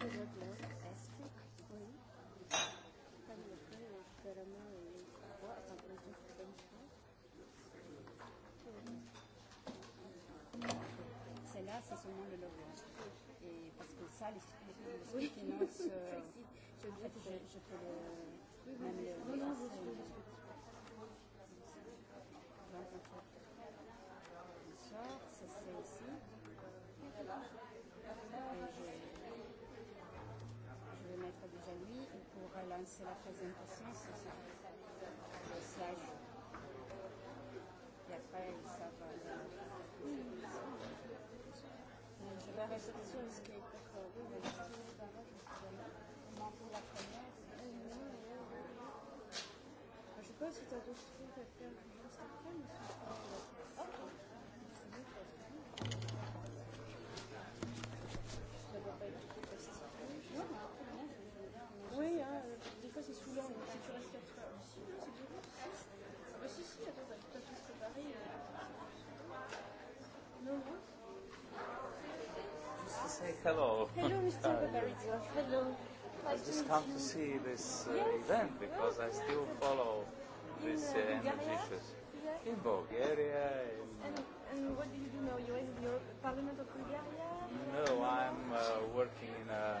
Celle-là, c'est seulement le logo. Et parce que ça, les, euh, en fait, je, je peux le... Même le, c'est ici. ben la présentation, c'est ça. Les slides. Et après, ils savent. Euh, mm. je vais rester sur ce qui pour que tu as d'autres trucs à faire juste après, mais je pense que hello. Hello, Mr. Paparizzo. Hello. I just come to see this uh, yes. event because I still follow this uh, uh energy issues. In Bulgaria. In and, and what do you do now? You're in the Parliament of Bulgaria? No, I'm uh, working in a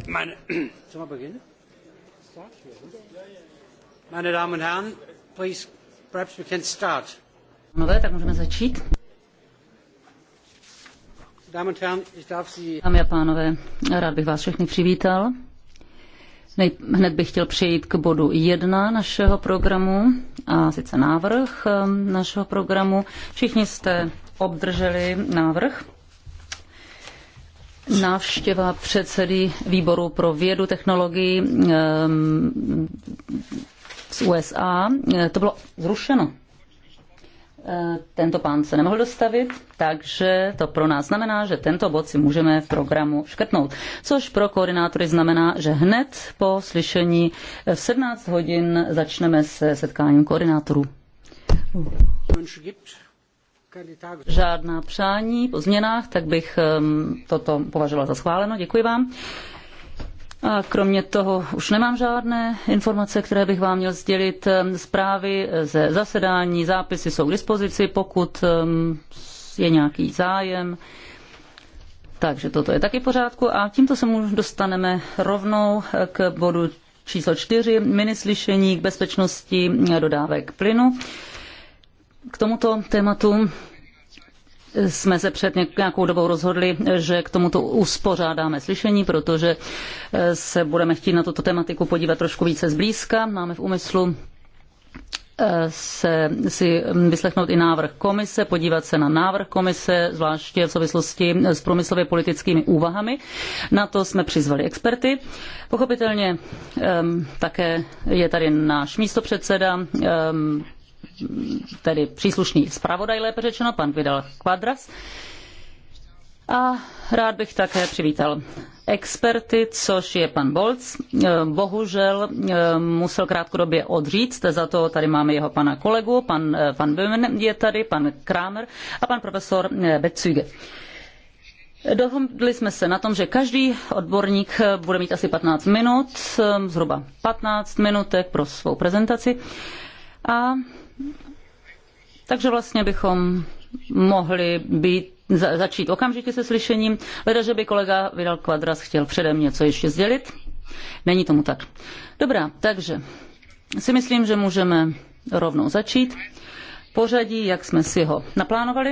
Meine, Damen und Herren, please, perhaps we can start. začít. Dámy a pánové, rád bych vás všechny přivítal. hned bych chtěl přejít k bodu 1 našeho programu, a sice návrh ehm, našeho programu. Všichni jste obdrželi návrh návštěva předsedy výboru pro vědu, technologii ehm, z USA. Eh, to bylo zrušeno. Eh, tento pán se nemohl dostavit, takže to pro nás znamená, že tento bod si můžeme v programu škrtnout. Což pro koordinátory znamená, že hned po slyšení eh, v 17 hodin začneme se setkáním koordinátorů žádná přání po změnách, tak bych toto považovala za schváleno. Děkuji vám. A kromě toho už nemám žádné informace, které bych vám měl sdělit. Zprávy ze zasedání, zápisy jsou k dispozici, pokud je nějaký zájem. Takže toto je taky v pořádku a tímto se mu dostaneme rovnou k bodu číslo čtyři: minislyšení k bezpečnosti dodávek plynu. K tomuto tématu jsme se před nějakou dobou rozhodli, že k tomuto uspořádáme slyšení, protože eh, se budeme chtít na tuto tematiku podívat trošku více zblízka. Máme v úmyslu eh, se, si mm, vyslechnout i návrh komise, podívat se na návrh komise, zvláště v souvislosti s průmyslově politickými úvahami. Na to jsme přizvali experty. Pochopitelně ehm, také je tady náš místopředseda, um, tedy příslušný zpravodaj, lépe řečeno, pan Vidal Quadras. A rád bych také přivítal experty, což je pan Bolc. Bohužel eh, musel krátkodobě odříct, za to tady máme jeho pana kolegu, pan Van eh, Böhmen je tady, pan Kramer a pan profesor eh, Betzüge. Dohodli jsme se na tom, že každý odborník bude mít asi 15 minut, zhruba 15 minutek pro svou prezentaci. A takže vlastně bychom mohli být, za, začít okamžitě se slyšením, leda, že by kolega Vidal Quadras chtěl předem něco ještě sdělit. Není tomu tak. Dobrá, takže si myslím, že můžeme rovnou začít pořadí, jak jsme si ho naplánovali.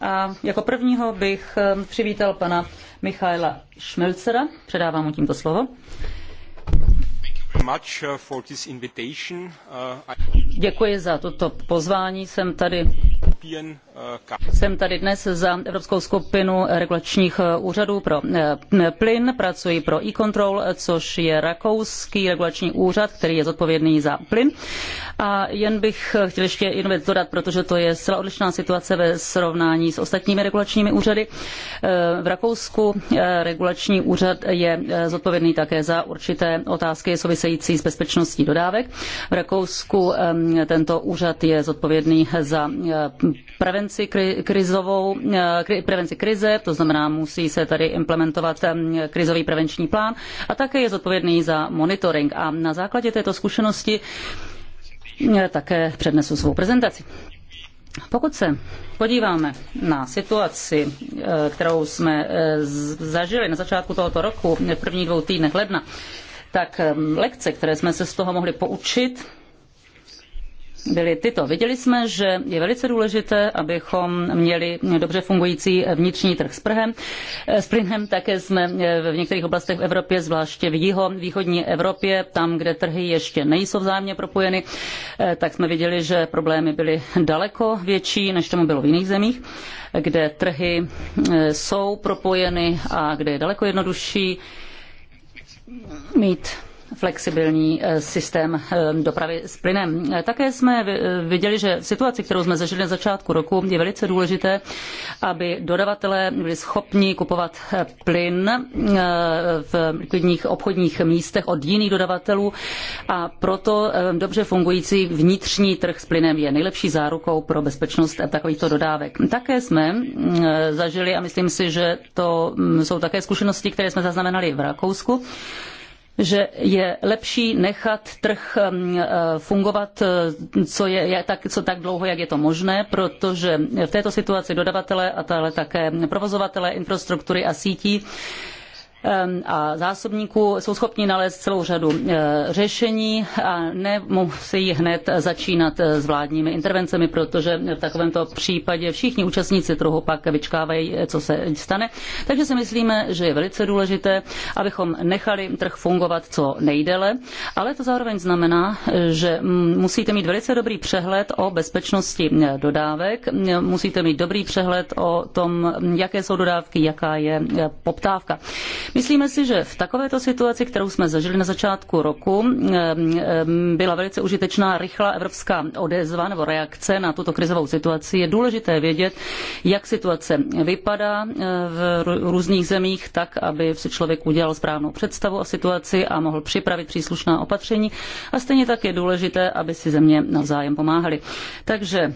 A jako prvního bych eh, přivítal pana Michaela Šmelcera. Předávám mu tímto slovo. Uh, uh, Děkuji za toto pozvání. Jsem tady jsem tady dnes za Evropskou skupinu regulačních eh, úřadů pro eh, plyn, pracuji pro e-control, což je rakouský regulační úřad, který je zodpovědný za plyn. A jen bych eh, chtěl ještě věc dodat, protože to je zcela odlišná situace ve srovnání s ostatními regulačními úřady. V Rakousku regulační úřad je zodpovědný také za určité otázky související s bezpečností dodávek. V Rakousku tento úřad je zodpovědný za prevenci prevenci, kri, krizovou, eh, kri, prevenci krize, to znamená, musí se tady implementovat krizový prevenční plán a také je zodpovědný za monitoring. A na základě této zkušenosti eh, také přednesu svou prezentaci. Pokud se podíváme na situaci, eh, kterou jsme zažili na začátku tohoto roku, v prvních dvou týdnech ledna, tak lekce, které jsme se z toho mohli poučit, byly tyto. Viděli jsme, že je velice důležité, abychom měli dobře fungující vnitřní trh s prhem. Eh, s plynem také jsme eh, v některých oblastech v Evropě, zvláště v jiho, východní Evropě, tam, kde trhy ještě nejsou vzájemně propojeny, eh, tak jsme viděli, že problémy byly daleko větší, než tomu bylo v jiných zemích, kde trhy jsou propojeny a kde je daleko jednodušší mít flexibilní eh, systém eh, dopravy s plynem. Eh, také jsme viděli, že v situaci, kterou jsme zažili na začátku roku, je velice důležité, aby dodavatelé byli schopni kupovat plyn v likvidních obchodních místech od jiných dodavatelů a proto dobře fungující vnitřní trh s plynem je nejlepší zárukou pro bezpečnost takovýchto dodávek. Také jsme mm, zažili a myslím si, že to mm, jsou také zkušenosti, které jsme zaznamenali v Rakousku, že je lepší nechat trh um, eh, fungovat, eh, co, je, tak, co tak dlouho, jak je to možné, protože v této situaci dodavatelé a také provozovatelé infrastruktury a sítí a zásobníků jsou schopni nalézt celou řadu eh, řešení a nemusí hned začínat eh, s vládními intervencemi, protože v takovémto případě všichni účastníci trhu pak vyčkávají, eh, co se stane. Takže si myslíme, že je velice důležité, abychom nechali trh fungovat co nejdéle, ale to zároveň znamená, že mm, musíte mít velice dobrý přehled o bezpečnosti dodávek, musíte mít dobrý přehled o tom, jaké jsou dodávky, jaká je poptávka. Myslíme si, že v takovéto situaci, kterou jsme zažili na začátku roku, byla velice užitečná rychlá evropská odezva nebo reakce na tuto krizovou situaci. Je důležité vědět, jak situace vypadá eh, v různých zemích, tak, aby si člověk udělal správnou představu o situaci a mohl připravit příslušná opatření. A stejně tak je důležité, aby si země navzájem pomáhaly. Takže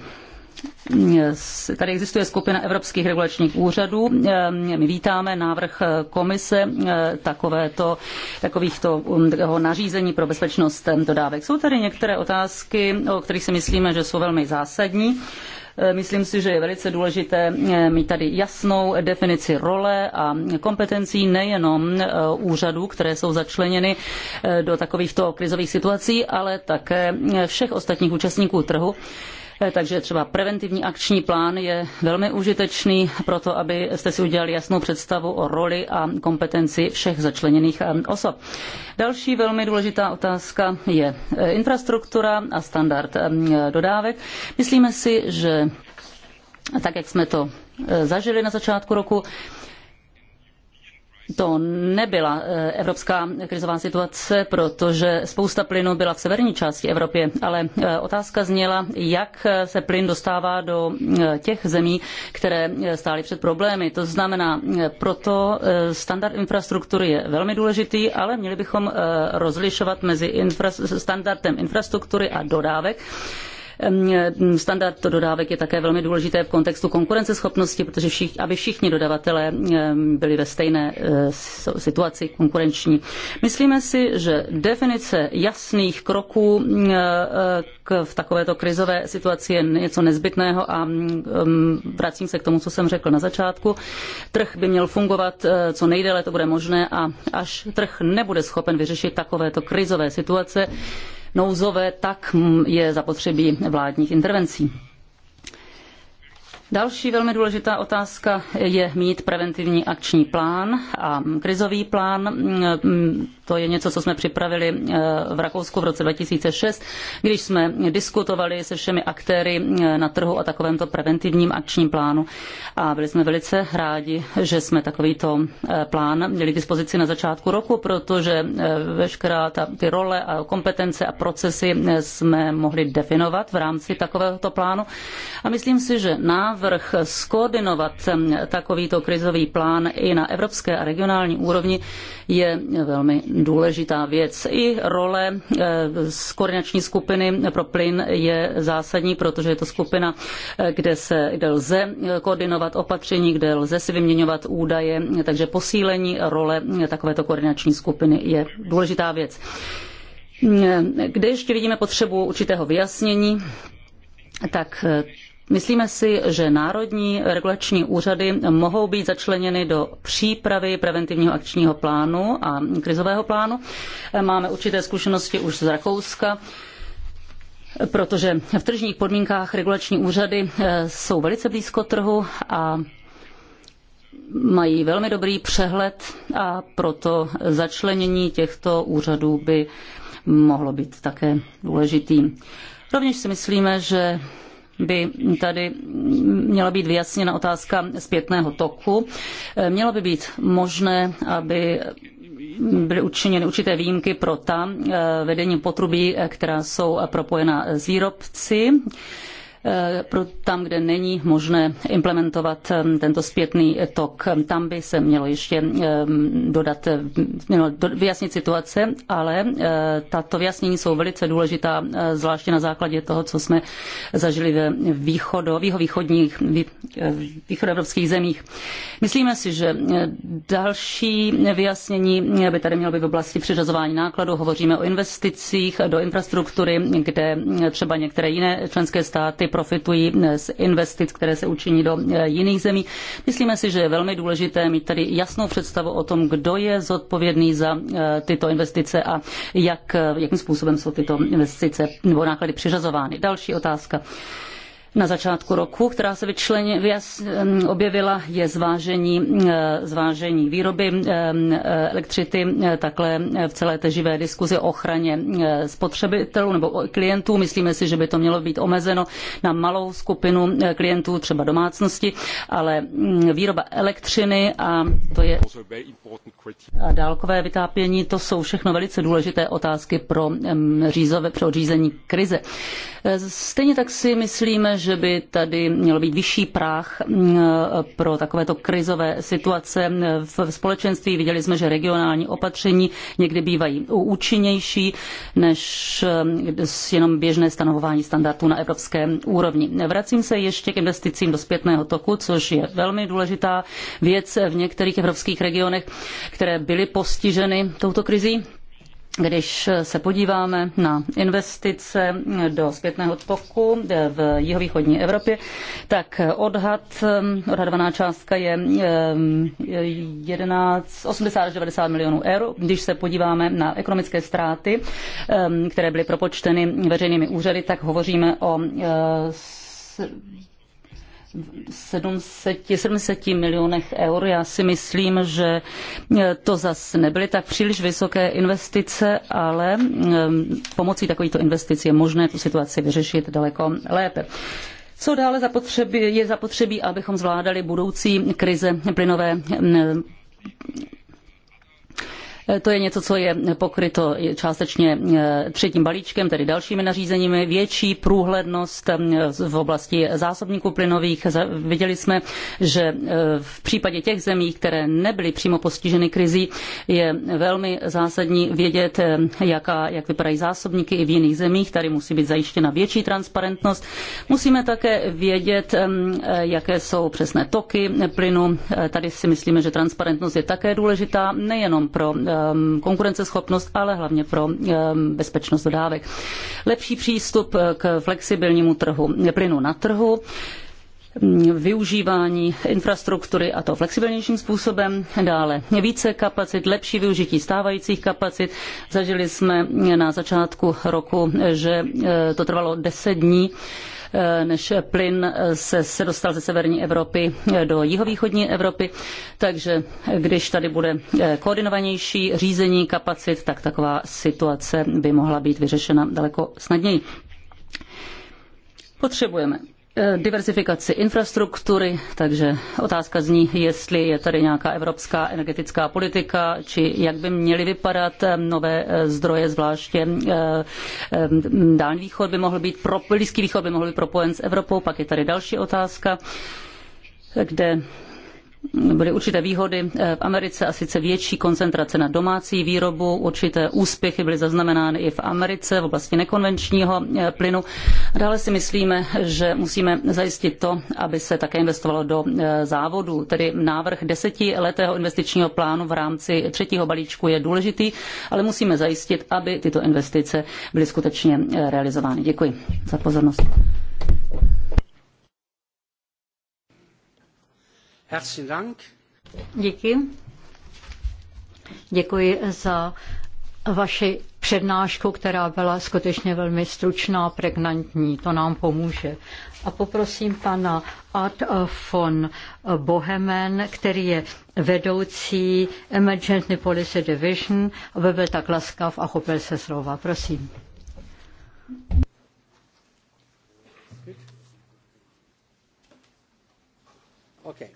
Tady existuje skupina evropských regulačních úřadů. My vítáme návrh komise eh, takovéto, takovýchto um, takového nařízení pro bezpečnost dodávek. Jsou tady některé otázky, o kterých si myslíme, že jsou velmi zásadní. Eh, myslím si, že je velice důležité eh, mít tady jasnou definici role a kompetencí nejenom úřadů, které jsou začleněny do takovýchto krizových situací, ale také všech ostatních účastníků trhu Eh, takže třeba preventivní akční plán je velmi užitečný pro to, abyste si udělali jasnou představu o roli a kompetenci všech začleněných eh, osob. Další velmi důležitá otázka je eh, infrastruktura a standard dodávek. Myslíme si, že tak, jak jsme to zažili na začátku roku, to nebyla eh, evropská krizová situace, protože spousta plynu byla v severní části Evropy, ale eh, otázka zněla, jak eh, se plyn dostává do těch zemí, které stály před problémy. To znamená, proto standard infrastruktury je velmi důležitý, ale měli bychom rozlišovat mezi infra standardem infrastruktury a dodávek Ehm, standard dodávek je také velmi důležité v kontextu konkurenceschopnosti, protože všichni, aby všichni dodavatelé ehm, byli ve stejné eh, situaci konkurenční. Myslíme si, že definice jasných kroků ehm, v takovéto krizové situaci je něco nezbytného a vracím se k tomu, co jsem řekl na začátku. Trh by měl fungovat eh, co nejdéle to bude možné a až trh nebude schopen vyřešit takovéto krizové situace, nouzové, tak je zapotřebí vládních intervencí. Další velmi důležitá otázka je mít preventivní akční plán a krizový plán. To je něco, co jsme připravili eh, v Rakousku v roce 2006, když jsme diskutovali se všemi aktéry eh, na trhu o takovémto preventivním akčním plánu. A byli jsme velice rádi, že jsme takovýto eh, plán měli k dispozici na začátku roku, protože veškerá ta, ty role a kompetence a procesy jsme mohli definovat v rámci takovéhoto plánu. A myslím si, že návrh návrh skoordinovat takovýto krizový plán i na evropské a regionální úrovni je velmi důležitá věc. I role eh, z koordinační skupiny pro plyn je zásadní, protože je to skupina, eh, kde, se, kde lze koordinovat opatření, kde lze si vyměňovat údaje, takže posílení role takovéto koordinační skupiny je důležitá věc. Eh, kde ještě vidíme potřebu určitého vyjasnění, tak Myslíme si, že národní regulační úřady mohou být začleněny do přípravy preventivního akčního plánu a krizového plánu. Máme určité zkušenosti už z Rakouska protože v tržních podmínkách regulační úřady eh, jsou velice blízko trhu a mají velmi dobrý přehled a proto začlenění těchto úřadů by mohlo být také důležitým. Rovněž si myslíme, že by tady měla být vyjasněna otázka zpětného toku. Mělo by být možné, aby byly učiněny určité výjimky pro ta eh, vedení potrubí, eh, která jsou eh, propojena s výrobci. Eh, tam, kde není možné implementovat eh, tento zpětný tok. Tam by se mělo ještě eh, dodat, mělo vyjasnit situace, ale tato vyjasnění jsou velice důležitá, zvláště na základě toho, co jsme zažili ve východo, východních, východoevropských zemích. Myslíme si, že další vyjasnění by tady mělo být v oblasti přiřazování nákladů. Hovoříme o investicích do infrastruktury, kde třeba některé jiné členské státy profitují z investic, které se učiní do eh, jiných zemí. Myslíme si, že je velmi důležité mít tady jasnou představu o tom, kdo je zodpovědný za eh, tyto investice a jak, eh, jakým způsobem jsou tyto investice nebo náklady přiřazovány. Další otázka na začátku roku, která se vyčleně, objevila, je zvážení, e, zvážení výroby e, elektřity, e, takhle v celé té živé diskuzi o ochraně spotřebitelů nebo klientů. Myslíme si, že by to mělo být omezeno na malou skupinu klientů, třeba domácnosti, ale mm, výroba elektřiny a to je a dálkové vytápění, to jsou všechno velice důležité otázky pro, řízové, pro řízení krize. Stejně tak si myslíme, že by tady měl být vyšší práh pro takovéto krizové situace v společenství. Viděli jsme, že regionální opatření někdy bývají účinnější než jenom běžné stanovování standardů na evropské úrovni. Vracím se ještě k investicím do zpětného toku, což je velmi důležitá věc v některých evropských regionech, které byly postiženy touto krizí když se podíváme na investice do zpětného toku v jihovýchodní Evropě, tak odhad, odhadovaná částka je 11, 80 až 90 milionů eur. Když se podíváme na ekonomické ztráty, které byly propočteny veřejnými úřady, tak hovoříme o eh, 700, 700 milionech eur. Já si myslím, že to zase nebyly tak příliš vysoké investice, ale ehm, pomocí takovýchto investic je možné tu situaci vyřešit daleko lépe. Co dále zapotřebí, je zapotřebí, abychom zvládali budoucí krize plynové Eh, to je něco, co je pokryto částečně eh, třetím balíčkem, tedy dalšími nařízeními. Větší průhlednost eh, v oblasti zásobníků plynových. Viděli jsme, že v případě těch zemí, které nebyly přímo postiženy krizí, je velmi zásadní vědět, jaká, jak vypadají zásobníky i v jiných zemích. Tady musí být zajištěna větší transparentnost. Musíme také vědět, jaké jsou přesné toky plynu. Tady si myslíme, že transparentnost je také důležitá nejenom pro Um, konkurenceschopnost, ale hlavně pro um, bezpečnost dodávek. Lepší přístup uh, k flexibilnímu trhu plynu na trhu mm, využívání infrastruktury a to flexibilnějším způsobem. Dále více kapacit, lepší využití stávajících kapacit. Zažili jsme na začátku roku, že uh, to trvalo 10 dní než plyn se, se dostal ze severní Evropy do jihovýchodní Evropy. Takže když tady bude eh, koordinovanější řízení kapacit, tak taková situace by mohla být vyřešena daleko snadněji. Potřebujeme Eh, diverzifikaci infrastruktury, takže otázka zní, jestli je tady nějaká evropská energetická politika, či jak by měly vypadat eh, nové eh, zdroje, zvláště Dálný východ by mohl být, Blízký východ by mohl být propojen s Evropou, pak je tady další otázka, kde byly určité výhody eh, v Americe a sice větší koncentrace na domácí výrobu, určité úspěchy byly zaznamenány i v Americe v oblasti nekonvenčního eh, plynu. Dále si myslíme, že musíme zajistit to, aby se také investovalo do eh, závodů. Tedy návrh desetiletého investičního plánu v rámci třetího balíčku je důležitý, ale musíme zajistit, aby tyto investice byly skutečně realizovány. Děkuji za pozornost. Děkuji za vaši přednášku, která byla skutečně velmi stručná, pregnantní, to nám pomůže. A poprosím pana Ad von Bohemen, který je vedoucí Emergency Policy Division, aby byl tak laskav a chopil se slova. Prosím. Okay.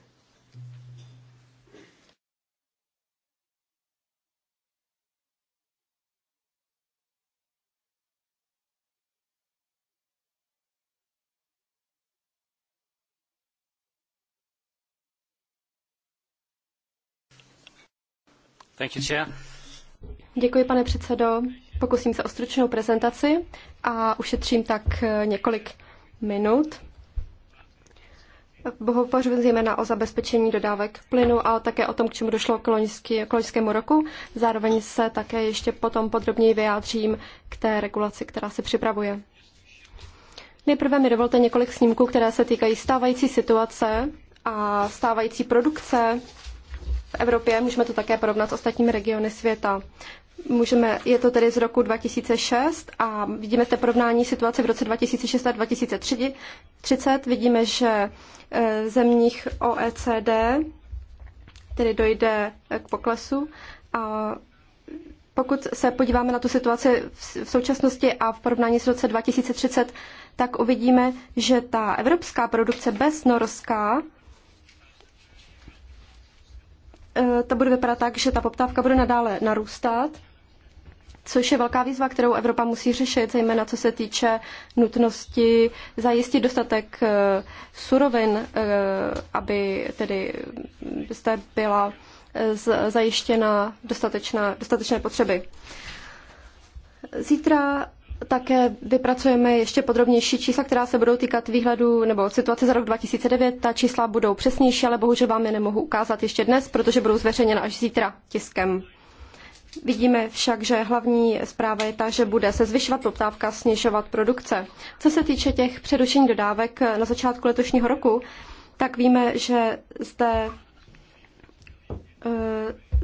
Thank you, chair. Děkuji, pane předsedo. Pokusím se o stručnou prezentaci a ušetřím tak eh, několik minut. Hovořím zejména o zabezpečení dodávek plynu a také o tom, k čemu došlo k, k loňskému roku. Zároveň se také ještě potom podrobněji vyjádřím k té regulaci, která se připravuje. Nejprve mi dovolte několik snímků, které se týkají stávající situace a stávající produkce v Evropě, můžeme to také porovnat s ostatními regiony světa. Můžeme, je to tedy z roku 2006 a vidíme zde porovnání situace v roce 2006 a 2030. Vidíme, že eh, zemních OECD tedy dojde eh, k poklesu a pokud se podíváme na tu situaci v současnosti a v porovnání s roce 2030, tak uvidíme, že ta evropská produkce bez Norska Eh, to bude vypadat tak, že ta poptávka bude nadále narůstat, což je velká výzva, kterou Evropa musí řešit, zejména co se týče nutnosti zajistit dostatek eh, surovin, eh, aby tedy zde byla zajištěna dostatečná, dostatečné potřeby. Zítra také vypracujeme ještě podrobnější čísla, která se budou týkat výhledu nebo situace za rok 2009. Ta čísla budou přesnější, ale bohužel vám je nemohu ukázat ještě dnes, protože budou zveřejněna až zítra tiskem. Vidíme však, že hlavní zpráva je ta, že bude se zvyšovat poptávka, snižovat produkce. Co se týče těch přerušení dodávek na začátku letošního roku, tak víme, že zde eh,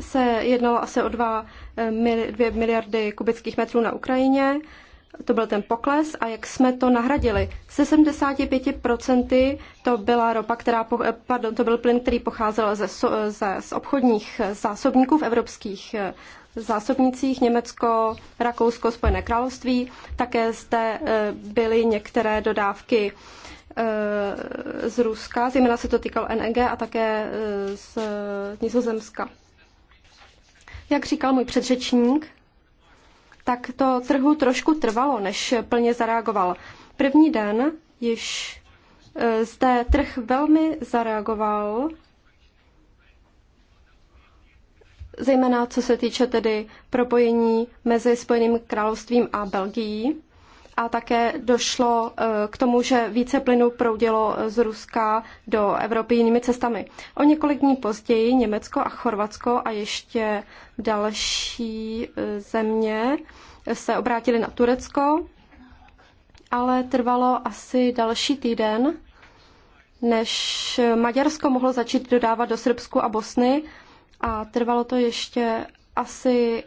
se jednalo asi o 2 eh, miliardy kubických metrů na Ukrajině to byl ten pokles a jak jsme to nahradili. Se 75% to byla ropa, která, pardon, to byl plyn, který pocházel ze, ze, z obchodních zásobníků v evropských eh, zásobnicích Německo, Rakousko, Spojené království. Také zde eh, byly některé dodávky eh, z Ruska, zejména se to týkalo NEG a také z Nizozemska. Jak říkal můj předřečník, tak to trhu trošku trvalo, než plně zareagoval. První den již e, zde trh velmi zareagoval, zejména co se týče tedy propojení mezi Spojeným královstvím a Belgií a také došlo eh, k tomu, že více plynu proudilo eh, z Ruska do Evropy jinými cestami. O několik dní později Německo a Chorvatsko a ještě další eh, země se obrátili na Turecko, ale trvalo asi další týden, než Maďarsko mohlo začít dodávat do Srbsku a Bosny a trvalo to ještě asi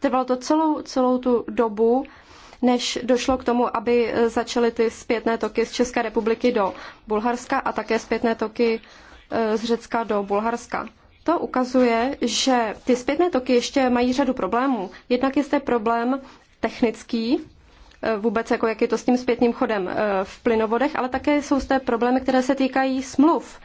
Trvalo to celou, celou tu dobu, než došlo k tomu, aby začaly ty zpětné toky z České republiky do Bulharska a také zpětné toky e, z Řecka do Bulharska. To ukazuje, že ty zpětné toky ještě mají řadu problémů. Jednak je zde problém technický, e, vůbec jako jak je to s tím zpětným chodem e, v plynovodech, ale také jsou zde problémy, které se týkají smluv.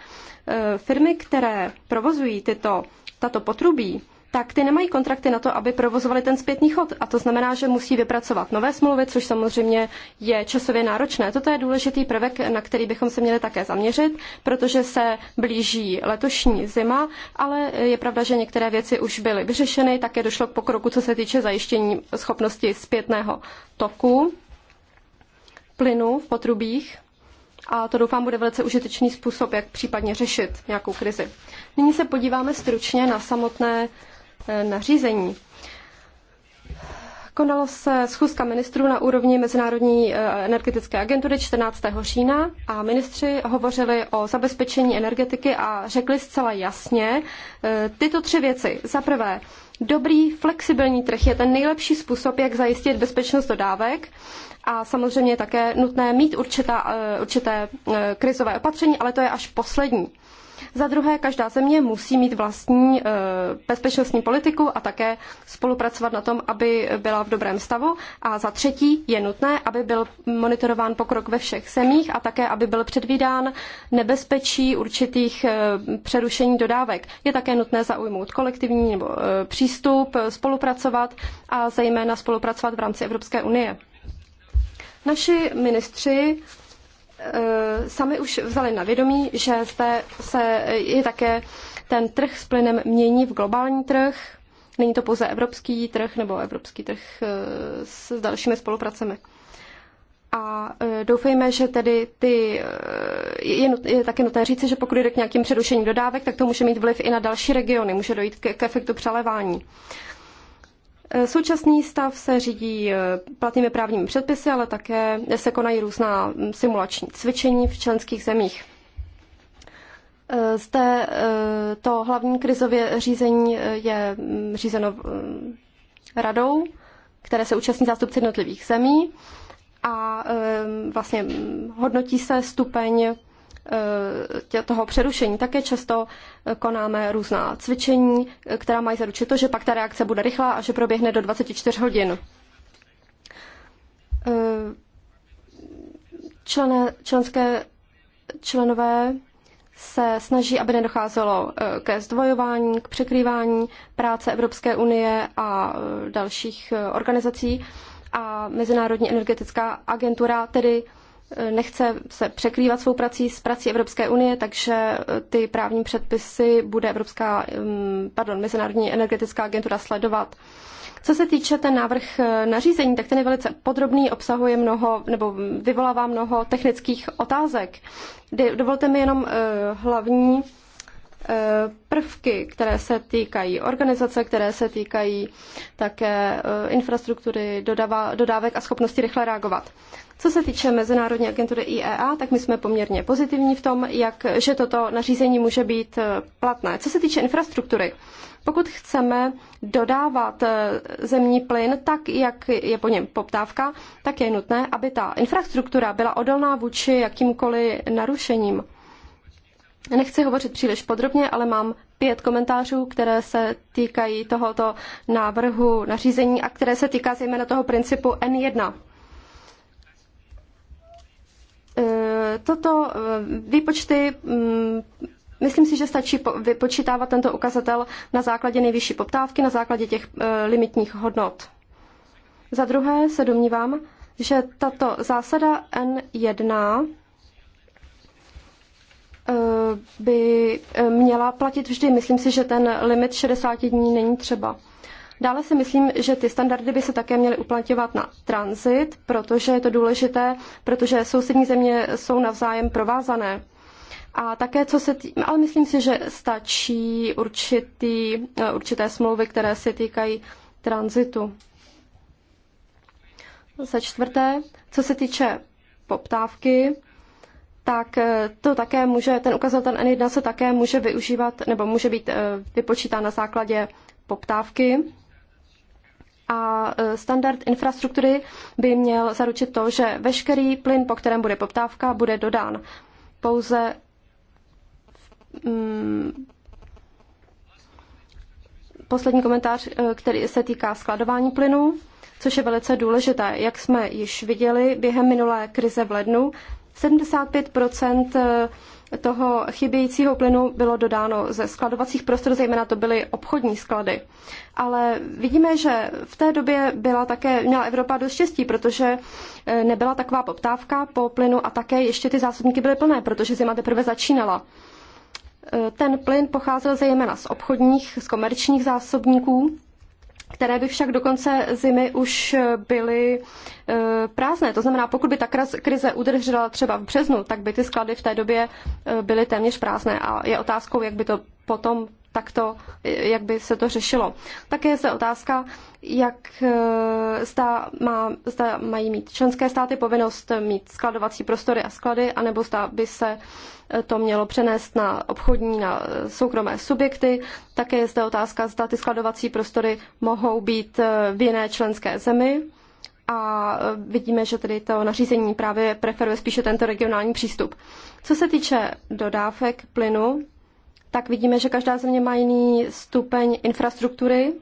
Firmy, které provozují tyto, tato potrubí, tak ty nemají kontrakty na to, aby provozovali ten zpětný chod. A to znamená, že musí vypracovat nové smlouvy, což samozřejmě je časově náročné. Toto je důležitý prvek, na který bychom se měli také zaměřit, protože se blíží letošní zima, ale je pravda, že některé věci už byly vyřešeny, také došlo k pokroku, co se týče zajištění schopnosti zpětného toku plynu v potrubích. A to doufám bude velice užitečný způsob, jak případně řešit nějakou krizi. Nyní se podíváme stručně na samotné Eh, nařízení. Konalo se schůzka ministrů na úrovni Mezinárodní eh, energetické agentury 14. října a ministři hovořili o zabezpečení energetiky a řekli zcela jasně eh, tyto tři věci. Za prvé, dobrý flexibilní trh je ten nejlepší způsob, jak zajistit bezpečnost dodávek a samozřejmě také nutné mít určitá, určité krizové opatření, ale to je až poslední. Za druhé, každá země musí mít vlastní eh, bezpečnostní politiku a také spolupracovat na tom, aby byla v dobrém stavu. A za třetí, je nutné, aby byl monitorován pokrok ve všech zemích a také, aby byl předvídán nebezpečí určitých eh, přerušení dodávek. Je také nutné zaujmout kolektivní nebo eh, přístup, spolupracovat a zejména spolupracovat v rámci Evropské unie. Naši ministři Eh, sami už vzali na vědomí, že se eh, je také ten trh s plynem mění v globální trh. Není to pouze evropský trh nebo evropský trh eh, s dalšími spolupracemi. A doufejme, že tedy ty, je, je také nutné říci, že pokud jde k nějakým přerušením dodávek, tak to může mít vliv i na další regiony, může dojít k, k efektu přelevání. Eh, současný stav se řídí eh, platnými právními předpisy, ale také se konají různá hm, simulační cvičení v členských zemích. Eh, zde to hlavní krizové řízení je hm, řízeno hm, radou, které se účastní zástupci jednotlivých zemí a vlastně hodnotí se stupeň Eh, toho přerušení. Také často konáme různá cvičení, která mají zaručit to, že pak ta reakce bude rychlá a že proběhne do 24 hodin. Eh, Člené, členské členové se snaží, aby nedocházelo eh, ke zdvojování, k překrývání práce Evropské unie a dalších organizací. A Mezinárodní energetická agentura tedy Eh, nechce se překrývat svou prací s prací Evropské unie, takže eh, ty právní předpisy bude Evropská, mm, pardon, Mezinárodní energetická agentura sledovat. Co se týče ten návrh eh, nařízení, tak ten je velice podrobný, obsahuje mnoho, nebo mm, vyvolává mnoho technických otázek. Dovolte mi jenom hlavní prvky, které se týkají organizace, které se týkají také infrastruktury, dodávek a schopnosti rychle reagovat. Co se týče Mezinárodní agentury IEA, tak my jsme poměrně pozitivní v tom, jak, že toto nařízení může být eh, platné. Co se týče infrastruktury, pokud chceme dodávat eh, zemní plyn tak, jak je po něm poptávka, tak je nutné, aby ta infrastruktura byla odolná vůči jakýmkoliv narušením. Nechci hovořit příliš podrobně, ale mám pět komentářů, které se týkají tohoto návrhu nařízení a které se týká zejména toho principu N1. E, toto e, výpočty, mm, myslím si, že stačí vypočítávat tento ukazatel na základě nejvyšší poptávky, na základě těch e, limitních hodnot. Za druhé se domnívám, že tato zásada N1 by měla platit vždy. Myslím si, že ten limit 60 dní není třeba. Dále si myslím, že ty standardy by se také měly uplatňovat na tranzit, protože je to důležité, protože sousední země jsou navzájem provázané. A také, co se tý... ale myslím si, že stačí určitý, eh, určité smlouvy, které se týkají tranzitu. Za čtvrté, co se týče poptávky, tak eh, to také může, ten ukazatel N1 se také může využívat nebo může být eh, vypočítán na základě poptávky a e, standard infrastruktury by měl zaručit to, že veškerý plyn, po kterém bude poptávka, bude dodán. Pouze hmm, poslední komentář, e, který se týká skladování plynu, což je velice důležité. Jak jsme již viděli během minulé krize v lednu, 75 e, toho chybějícího plynu bylo dodáno ze skladovacích prostor, zejména to byly obchodní sklady. Ale vidíme, že v té době byla také, měla Evropa dost štěstí, protože eh, nebyla taková poptávka po plynu a také ještě ty zásobníky byly plné, protože zima teprve začínala. Eh, ten plyn pocházel zejména z obchodních, z komerčních zásobníků které by však do konce zimy už eh, byly eh, prázdné. To znamená, pokud by ta krize udržela třeba v březnu, tak by ty sklady v té době eh, byly téměř prázdné a je otázkou, jak by to potom takto, jak by se to řešilo. Také je se otázka, jak eh, zda, má, zda mají mít členské státy povinnost mít skladovací prostory a sklady, anebo zda by se eh, to mělo přenést na obchodní, na eh, soukromé subjekty. Také je zde otázka, zda ty skladovací prostory mohou být v jiné členské zemi. A vidíme, že tedy to nařízení právě preferuje spíše tento regionální přístup. Co se týče dodávek plynu, tak vidíme, že každá země má jiný stupeň infrastruktury,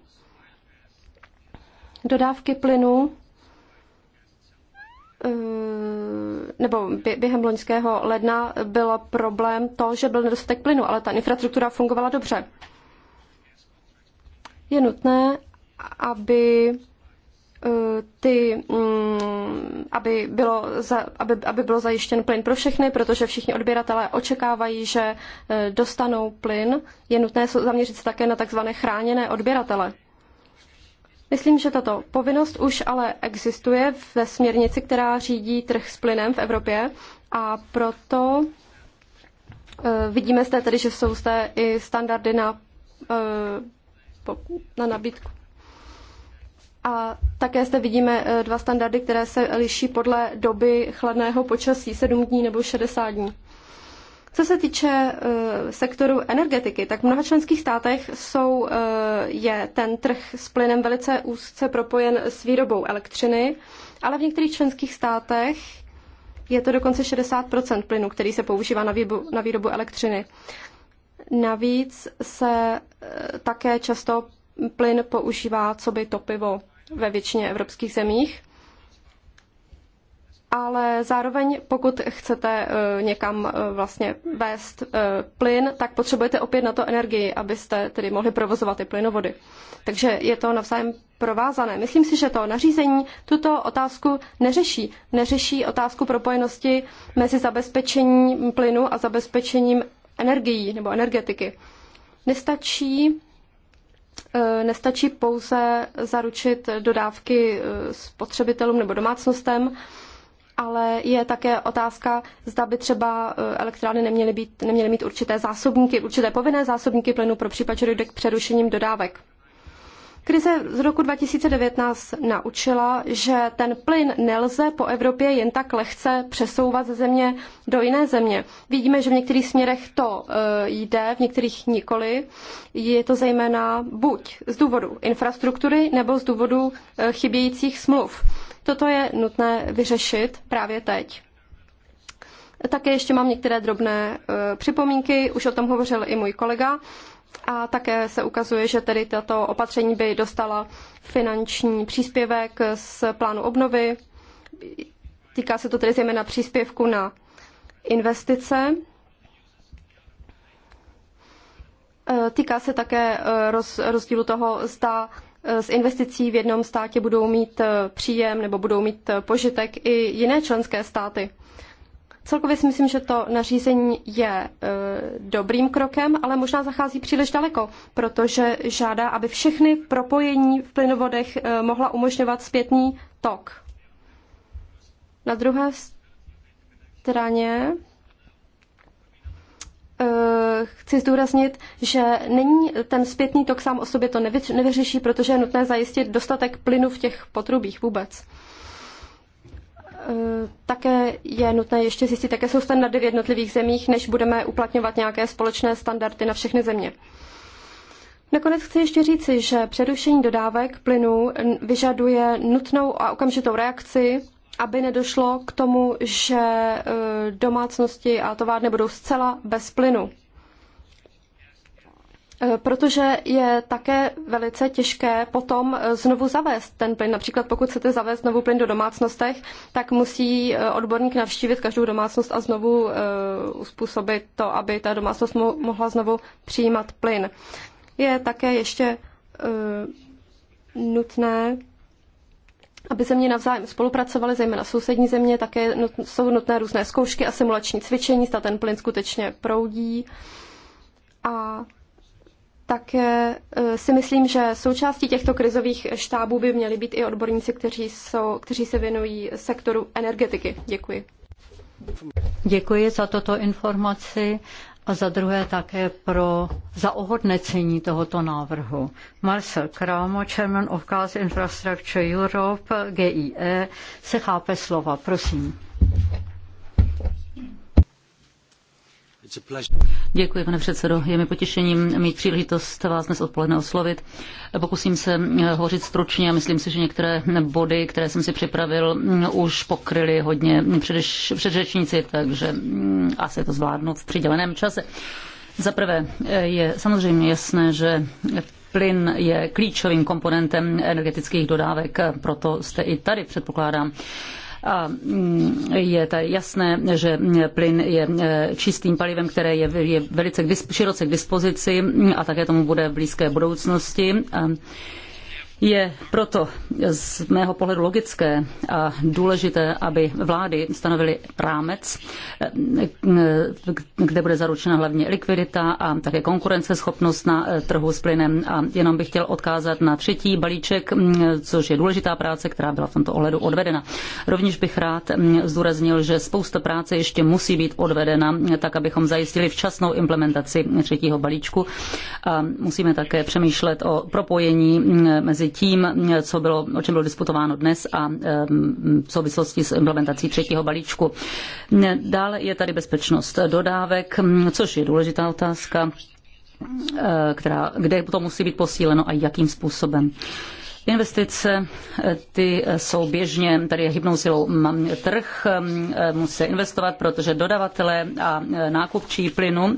dodávky plynu, eh, nebo během loňského ledna byl problém to, že byl nedostatek plynu, ale ta infrastruktura fungovala dobře. Je nutné, aby ty, mm, aby, bylo za, aby, aby bylo zajištěn plyn pro všechny, protože všichni odběratelé očekávají, že eh, dostanou plyn. Je nutné zaměřit se také na tzv. chráněné odběratele. Myslím, že tato povinnost už ale existuje ve směrnici, která řídí trh s plynem v Evropě a proto eh, vidíme zde tedy, že jsou zde i standardy na, eh, na nabídku a také zde vidíme eh, dva standardy, které se liší podle doby chladného počasí 7 dní nebo 60 dní. Co se týče eh, sektoru energetiky, tak v mnoha členských státech jsou, eh, je ten trh s plynem velice úzce propojen s výrobou elektřiny, ale v některých členských státech je to dokonce 60 plynu, který se používá na výrobu, na výrobu elektřiny. Navíc se také často plyn používá co by topivo ve většině evropských zemích. Ale zároveň, pokud chcete eh, někam eh, vlastně vést eh, plyn, tak potřebujete opět na to energii, abyste tedy mohli provozovat ty plynovody. Takže je to navzájem provázané. Myslím si, že to nařízení tuto otázku neřeší. Neřeší otázku propojenosti mezi zabezpečením plynu a zabezpečením energií nebo energetiky. Nestačí Eh, nestačí pouze zaručit dodávky eh, spotřebitelům nebo domácnostem, ale je také otázka, zda by třeba eh, elektrárny neměly, být, neměly mít určité zásobníky, určité povinné zásobníky plynu pro případ, že dojde k přerušením dodávek. Krize z roku 2019 nás naučila, že ten plyn nelze po Evropě jen tak lehce přesouvat ze země do jiné země. Vidíme, že v některých směrech to eh, jde, v některých nikoli. Je to zejména buď z důvodu infrastruktury nebo z důvodu eh, chybějících smluv. Toto je nutné vyřešit právě teď. Také ještě mám některé drobné eh, připomínky, už o tom hovořil i můj kolega a také se ukazuje, že tedy tato opatření by dostala finanční příspěvek z plánu obnovy. Týká se to tedy zejména příspěvku na investice. E, týká se také e, roz, rozdílu toho, zda e, z investicí v jednom státě budou mít příjem nebo budou mít požitek i jiné členské státy. Celkově si myslím, že to nařízení je e, dobrým krokem, ale možná zachází příliš daleko, protože žádá, aby všechny propojení v plynovodech e, mohla umožňovat zpětný tok. Na druhé straně e, chci zdůraznit, že není ten zpětný tok sám o sobě to nevyřeší, protože je nutné zajistit dostatek plynu v těch potrubích vůbec. Eh, také je nutné ještě zjistit, jaké jsou standardy v jednotlivých zemích, než budeme uplatňovat nějaké společné standardy na všechny země. Nakonec chci ještě říci, že přerušení dodávek plynu vyžaduje nutnou a okamžitou reakci, aby nedošlo k tomu, že eh, domácnosti a továrny budou zcela bez plynu. Eh, protože je také velice těžké potom eh, znovu zavést ten plyn. Například pokud chcete zavést znovu plyn do domácnostech, tak musí eh, odborník navštívit každou domácnost a znovu uspůsobit to, aby ta domácnost mohla znovu přijímat plyn. Je také ještě nutné, aby země navzájem spolupracovaly, zejména sousední země, také jsou nutné různé zkoušky a simulační cvičení, zda ten plyn skutečně proudí. A také eh, si myslím, že součástí těchto krizových štábů by měli být i odborníci, kteří, jsou, kteří se věnují sektoru energetiky. Děkuji. Děkuji za toto informaci a za druhé také pro zaohodnecení tohoto návrhu. Marcel Kramo, Chairman of Gas Infrastructure Europe, GIE, se chápe slova. Prosím. Děkuji, pane předsedo. Je mi potěšením mít příležitost vás dnes odpoledne oslovit. Pokusím se eh, hovořit stručně a myslím si, že některé body, které jsem si připravil, mm, už pokryly hodně předřečníci, takže mm, asi to zvládnu v přiděleném čase. Za prvé eh, je samozřejmě jasné, že plyn je klíčovým komponentem energetických dodávek, proto jste i tady, předpokládám. A mm, je tady jasné, že plyn je e, čistým palivem, které je, je velice k široce k dispozici mm, a také tomu bude v blízké budoucnosti. A je proto z mého pohledu logické a důležité, aby vlády stanovily rámec, kde bude zaručena hlavně likvidita a také konkurenceschopnost na trhu s plynem. A jenom bych chtěl odkázat na třetí balíček, což je důležitá práce, která byla v tomto ohledu odvedena. Rovněž bych rád zdůraznil, že spousta práce ještě musí být odvedena, tak abychom zajistili včasnou implementaci třetího balíčku. A musíme také přemýšlet o propojení mezi tím, co bylo, o čem bylo diskutováno dnes a v souvislosti s implementací třetího balíčku. Dále je tady bezpečnost dodávek, což je důležitá otázka, která, kde to musí být posíleno a jakým způsobem. Investice eh, ty eh, jsou běžně, tady je hybnou silou trh, eh, musí investovat, protože dodavatelé a nákupčí plynu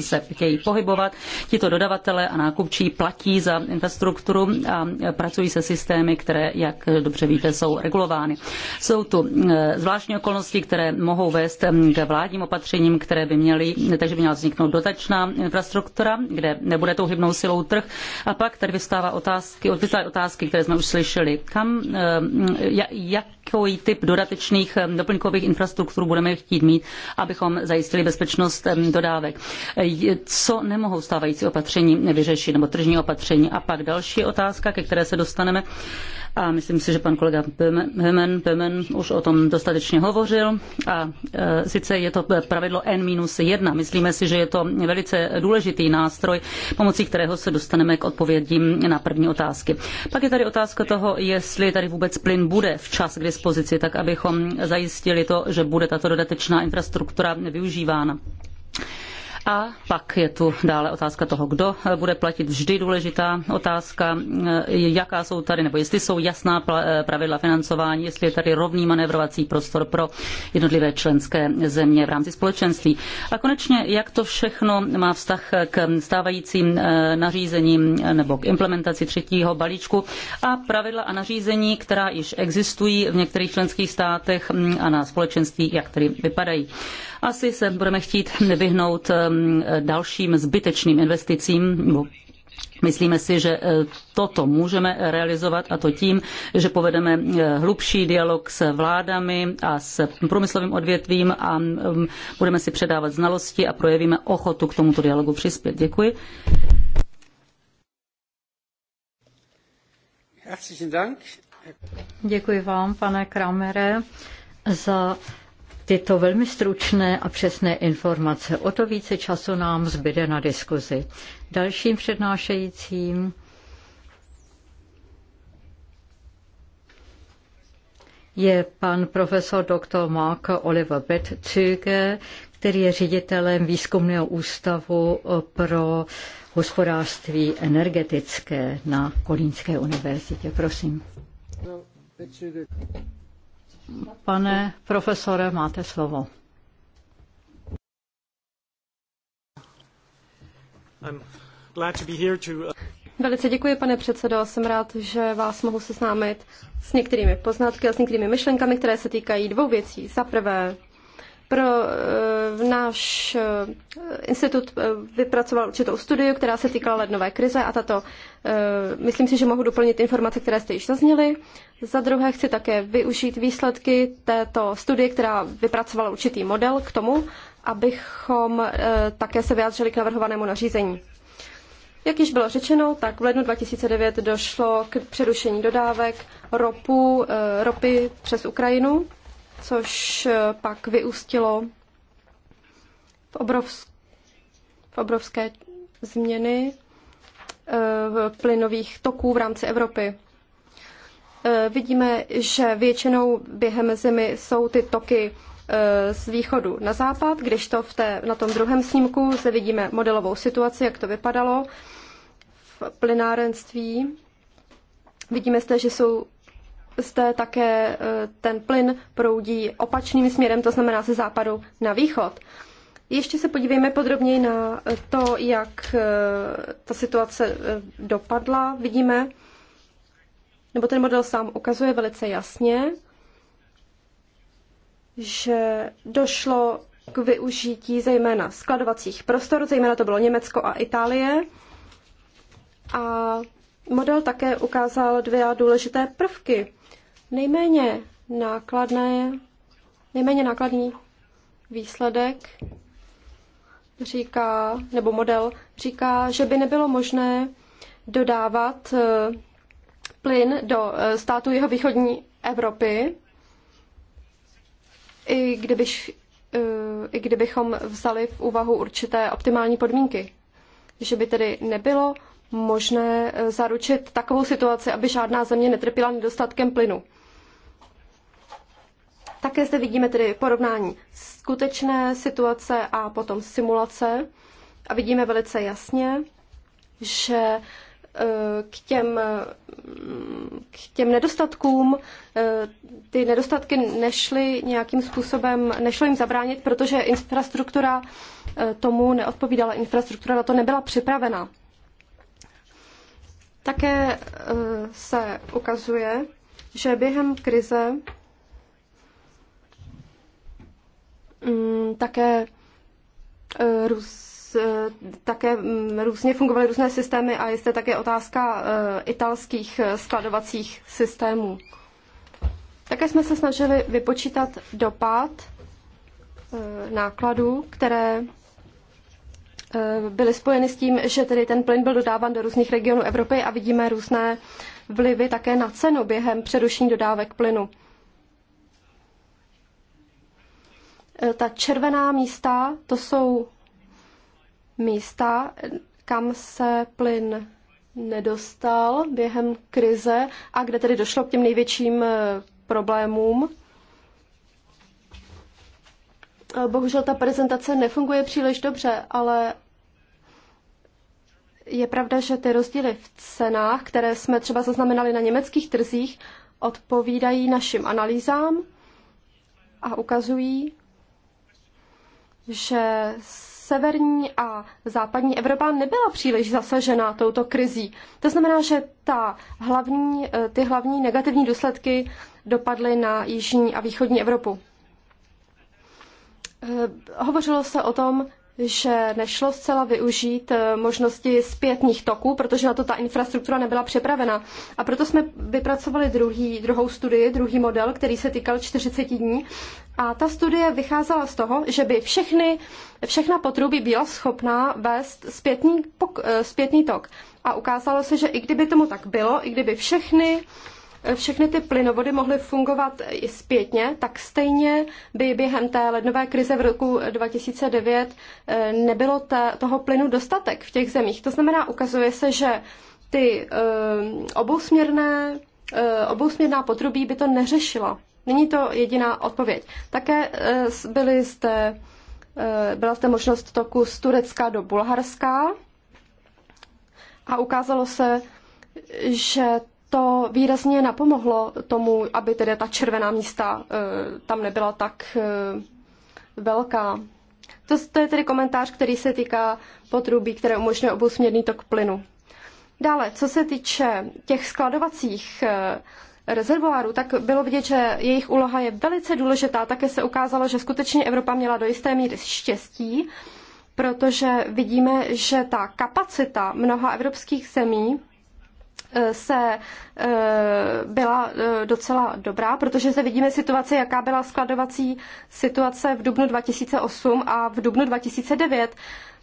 se chtějí pohybovat. Tito dodavatelé a nákupčí platí za infrastrukturu a pracují se systémy, které, jak dobře víte, jsou regulovány. Jsou tu zvláštní okolnosti, které mohou vést k vládním opatřením, které by měly, takže by měla vzniknout dotačná infrastruktura, kde nebude tou hybnou silou trh. A pak tady vystává otázky, otázky otázky, které jsme už slyšeli. Kam, eh, jaký typ dodatečných eh, doplňkových infrastruktur budeme chtít mít, abychom zajistili bezpečnost eh, dodávek? Co nemohou stávající opatření vyřešit, nebo tržní opatření? A pak další otázka, ke které se dostaneme. A myslím si, že pan kolega Pemen, Pemen už o tom dostatečně hovořil. A e, sice je to pravidlo N-1. Myslíme si, že je to velice důležitý nástroj, pomocí kterého se dostaneme k odpovědím na první otázky. Pak je tady otázka toho, jestli tady vůbec plyn bude včas k dispozici, tak abychom zajistili to, že bude tato dodatečná infrastruktura využívána. A pak je tu dále otázka toho, kdo eh, bude platit. Vždy důležitá otázka, eh, jaká jsou tady, nebo jestli jsou jasná eh, pravidla financování, jestli je tady rovný manévrovací prostor pro jednotlivé členské země v rámci společenství. A konečně, jak to všechno má vztah k stávajícím nařízením nebo k implementaci třetího balíčku a pravidla a nařízení, která již existují v některých členských státech hm, a na společenství, jak tedy vypadají. Asi se budeme chtít vyhnout um, dalším zbytečným investicím, Myslíme si, že eh, toto můžeme realizovat a to tím, že povedeme eh, hlubší dialog s vládami a s průmyslovým odvětvím a mm, budeme si předávat znalosti a projevíme ochotu k tomuto dialogu přispět. Děkuji. Děkuji vám, pane Kramere, za tyto velmi stručné a přesné informace. O to více času nám zbyde na diskuzi. Dalším přednášejícím je pan profesor dr. Mark Oliver Bettzüge, který je ředitelem výzkumného ústavu pro hospodářství energetické na Kolínské univerzitě. Prosím. No, Pane profesore, máte slovo. Uh, Velice děkuji, pane předsedo. Jsem rád, že vás mohu seznámit s některými poznatky a s některými myšlenkami, které se týkají dvou věcí. Za prvé, pro eh, v náš eh, institut eh, vypracoval určitou studii, která se týkala lednové krize a tato, myslím si, že mohu doplnit informace, které jste již zazněli. Za druhé chci také využít výsledky této studie, která vypracovala určitý model k tomu, abychom také se vyjádřili k navrhovanému nařízení. Jak již bylo řečeno, tak v lednu 2009 došlo k přerušení dodávek ropu, ropy přes Ukrajinu což eh, pak vyústilo v, obrovsk- v obrovské změny eh, plynových toků v rámci Evropy. Eh, vidíme, že většinou během zimy jsou ty toky z východu na západ, když to v té, na tom druhém snímku zde vidíme modelovou situaci, jak to vypadalo v plynárenství. Vidíme zde, že jsou zde také eh, ten plyn proudí opačným směrem, to znamená ze západu na východ. Ještě se podívejme podrobněji na eh, to, jak eh, ta situace dopadla. Vidíme, nebo ten model sám ukazuje velice jasně, že došlo k využití zejména skladovacích prostor, zejména to bylo Německo a Itálie. A model také ukázal dvě důležité prvky. Nejméně nákladné, nejméně nákladný výsledek říká, nebo model říká, že by nebylo možné dodávat eh, plyn do eh, států jeho východní Evropy, i, kdybych, eh, i kdybychom vzali v úvahu určité optimální podmínky. Že by tedy nebylo možné zaručit takovou situaci, aby žádná země netrpěla nedostatkem plynu. Také zde vidíme tedy porovnání skutečné situace a potom simulace. A vidíme velice jasně, že e, k těm, k těm nedostatkům, e, ty nedostatky nešly nějakým způsobem, nešlo jim zabránit, protože infrastruktura e, tomu neodpovídala, infrastruktura na to nebyla připravena. Také se ukazuje, že během krize Mm, také eh, Rus, eh, také mm, různě fungovaly různé systémy a je také otázka eh, italských skladovacích systémů. Také jsme se snažili vypočítat dopad nákladů, které byly spojeny s tím, že tedy ten plyn byl dodáván do různých regionů Evropy a vidíme různé vlivy také na cenu během přerušení dodávek plynu. Eh, ta červená místa, to jsou místa, kam se plyn nedostal během krize a kde tedy došlo k těm největším eh, problémům. Eh, bohužel ta prezentace nefunguje příliš dobře, ale je pravda, že ty rozdíly v cenách, které jsme třeba zaznamenali na německých trzích, odpovídají našim analýzám a ukazují, že severní a západní Evropa nebyla příliš zasažena touto krizí. To znamená, že ta hlavní, eh, ty hlavní negativní důsledky dopadly na jižní a východní Evropu. Eh, hovořilo se o tom, že nešlo zcela využít eh, možnosti zpětných toků, protože na to ta infrastruktura nebyla připravena. A proto jsme vypracovali druhý, druhou studii, druhý model, který se týkal 40 dní. A ta studie vycházela z toho, že by všechny, všechna potrubí byla schopná vést zpětný, pok, eh, zpětný tok. A ukázalo se, že i kdyby tomu tak bylo, i kdyby všechny všechny ty plynovody mohly fungovat i zpětně, tak stejně by během té lednové krize v roku 2009 eh, nebylo ta, toho plynu dostatek v těch zemích. To znamená, ukazuje se, že ty eh, obousměrné, eh, obousměrná potrubí by to neřešila. Není to jediná odpověď. Také byly zde, byla zde možnost toku z Turecka do Bulharska a ukázalo se, že to výrazně napomohlo tomu, aby tedy ta červená místa eh, tam nebyla tak eh, velká. To, to je tedy komentář, který se týká potrubí, které umožňuje obousměrný tok plynu. Dále, co se týče těch skladovacích eh, rezervoárů, tak bylo vidět, že jejich úloha je velice důležitá. Také se ukázalo, že skutečně Evropa měla do jisté míry štěstí, protože vidíme, že ta kapacita mnoha evropských zemí se eh, byla eh, docela dobrá, protože se vidíme situaci, jaká byla skladovací situace v dubnu 2008 a v dubnu 2009.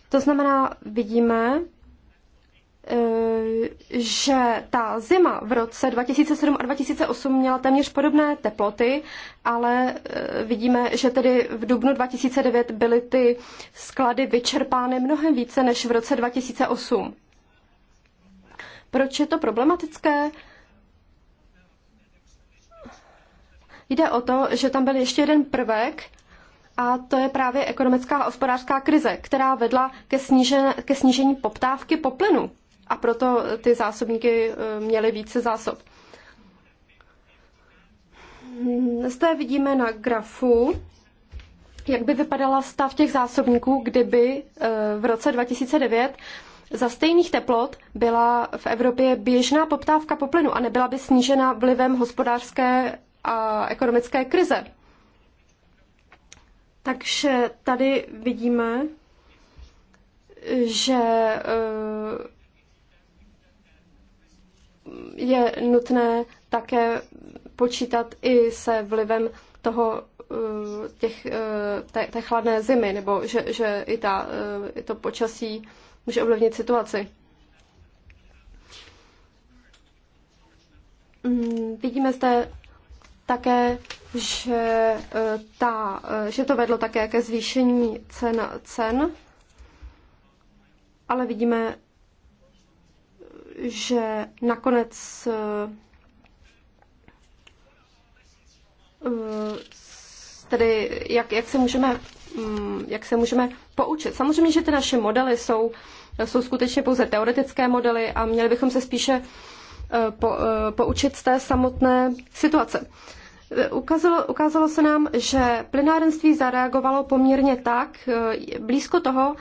To znamená, vidíme, eh, že ta zima v roce 2007 a 2008 měla téměř podobné teploty, ale vidíme, že tedy v dubnu 2009 byly ty sklady vyčerpány mnohem více než v roce 2008. Proč je to problematické? Jde o to, že tam byl ještě jeden prvek, a to je právě ekonomická a hospodářská krize, která vedla ke, snížen, ke snížení poptávky po plynu. A proto ty zásobníky eh, měly více zásob. Zde vidíme na grafu, jak by vypadala stav těch zásobníků, kdyby eh, v roce 2009 za stejných teplot byla v Evropě běžná poptávka po plynu a nebyla by snížena vlivem hospodářské a ekonomické krize. Takže tady vidíme, že eh, je nutné také počítat i se vlivem toho, eh, těch, eh, té, té chladné zimy, nebo že, že i ta, to počasí může ovlivnit situaci. Mm, vidíme zde také, že, e, ta, e, že to vedlo také ke zvýšení cen, cen ale vidíme, že nakonec e, tedy jak, jak, se můžeme, mm, jak se můžeme poučit. Samozřejmě, že ty naše modely jsou jsou skutečně pouze teoretické modely a měli bychom se spíše eh, po, eh, poučit z té samotné situace. Eh, ukázalo, ukázalo se nám, že plynárenství zareagovalo poměrně tak, blízko toho,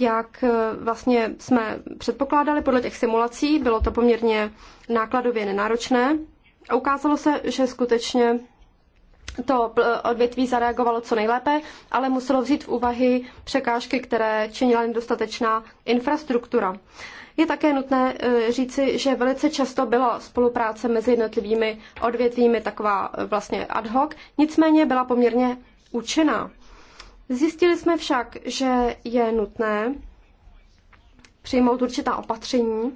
jak vlastně jsme předpokládali podle těch simulací, bylo to poměrně nákladově nenáročné a ukázalo se, že skutečně to eh, odvětví zareagovalo co nejlépe, ale muselo vzít v úvahy překážky, které činila nedostatečná infrastruktura. Je také nutné eh, říci, že velice často byla spolupráce mezi jednotlivými odvětvími taková eh, vlastně ad hoc, nicméně byla poměrně účinná. Zjistili jsme však, že je nutné přijmout určitá opatření,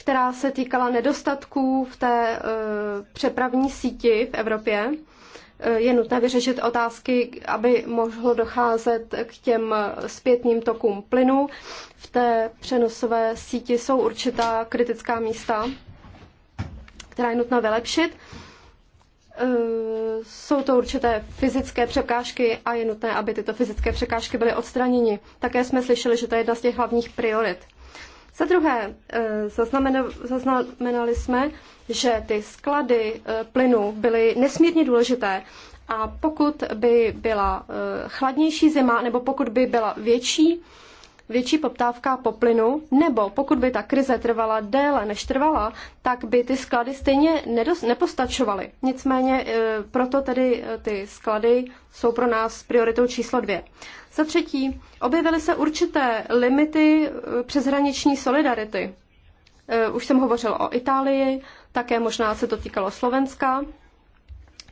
která se týkala nedostatků v té e, přepravní síti v Evropě. E, je nutné vyřešit otázky, aby mohlo docházet k těm zpětným tokům plynu. V té přenosové síti jsou určitá kritická místa, která je nutno vylepšit e, jsou to určité fyzické překážky a je nutné, aby tyto fyzické překážky byly odstraněny. Také jsme slyšeli, že to je jedna z těch hlavních priorit. Za druhé, eh, zaznamenali jsme, že ty sklady eh, plynu byly nesmírně důležité a pokud by byla eh, chladnější zima nebo pokud by byla větší, větší poptávka po plynu, nebo pokud by ta krize trvala déle než trvala, tak by ty sklady stejně nedos- nepostačovaly. Nicméně proto tedy ty sklady jsou pro nás prioritou číslo dvě. Za třetí, objevily se určité limity eh, přeshraniční solidarity. Eh, už jsem hovořila o Itálii, také možná se to týkalo Slovenska.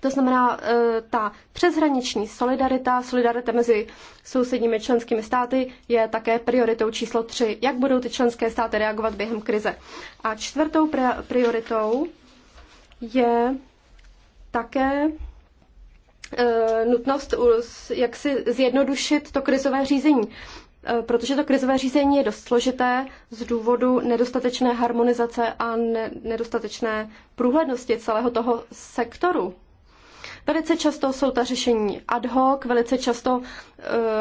To znamená, eh, ta přeshraniční solidarita, solidarita mezi sousedními členskými státy je také prioritou číslo tři. Jak budou ty členské státy reagovat během krize? A čtvrtou prioritou je také Eh, nutnost, jak si zjednodušit to krizové řízení, eh, protože to krizové řízení je dost složité z důvodu nedostatečné harmonizace a ne, nedostatečné průhlednosti celého toho sektoru. Velice často jsou ta řešení ad hoc, velice často uh,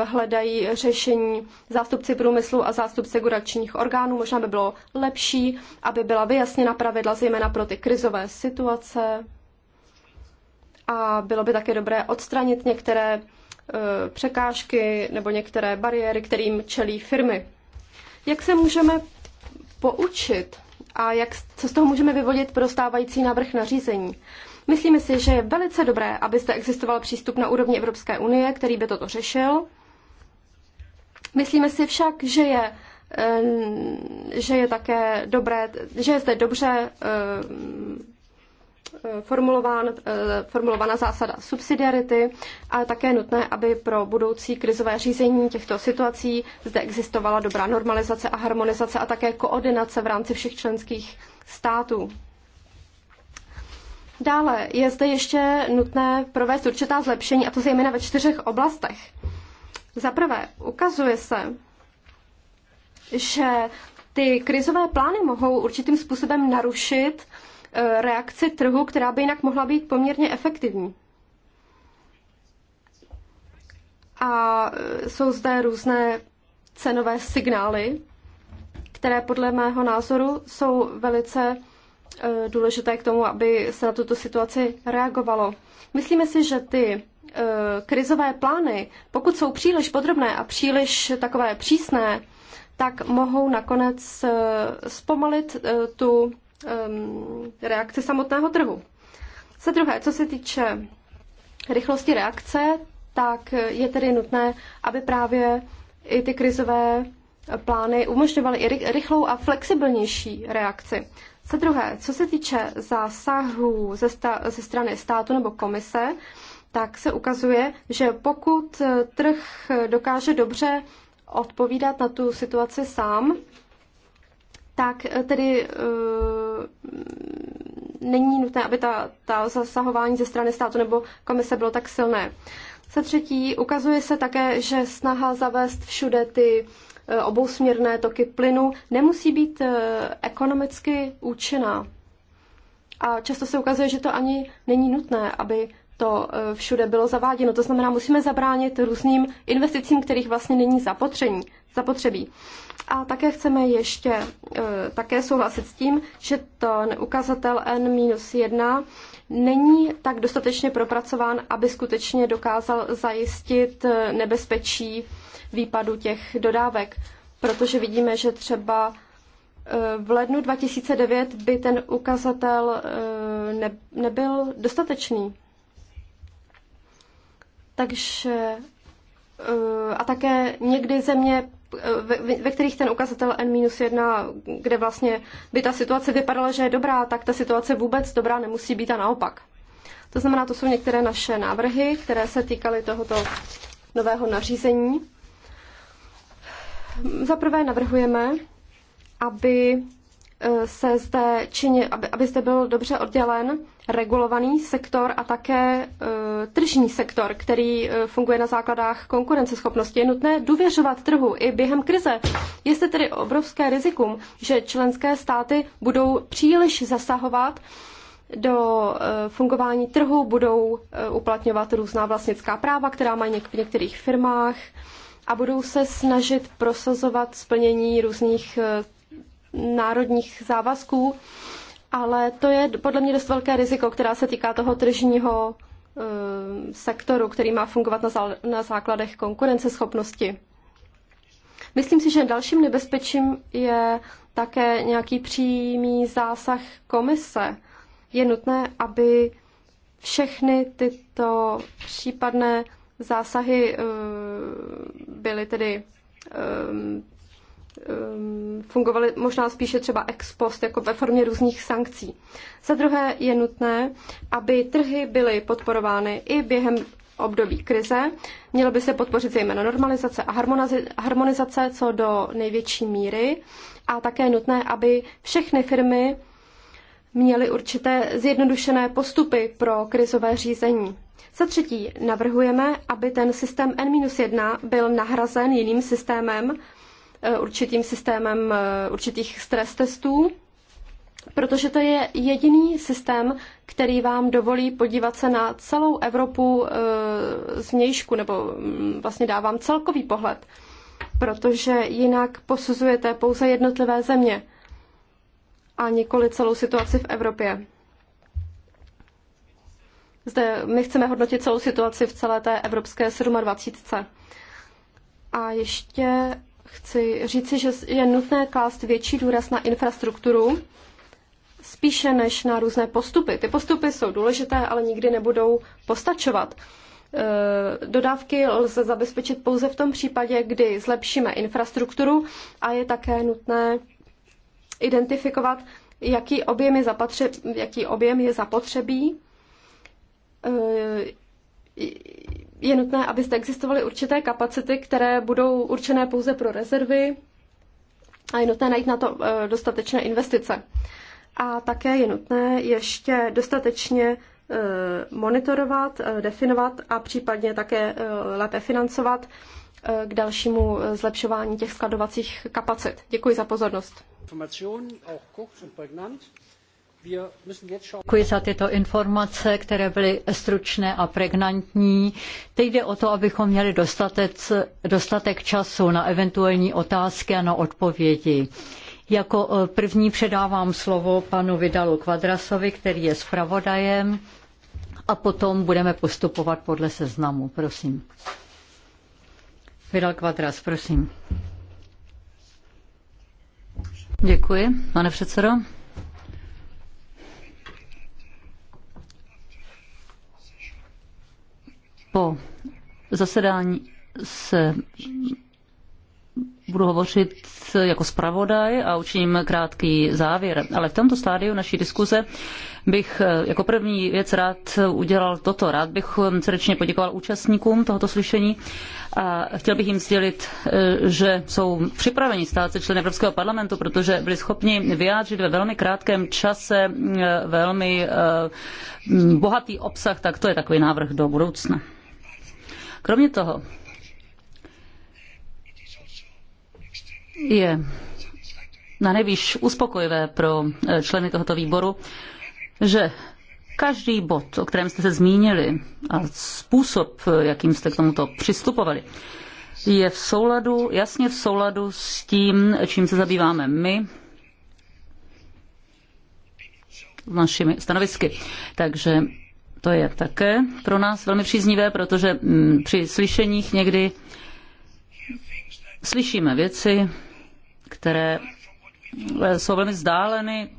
hledají řešení zástupci průmyslu a zástupci regulačních orgánů. Možná by bylo lepší, aby byla vyjasněna pravidla, zejména pro ty krizové situace a bylo by také dobré odstranit některé e, překážky nebo některé bariéry, kterým čelí firmy. Jak se můžeme poučit a jak, co z toho můžeme vyvodit pro stávající návrh nařízení? Myslíme si, že je velice dobré, aby zde existoval přístup na úrovni Evropské unie, který by toto řešil. Myslíme si však, že je, e, že je také dobré, že je zde dobře e, Eh, formulován, eh, formulována zásada subsidiarity a je také nutné, aby pro budoucí krizové řízení těchto situací zde existovala dobrá normalizace a harmonizace a také koordinace v rámci všech členských států. Dále je zde ještě nutné provést určitá zlepšení, a to zejména ve čtyřech oblastech. Za prvé, ukazuje se, že ty krizové plány mohou určitým způsobem narušit Eh, reakci trhu, která by jinak mohla být poměrně efektivní. A eh, jsou zde různé cenové signály, které podle mého názoru jsou velice eh, důležité k tomu, aby se na tuto situaci reagovalo. Myslíme si, že ty krizové plány, pokud jsou příliš podrobné a příliš takové přísné, tak mohou nakonec zpomalit tu um, reakce samotného trhu. Za druhé, co se týče rychlosti reakce, tak je tedy nutné, aby právě i ty krizové plány umožňovaly i rychlou a flexibilnější reakci. Za druhé, co se týče zásahů ze, sta- ze strany státu nebo komise, tak se ukazuje, že pokud trh dokáže dobře odpovídat na tu situaci sám, tak eh, tedy eh, není nutné, aby ta, ta zasahování ze strany státu nebo komise bylo tak silné. Za třetí, ukazuje se také, že snaha zavést všude ty eh, obousměrné toky plynu nemusí být ekonomicky účinná. A často se ukazuje, že to ani není nutné, aby to eh, všude bylo zaváděno. To znamená, musíme zabránit různým investicím, kterých vlastně není zapotření, zapotřebí. A také chceme ještě eh, také souhlasit s tím, že ten ukazatel N-1 není tak dostatečně propracován, aby skutečně dokázal zajistit eh, nebezpečí výpadu těch dodávek. Protože vidíme, že třeba v lednu 2009 by ten ukazatel nebyl dostatečný. Takže eh, a také někdy země, eh, ve, ve kterých ten ukazatel N-1, kde vlastně by ta situace vypadala, že je dobrá, tak ta situace vůbec dobrá nemusí být a naopak. To znamená, to jsou některé naše návrhy, které se týkaly tohoto nového nařízení. Za prvé navrhujeme, aby eh, se zde čině, aby, aby zde byl dobře oddělen regulovaný sektor a také e, tržní sektor, který e, funguje na základách konkurenceschopnosti. Je nutné důvěřovat trhu i během krize. Je zde tedy obrovské rizikum, že členské státy budou příliš zasahovat do e, fungování trhu, budou uplatňovat různá vlastnická práva, která mají v některých firmách a budou se snažit prosazovat splnění různých národních závazků ale to je podle mě dost velké riziko, která se týká toho tržního eh, sektoru, který má fungovat na, zá, na základech konkurenceschopnosti. Myslím si, že dalším nebezpečím je také nějaký přímý zásah komise. Je nutné, aby všechny tyto případné zásahy eh, byly tedy eh, Um, fungovaly možná spíše třeba ex post, jako ve formě různých sankcí. Za druhé je nutné, aby trhy byly podporovány i během období krize. Mělo by se podpořit zejména normalizace a harmonizace co do největší míry a také je nutné, aby všechny firmy měly určité zjednodušené postupy pro krizové řízení. Za třetí navrhujeme, aby ten systém N-1 byl nahrazen jiným systémem, Eh, určitým systémem eh, určitých stres testů, protože to je jediný systém, který vám dovolí podívat se na celou Evropu eh, z vnějšku, nebo mm, vlastně dá vám celkový pohled, protože jinak posuzujete pouze jednotlivé země a nikoli celou situaci v Evropě. Zde my chceme hodnotit celou situaci v celé té evropské 27. A ještě chci říci, že je nutné klást větší důraz na infrastrukturu, spíše než na různé postupy. Ty postupy jsou důležité, ale nikdy nebudou postačovat. E, dodávky lze zabezpečit pouze v tom případě, kdy zlepšíme infrastrukturu a je také nutné identifikovat, jaký objem je, jaký objem je zapotřebí, e, je nutné, aby zde existovaly určité kapacity, které budou určené pouze pro rezervy a je nutné najít na to eh, dostatečné investice. A také je nutné ještě dostatečně eh, monitorovat, eh, definovat a případně také lépe financovat k dalšímu zlepšování těch skladovacích kapacit. Děkuji za pozornost. Děkuji za tyto informace, které byly stručné a pregnantní. Teď jde o to, abychom měli dostatec, dostatek času na eventuální otázky a na odpovědi. Jako eh, první předávám slovo panu Vidalu Kvadrasovi, který je zpravodajem a potom budeme postupovat podle seznamu. Prosím. Vidal Kvadras, prosím. Děkuji, pane předsedo. Po zasedání se budu hovořit jako zpravodaj a učiním krátký závěr. Ale v tomto stádiu naší diskuze bych eh, jako první věc rád udělal toto. Rád bych eh, srdečně poděkoval účastníkům tohoto slyšení a chtěl bych jim sdělit, eh, že jsou připraveni stát se členy Evropského parlamentu, protože byli schopni vyjádřit ve velmi krátkém čase velmi bohatý obsah, tak to je takový návrh do budoucna. Kromě toho je na nejvíc uspokojivé pro e, členy tohoto výboru, že každý bod, o kterém jste se zmínili a způsob, e, jakým jste k tomuto přistupovali, je v souladu, jasně v souladu s tím, čím se zabýváme my, našimi stanovisky. Takže to je také pro nás velmi příznivé, protože mm, při slyšeních někdy slyšíme věci, které eh, jsou velmi vzdáleny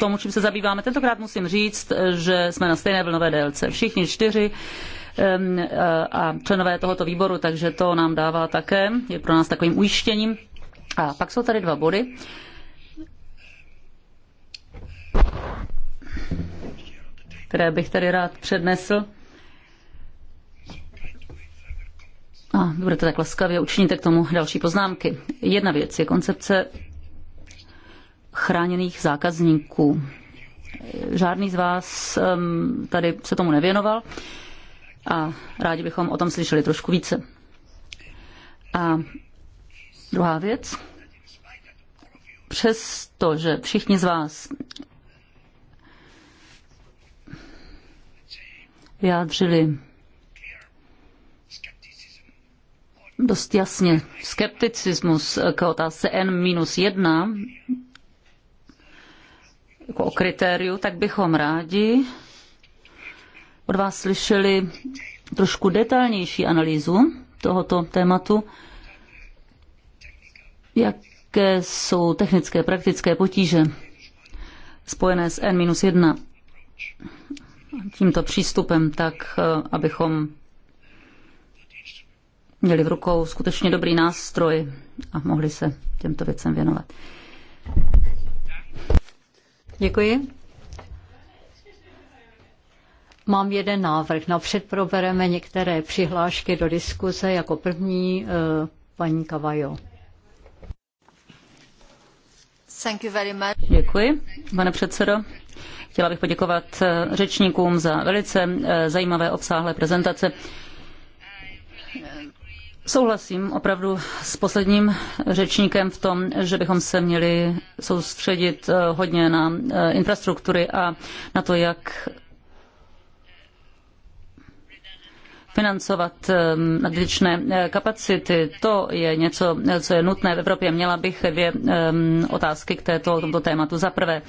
tomu, čím se zabýváme. Tentokrát musím říct, že jsme na stejné vlnové délce. Všichni čtyři eh, a členové tohoto výboru, takže to nám dává také, je pro nás takovým ujištěním. A pak jsou tady dva body které bych tady rád přednesl. A budete tak laskavě, učiníte k tomu další poznámky. Jedna věc je koncepce chráněných zákazníků. Žádný z vás um, tady se tomu nevěnoval a rádi bychom o tom slyšeli trošku více. A druhá věc, přestože všichni z vás vyjádřili dost jasně skepticismus k otázce N-1 jako o kritériu, tak bychom rádi od vás slyšeli trošku detailnější analýzu tohoto tématu, jaké jsou technické, praktické potíže spojené s N-1 tímto přístupem tak, eh, abychom měli v rukou skutečně dobrý nástroj a mohli se těmto věcem věnovat. Děkuji. Mám jeden návrh. Napřed probereme některé přihlášky do diskuze. Jako první eh, paní Kavajo. Děkuji, pane předsedo. Chtěla bych poděkovat eh, řečníkům za velice eh, zajímavé obsáhlé prezentace. Souhlasím opravdu s posledním řečníkem v tom, že bychom se měli soustředit eh, hodně na infrastruktury a na to, jak financovat ehm, nadličné kapacity. To je něco, co je nutné v Evropě. Měla bych dvě ehm, otázky k této, tomto tématu. Za prvé,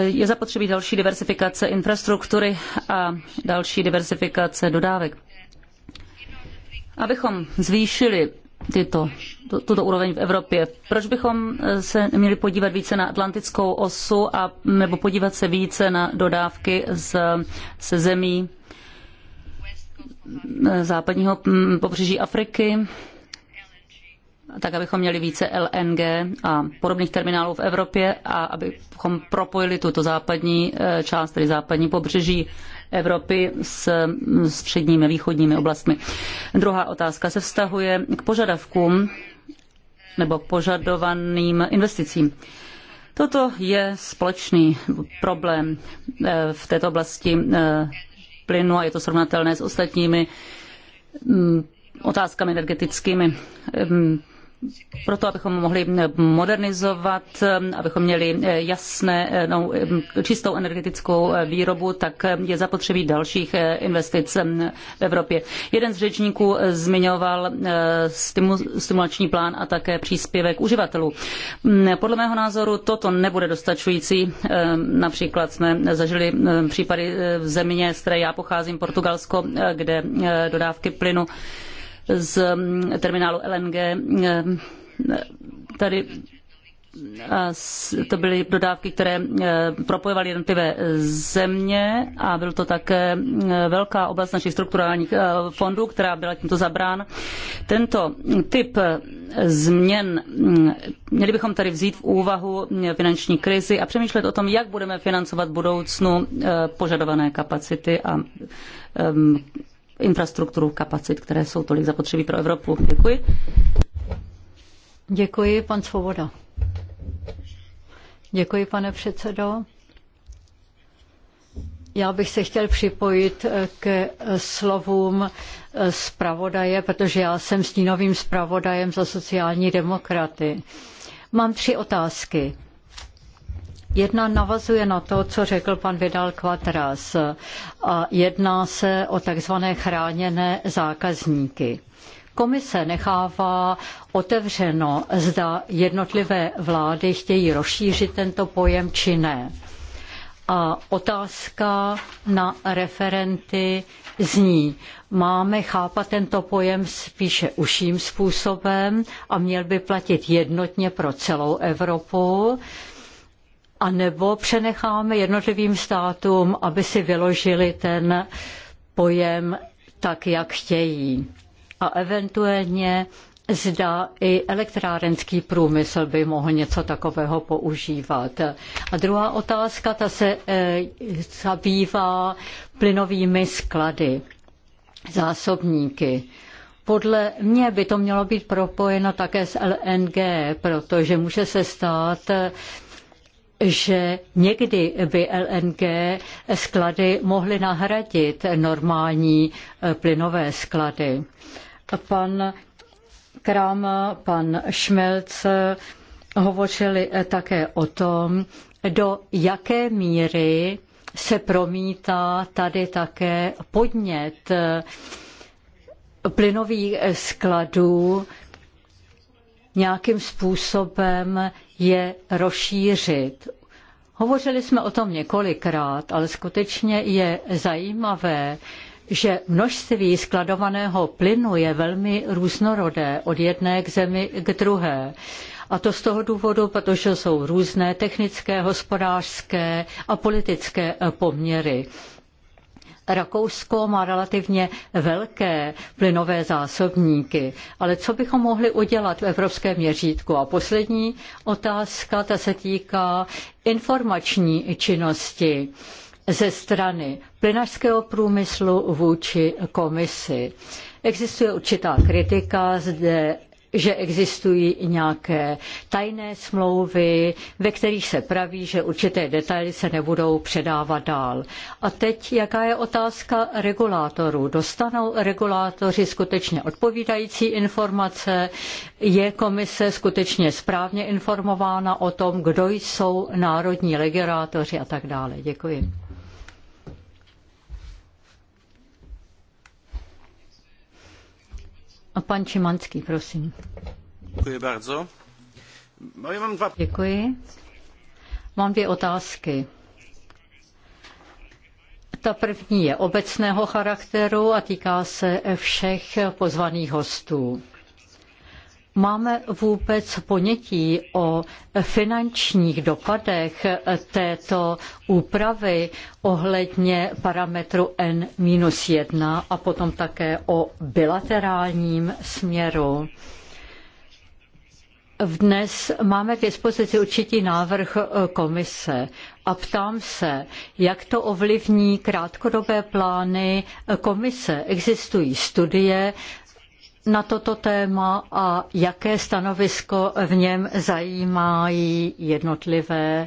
je zapotřebí další diversifikace infrastruktury a další diversifikace dodávek. Abychom zvýšili tyto, tuto úroveň v Evropě. Proč bychom se měli podívat více na atlantickou osu a nebo podívat se více na dodávky z, ze zemí západního pobřeží Afriky, tak abychom měli více LNG a podobných terminálů v Evropě a abychom propojili tuto západní eh, část, tedy západní pobřeží Evropy mm, s středními východními oblastmi. Druhá otázka se vztahuje k požadavkům nebo požadovaným investicím. Toto je společný problém eh, v této oblasti eh, plynu a je to srovnatelné s ostatními mm, otázkami energetickými. Ehm, proto, abychom mohli modernizovat, abychom měli e, jasné, e, no, čistou energetickou e, výrobu, tak je zapotřebí dalších investic v Evropě. Jeden z řečníků zmiňoval stimulační plán a také příspěvek uživatelů. Podle mého názoru toto nebude dostačující. Například jsme zažili případy v země, z které já pocházím, Portugalsko, kde dodávky plynu z mm, terminálu LNG. Mm, tady to byly dodávky, které mm, propojovaly jednotlivé země a byl to také velká oblast našich strukturálních e, fondů, která byla tímto zabrána. Tento typ změn, měli bychom tady vzít v úvahu finanční krizi a přemýšlet o tom, jak budeme financovat v budoucnu e, požadované kapacity a infrastrukturu kapacit, které jsou tolik zapotřebí pro Evropu. Děkuji. Děkuji, pan Svoboda. Děkuji, pane předsedo. Já bych se chtěl připojit eh, k eh, slovům eh, zpravodaje, protože já jsem stínovým zpravodajem za sociální demokraty. Mám tři otázky. Jedna navazuje na to, co řekl pan Vidal Quadras a jedná se o takzvané chráněné zákazníky. Komise nechává otevřeno, zda jednotlivé vlády chtějí rozšířit tento pojem či ne. A otázka na referenty zní, máme chápat tento pojem spíše uším způsobem a měl by platit jednotně pro celou Evropu, anebo přenecháme jednotlivým státům, aby si vyložili ten pojem tak, jak chtějí. A eventuálně zda i elektrárenský průmysl by mohl něco takového používat. A druhá otázka, ta se e, zabývá plynovými sklady, zásobníky. Podle mě by to mělo být propojeno také s LNG, protože může se stát, že někdy by LNG sklady mohly nahradit normální eh, plynové sklady. Pan Kram, pan Šmelc eh, hovořili eh, také o tom, do jaké míry se promítá tady také podnět plynových skladů nějakým způsobem je rozšířit. Hovořili jsme o tom několikrát, ale skutečně je zajímavé, že množství skladovaného plynu je velmi různorodé od jedné k zemi k druhé. A to z toho důvodu, protože jsou různé technické, hospodářské a politické poměry. Rakousko má relativně velké plynové zásobníky, ale co bychom mohli udělat v evropském měřítku? A poslední otázka, ta se týká informační činnosti ze strany plynařského průmyslu vůči komisi. Existuje určitá kritika, zde že existují nějaké tajné smlouvy, ve kterých se praví, že určité detaily se nebudou předávat dál. A teď, jaká je otázka regulátorů? Dostanou regulátoři skutečně odpovídající informace? Je komise skutečně správně informována o tom, kdo jsou národní regulátoři a tak dále? Děkuji. A pan Čimanský, prosím. Děkuji bardzo. No, mám dva... Děkuji. Mám dvě otázky. Ta první je obecného charakteru a týká se všech pozvaných hostů. Máme vůbec ponětí o finančních dopadech této úpravy ohledně parametru N-1 a potom také o bilaterálním směru. Dnes máme k dispozici určitý návrh komise a ptám se, jak to ovlivní krátkodobé plány komise. Existují studie, na toto téma a jaké stanovisko v něm zajímají jednotlivé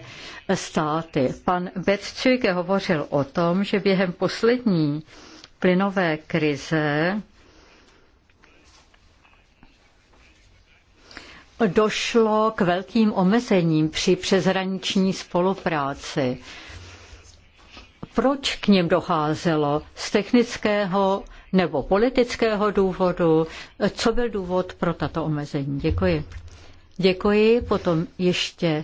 státy. Pan Betčík hovořil o tom, že během poslední plynové krize došlo k velkým omezením při přeshraniční spolupráci. Proč k něm docházelo? Z technického nebo politického důvodu? Co byl důvod pro tato omezení? Děkuji. Děkuji. Potom ještě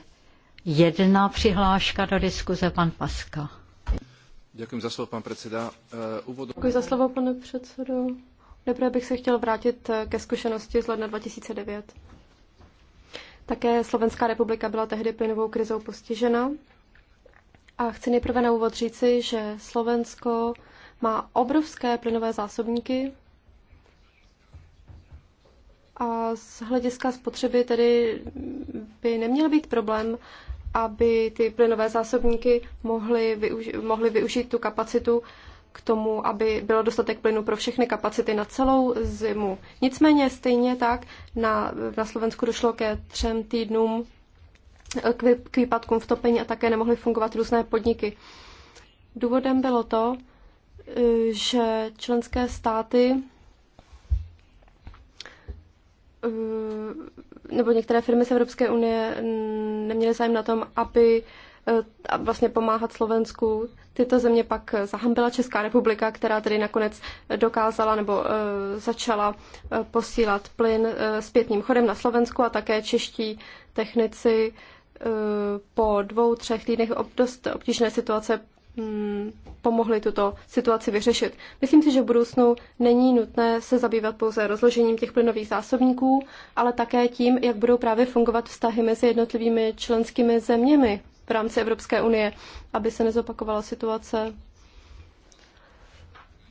jedna přihláška do diskuze, pan Paska. Děkuji za slovo, pan předseda. Eh, Úvodom... Děkuji za slovo, pane předsedo. Nejprve bych se chtěl vrátit ke zkušenosti z ledna 2009. Také Slovenská republika byla tehdy plynovou krizou postižena. A chci nejprve na úvod říci, že Slovensko má obrovské plynové zásobníky a z hlediska spotřeby tedy by neměl být problém, aby ty plynové zásobníky mohly, využi- mohly využít tu kapacitu k tomu, aby bylo dostatek plynu pro všechny kapacity na celou zimu. Nicméně stejně tak na, na Slovensku došlo ke třem týdnům k, vy, k výpadkům v topení a také nemohly fungovat různé podniky. Důvodem bylo to, že členské státy eh, nebo některé firmy z Evropské unie neměly zájem na tom, aby eh, vlastně pomáhat Slovensku. Tyto země pak zahambila Česká republika, která tedy nakonec dokázala nebo eh, začala posílat plyn zpětným chodem na Slovensku a také čeští technici po dvou, třech týdnech dost obtížné situace Mm, pomohly tuto situaci vyřešit. Myslím si, že v budoucnu není nutné se zabývat pouze rozložením těch plynových zásobníků, ale také tím, jak budou právě fungovat vztahy mezi jednotlivými členskými zeměmi v rámci Evropské unie, aby se nezopakovala situace,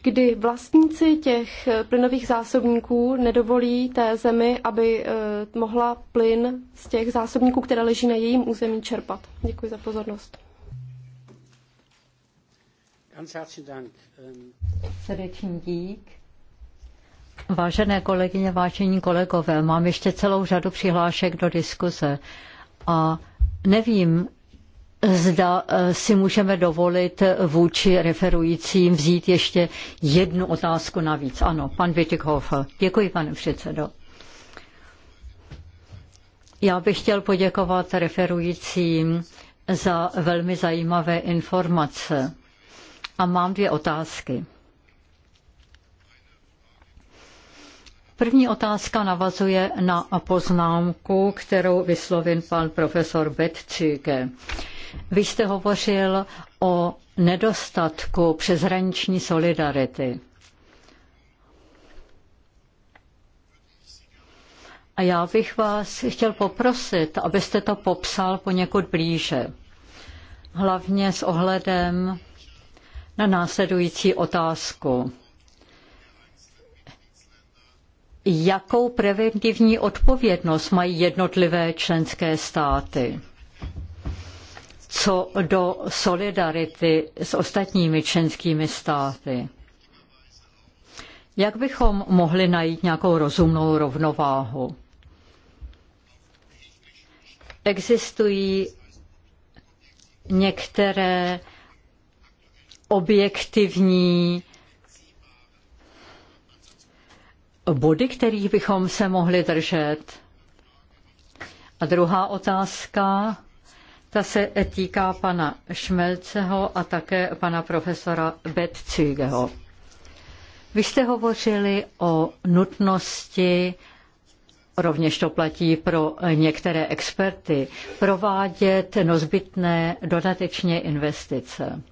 kdy vlastníci těch plynových zásobníků nedovolí té zemi, aby eh, mohla plyn z těch zásobníků, které leží na jejím území, čerpat. Děkuji za pozornost. Ähm, Srdečný dík. Vážené kolegyně, vážení kolegové, mám ještě celou řadu přihlášek do diskuze a nevím, zda e, si můžeme dovolit vůči referujícím vzít ještě jednu otázku navíc. Ano, pan Wittighofer. Děkuji, pane předsedo. Já bych chtěl poděkovat referujícím za velmi zajímavé informace a mám dvě otázky. První otázka navazuje na poznámku, kterou vyslovil pan profesor Betcíke. Vy jste hovořil o nedostatku přeshraniční solidarity. A já bych vás chtěl poprosit, abyste to popsal poněkud blíže. Hlavně s ohledem na následující otázku. Jakou preventivní odpovědnost mají jednotlivé členské státy? Co do solidarity s ostatními členskými státy? Jak bychom mohli najít nějakou rozumnou rovnováhu? Existují některé objektivní body, kterých bychom se mohli držet. A druhá otázka, ta se týká pana Šmelceho a také pana profesora Betcügeho. Vy jste hovořili o nutnosti, rovněž to platí pro některé experty, provádět nozbytné dodatečně investice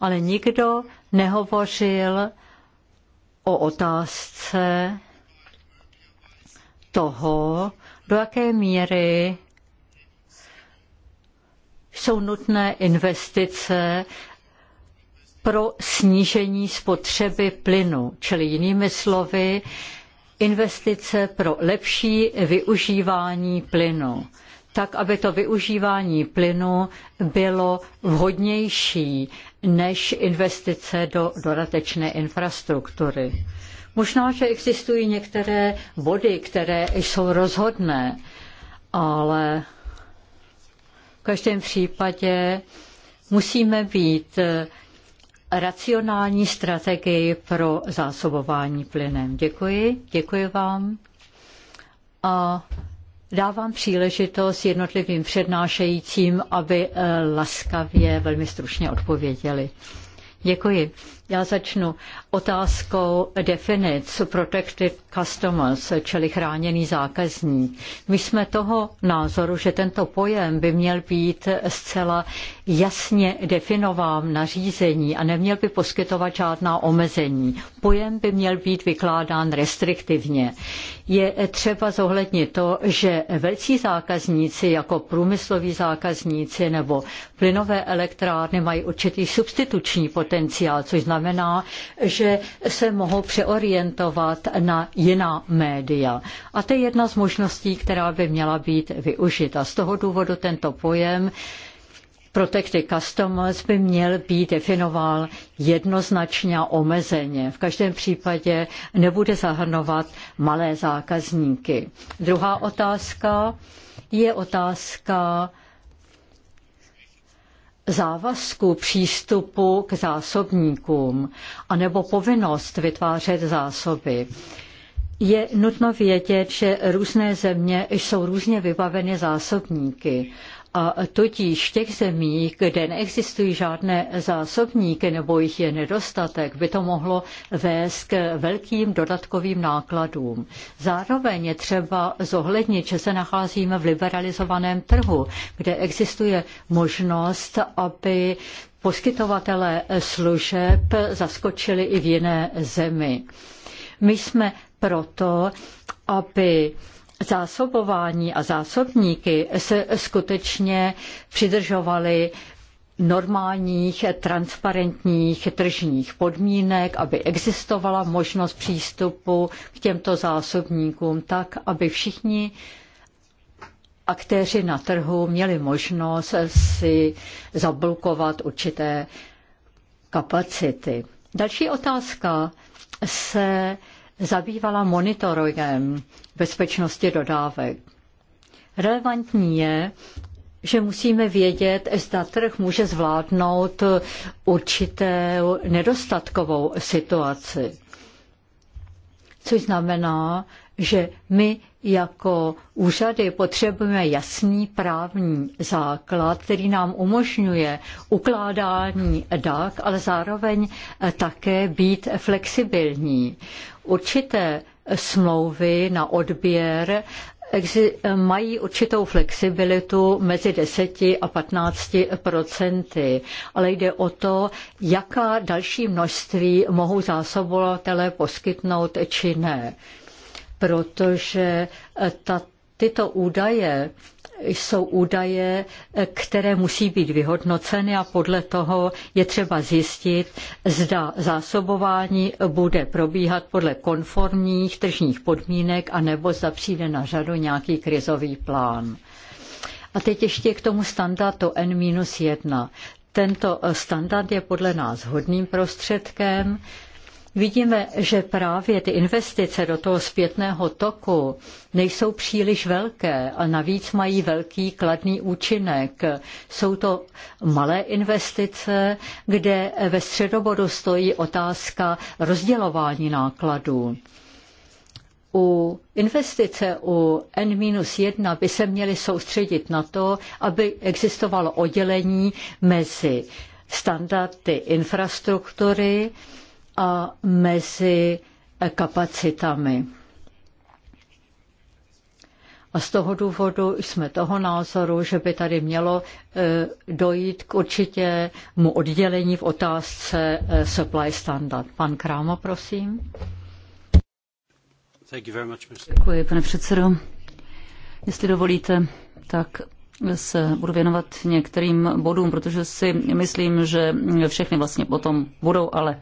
ale nikdo nehovořil o otázce toho, do jaké míry jsou nutné investice pro snížení spotřeby plynu, čili jinými slovy, investice pro lepší využívání plynu, tak aby to využívání plynu bylo vhodnější než investice do dodatečné infrastruktury. Možná, že existují některé body, které jsou rozhodné, ale v každém případě musíme být racionální strategii pro zásobování plynem. Děkuji, děkuji vám. A Dávám příležitost jednotlivým přednášejícím, aby eh, laskavě velmi stručně odpověděli. Děkuji. Já začnu otázkou definic Protected Customers, čili chráněný zákazník. My jsme toho názoru, že tento pojem by měl být zcela jasně definován nařízení a neměl by poskytovat žádná omezení. Pojem by měl být vykládán restriktivně. Je třeba zohlednit to, že velcí zákazníci jako průmysloví zákazníci nebo plynové elektrárny mají určitý substituční potenciál, což znamená, znamená, že se mohou přeorientovat na jiná média. A to je jedna z možností, která by měla být využita. Z toho důvodu tento pojem Protected Customers by měl být definoval jednoznačně a omezeně. V každém případě nebude zahrnovat malé zákazníky. Druhá otázka je otázka závazku přístupu k zásobníkům anebo povinnost vytvářet zásoby. Je nutno vědět, že různé země jsou různě vybaveny zásobníky a totiž v těch zemích, kde neexistují žádné zásobníky nebo jich je nedostatek, by to mohlo vést k velkým dodatkovým nákladům. Zároveň je třeba zohlednit, že se nacházíme v liberalizovaném trhu, kde existuje možnost, aby poskytovatelé služeb zaskočili i v jiné zemi. My jsme proto, aby zásobování a zásobníky se skutečně přidržovaly normálních, transparentních tržních podmínek, aby existovala možnost přístupu k těmto zásobníkům tak, aby všichni aktéři na trhu měli možnost si zablokovat určité kapacity. Další otázka se zabývala monitoringem bezpečnosti dodávek. Relevantní je, že musíme vědět, zda trh může zvládnout určité nedostatkovou situaci. Což znamená, že my jako úřady potřebujeme jasný právní základ, který nám umožňuje ukládání dák, ale zároveň eh, také být flexibilní. Určité smlouvy na odběr eh, eh, mají určitou flexibilitu mezi 10 a 15 procenty, ale jde o to, jaká další množství mohou zásobovatelé poskytnout či ne protože eh, ta, tyto údaje jsou údaje, eh, které musí být vyhodnoceny a podle toho je třeba zjistit, zda zásobování bude probíhat podle konformních tržních podmínek nebo zda přijde na řadu nějaký krizový plán. A teď ještě k tomu standardu N-1. Tento eh, standard je podle nás hodným prostředkem, Vidíme, že právě ty investice do toho zpětného toku nejsou příliš velké a navíc mají velký kladný účinek. Jsou to malé investice, kde ve středobodu stojí otázka rozdělování nákladů. U investice u N-1 by se měly soustředit na to, aby existovalo oddělení mezi standardy infrastruktury, a mezi kapacitami. A z toho důvodu jsme toho názoru, že by tady mělo e, dojít k mu oddělení v otázce e, supply standard. Pan Krámo, prosím. Děkuji, pane předsedo. Jestli dovolíte, tak se budu věnovat některým bodům, protože si myslím, že všechny vlastně potom budou, ale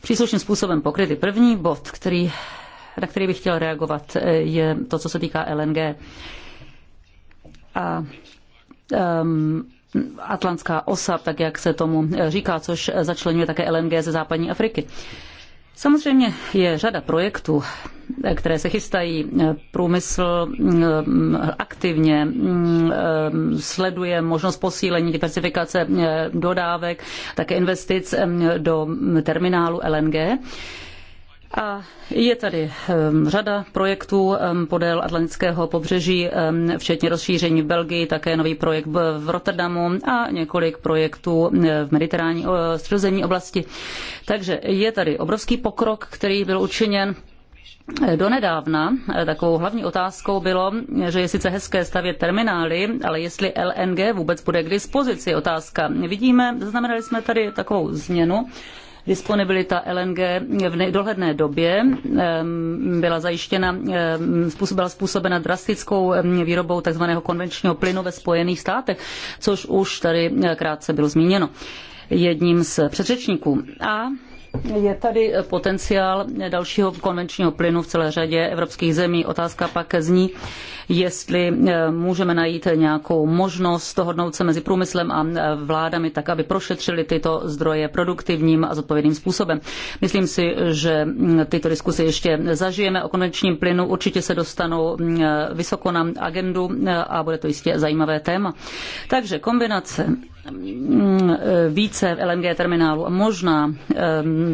příslušným způsobem pokryty. První bod, který, na který bych chtěl reagovat, eh, je to, co se týká LNG. A um, Atlantská osa, tak jak se tomu eh, říká, což eh, začlenuje také LNG ze západní Afriky. Uh, Samozřejmě je řada projektů, které se chystají. Průmysl mm, eh, aktivně mm, eh, sleduje možnost posílení diversifikace eh, dodávek, také investic mm, do terminálu LNG. A je tady ehm, řada projektů ehm, podél Atlantického pobřeží, ehm, včetně rozšíření v Belgii, také nový projekt v Rotterdamu a několik projektů eh, v mediterální středozemní oblasti. Takže je tady obrovský pokrok, který byl učiněn. Donedávna eh, takovou hlavní otázkou bylo, že je sice hezké stavět terminály, ale jestli LNG vůbec bude k dispozici, otázka. Vidíme, zaznamenali jsme tady takovou změnu disponibilita LNG v dohledné době byla zajištěna, byla způsobena drastickou výrobou tzv. konvenčního plynu ve Spojených státech, což už tady eh, krátce bylo zmíněno jedním z předřečníků. A je tady eh, potenciál dalšího konvenčního plynu v celé řadě evropských zemí. Otázka pak zní, jestli eh, můžeme najít nějakou možnost dohodnout se mezi průmyslem a eh, vládami tak, aby prošetřili tyto zdroje produktivním a zodpovědným způsobem. Myslím si, že mm, tyto diskuse ještě zažijeme o konvenčním plynu. Určitě se dostanou mm, vysoko na agendu a bude to jistě zajímavé téma. Takže kombinace Mm, více LNG terminálu a možná mm,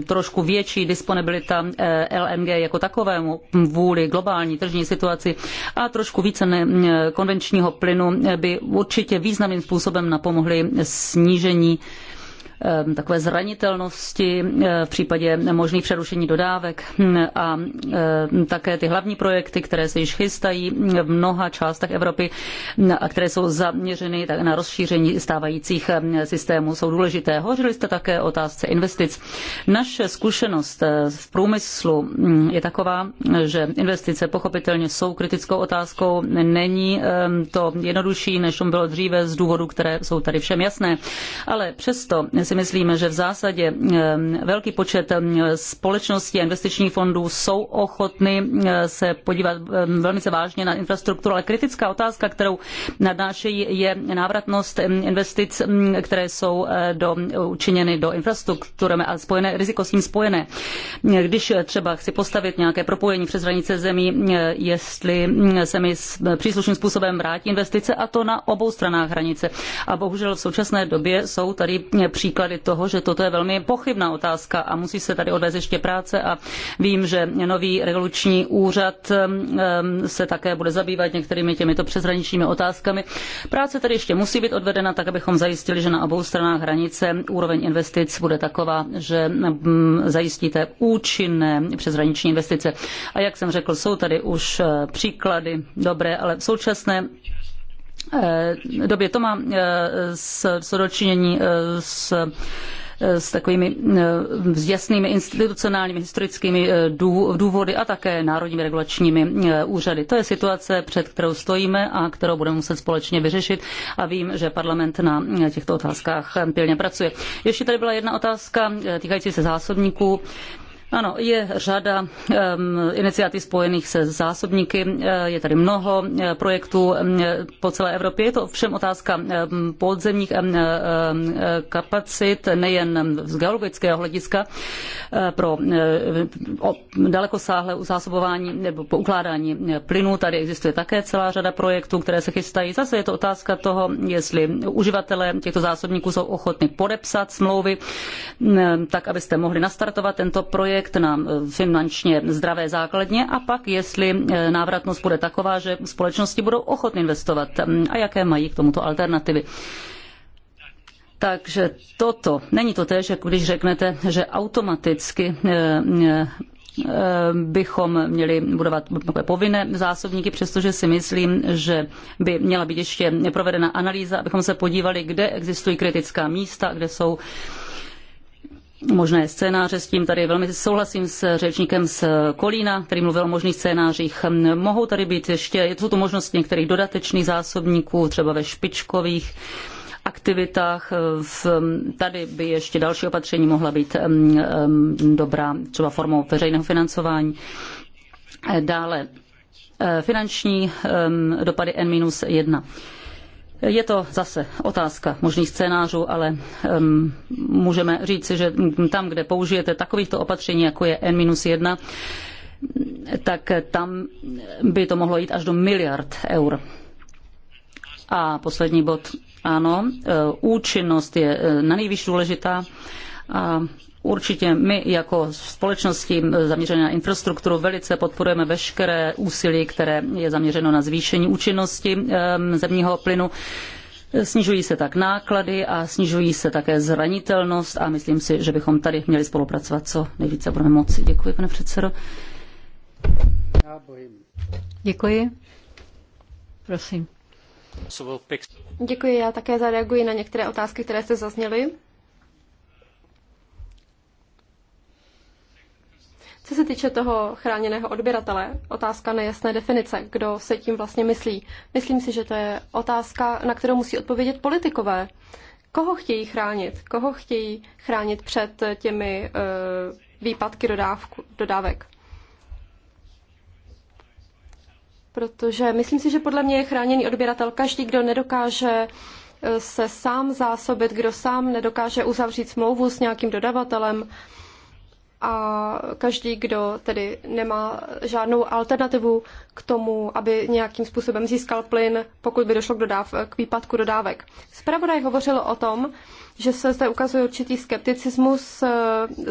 trošku větší disponibilita eh, LNG jako takovému vůli globální tržní situaci a trošku více mm, konvenčního plynu by určitě významným způsobem napomohly snížení Ehm, takové zranitelnosti eh, v případě možných přerušení dodávek hm, a ehm, také ty hlavní projekty, které se již chystají v mnoha částech Evropy hm, a které jsou zaměřeny na rozšíření stávajících ehm, systémů, jsou důležité. Hovořili jste také o otázce investic. Naše zkušenost eh, v průmyslu hm, je taková, že investice pochopitelně jsou kritickou otázkou. Není to jednodušší, než to bylo dříve z důvodů, které jsou tady všem jasné. Ale přesto si myslíme, že v zásadě eh, velký počet eh, společností a investičních fondů jsou ochotny eh, se podívat velmi se vážně na infrastrukturu, ale kritická otázka, kterou nadnášejí, je návratnost investic, mm, které jsou do, učiněny do infrastruktury a spojené, riziko s tím spojené. Když třeba chci postavit nějaké propojení přes hranice zemí, jestli mm, se mi příslušným způsobem vrátí investice a to na obou stranách hranice. A bohužel v současné době jsou tady příklady příklady toho, že toto je velmi pochybná otázka a musí se tady odvést ještě práce a vím, že nový regulační úřad ehm, se také bude zabývat některými těmito přeshraničními otázkami. Práce tedy ještě musí být odvedena tak, abychom zajistili, že na obou stranách hranice úroveň investic bude taková, že ehm, zajistíte účinné přeshraniční investice. A jak jsem řekl, jsou tady už eh, příklady dobré, ale v současné Eh, době. To má s eh, dočinění s s eh, takovými s jasnými institucionálními historickými důvody a také národními regulačními úřady. To je situace, před kterou stojíme a kterou budeme muset společně vyřešit a vím, že parlament na těchto otázkách pilně pracuje. Ještě tady byla jedna otázka týkající se zásobníků. Ano, je řada um, iniciativ spojených se zásobníky, e, je tady mnoho e, projektů po celé Evropě. Je to všem otázka podzemních e, kapacit, nejen z geologického hlediska pro dalekosáhlé zásobování nebo ukládání plynu. Tady existuje také celá řada projektů, které se chystají. Zase je to otázka toho, jestli uživatelé těchto zásobníků jsou ochotni podepsat smlouvy, tak abyste mohli nastartovat tento projekt efekt na eh, finančně zdravé základně a pak, jestli eh, návratnost bude taková, že společnosti budou ochotny investovat hm, a jaké mají k tomuto alternativy. Takže toto, není to též, když řeknete, že automaticky eh, bychom měli budovat povinné zásobníky, přestože si myslím, že by měla být ještě provedena analýza, abychom se podívali, kde existují kritická místa, kde jsou možné scénáře, s tím tady velmi souhlasím s řečníkem z Kolína, který mluvil o možných scénářích. Mohou tady být ještě, je tu možnost některých dodatečných zásobníků, třeba ve špičkových aktivitách. V, tady by ještě další opatření mohla být um, dobrá, třeba formou veřejného financování. Dále eh, finanční um, dopady N-1. Je to zase otázka možných scénářů, ale um, můžeme říci, že tam, kde použijete takovýchto opatření, jako je N-1, tak tam by to mohlo jít až do miliard eur. A poslední bod, ano, e, účinnost je e, na nejvyšší důležitá a Určitě my jako společnosti zaměřené na infrastrukturu velice podporujeme veškeré úsilí, které je zaměřeno na zvýšení účinnosti ehm, zemního plynu. Snižují se tak náklady a snižují se také zranitelnost a myslím si, že bychom tady měli spolupracovat co nejvíce budeme moci. Děkuji, pane předsedo. Děkuji. Prosím. Děkuji, já také zareaguji na některé otázky, které jste zazněly. Co se týče toho chráněného odběratele, otázka nejasné definice, kdo se tím vlastně myslí. Myslím si, že to je otázka, na kterou musí odpovědět politikové. Koho chtějí chránit? Koho chtějí chránit před těmi uh, výpadky dodávku, dodávek? Protože myslím si, že podle mě je chráněný odběratel každý, kdo nedokáže eh, se sám zásobit, kdo sám nedokáže uzavřít smlouvu s nějakým dodavatelem. Uh, a každý, kdo tedy nemá žádnou alternativu k tomu, aby nějakým způsobem získal plyn, pokud by došlo k, dodáv- k výpadku dodávek. Zpravodaj hovořil o tom, že se zde ukazuje určitý skepticismus eh,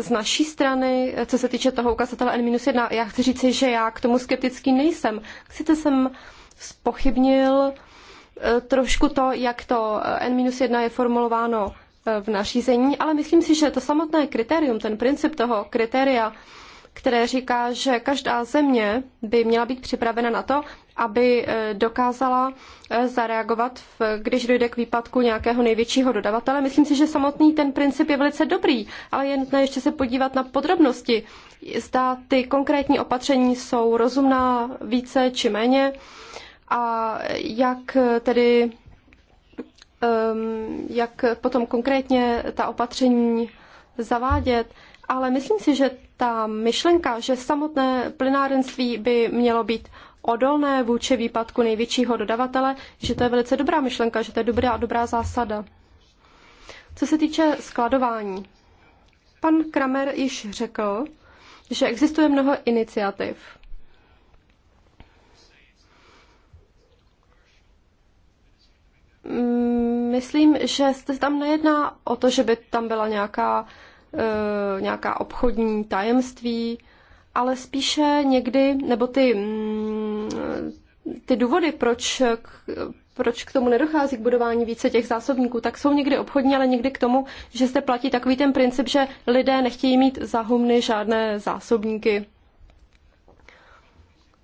z naší strany, co se týče toho ukazatele N-1. Já chci říci, že já k tomu skeptický nejsem. Sice jsem spochybnil eh, trošku to, jak to eh, N-1 je formulováno v nařízení, ale myslím si, že to samotné kritérium, ten princip toho kritéria, které říká, že každá země by měla být připravena na to, aby eh, dokázala eh, zareagovat, když dojde k výpadku nějakého největšího dodavatele. Myslím si, že samotný ten princip je velice dobrý, ale je nutné ještě se podívat na podrobnosti. Zda ty konkrétní opatření jsou rozumná více či méně a jak eh, tedy Ehm, jak potom konkrétně ta opatření zavádět, ale myslím si, že ta myšlenka, že samotné plynárenství by mělo být odolné vůči výpadku největšího dodavatele, že to je velice dobrá myšlenka, že to je dobrá, a dobrá zásada. Co se týče skladování, pan Kramer již řekl, že existuje mnoho iniciativ. Mm, myslím, že se tam nejedná o to, že by tam byla nějaká, e, nějaká obchodní tajemství, ale spíše někdy, nebo ty, mm, ty důvody, proč k, proč k tomu nedochází k budování více těch zásobníků, tak jsou někdy obchodní, ale někdy k tomu, že se platí takový ten princip, že lidé nechtějí mít za humny žádné zásobníky.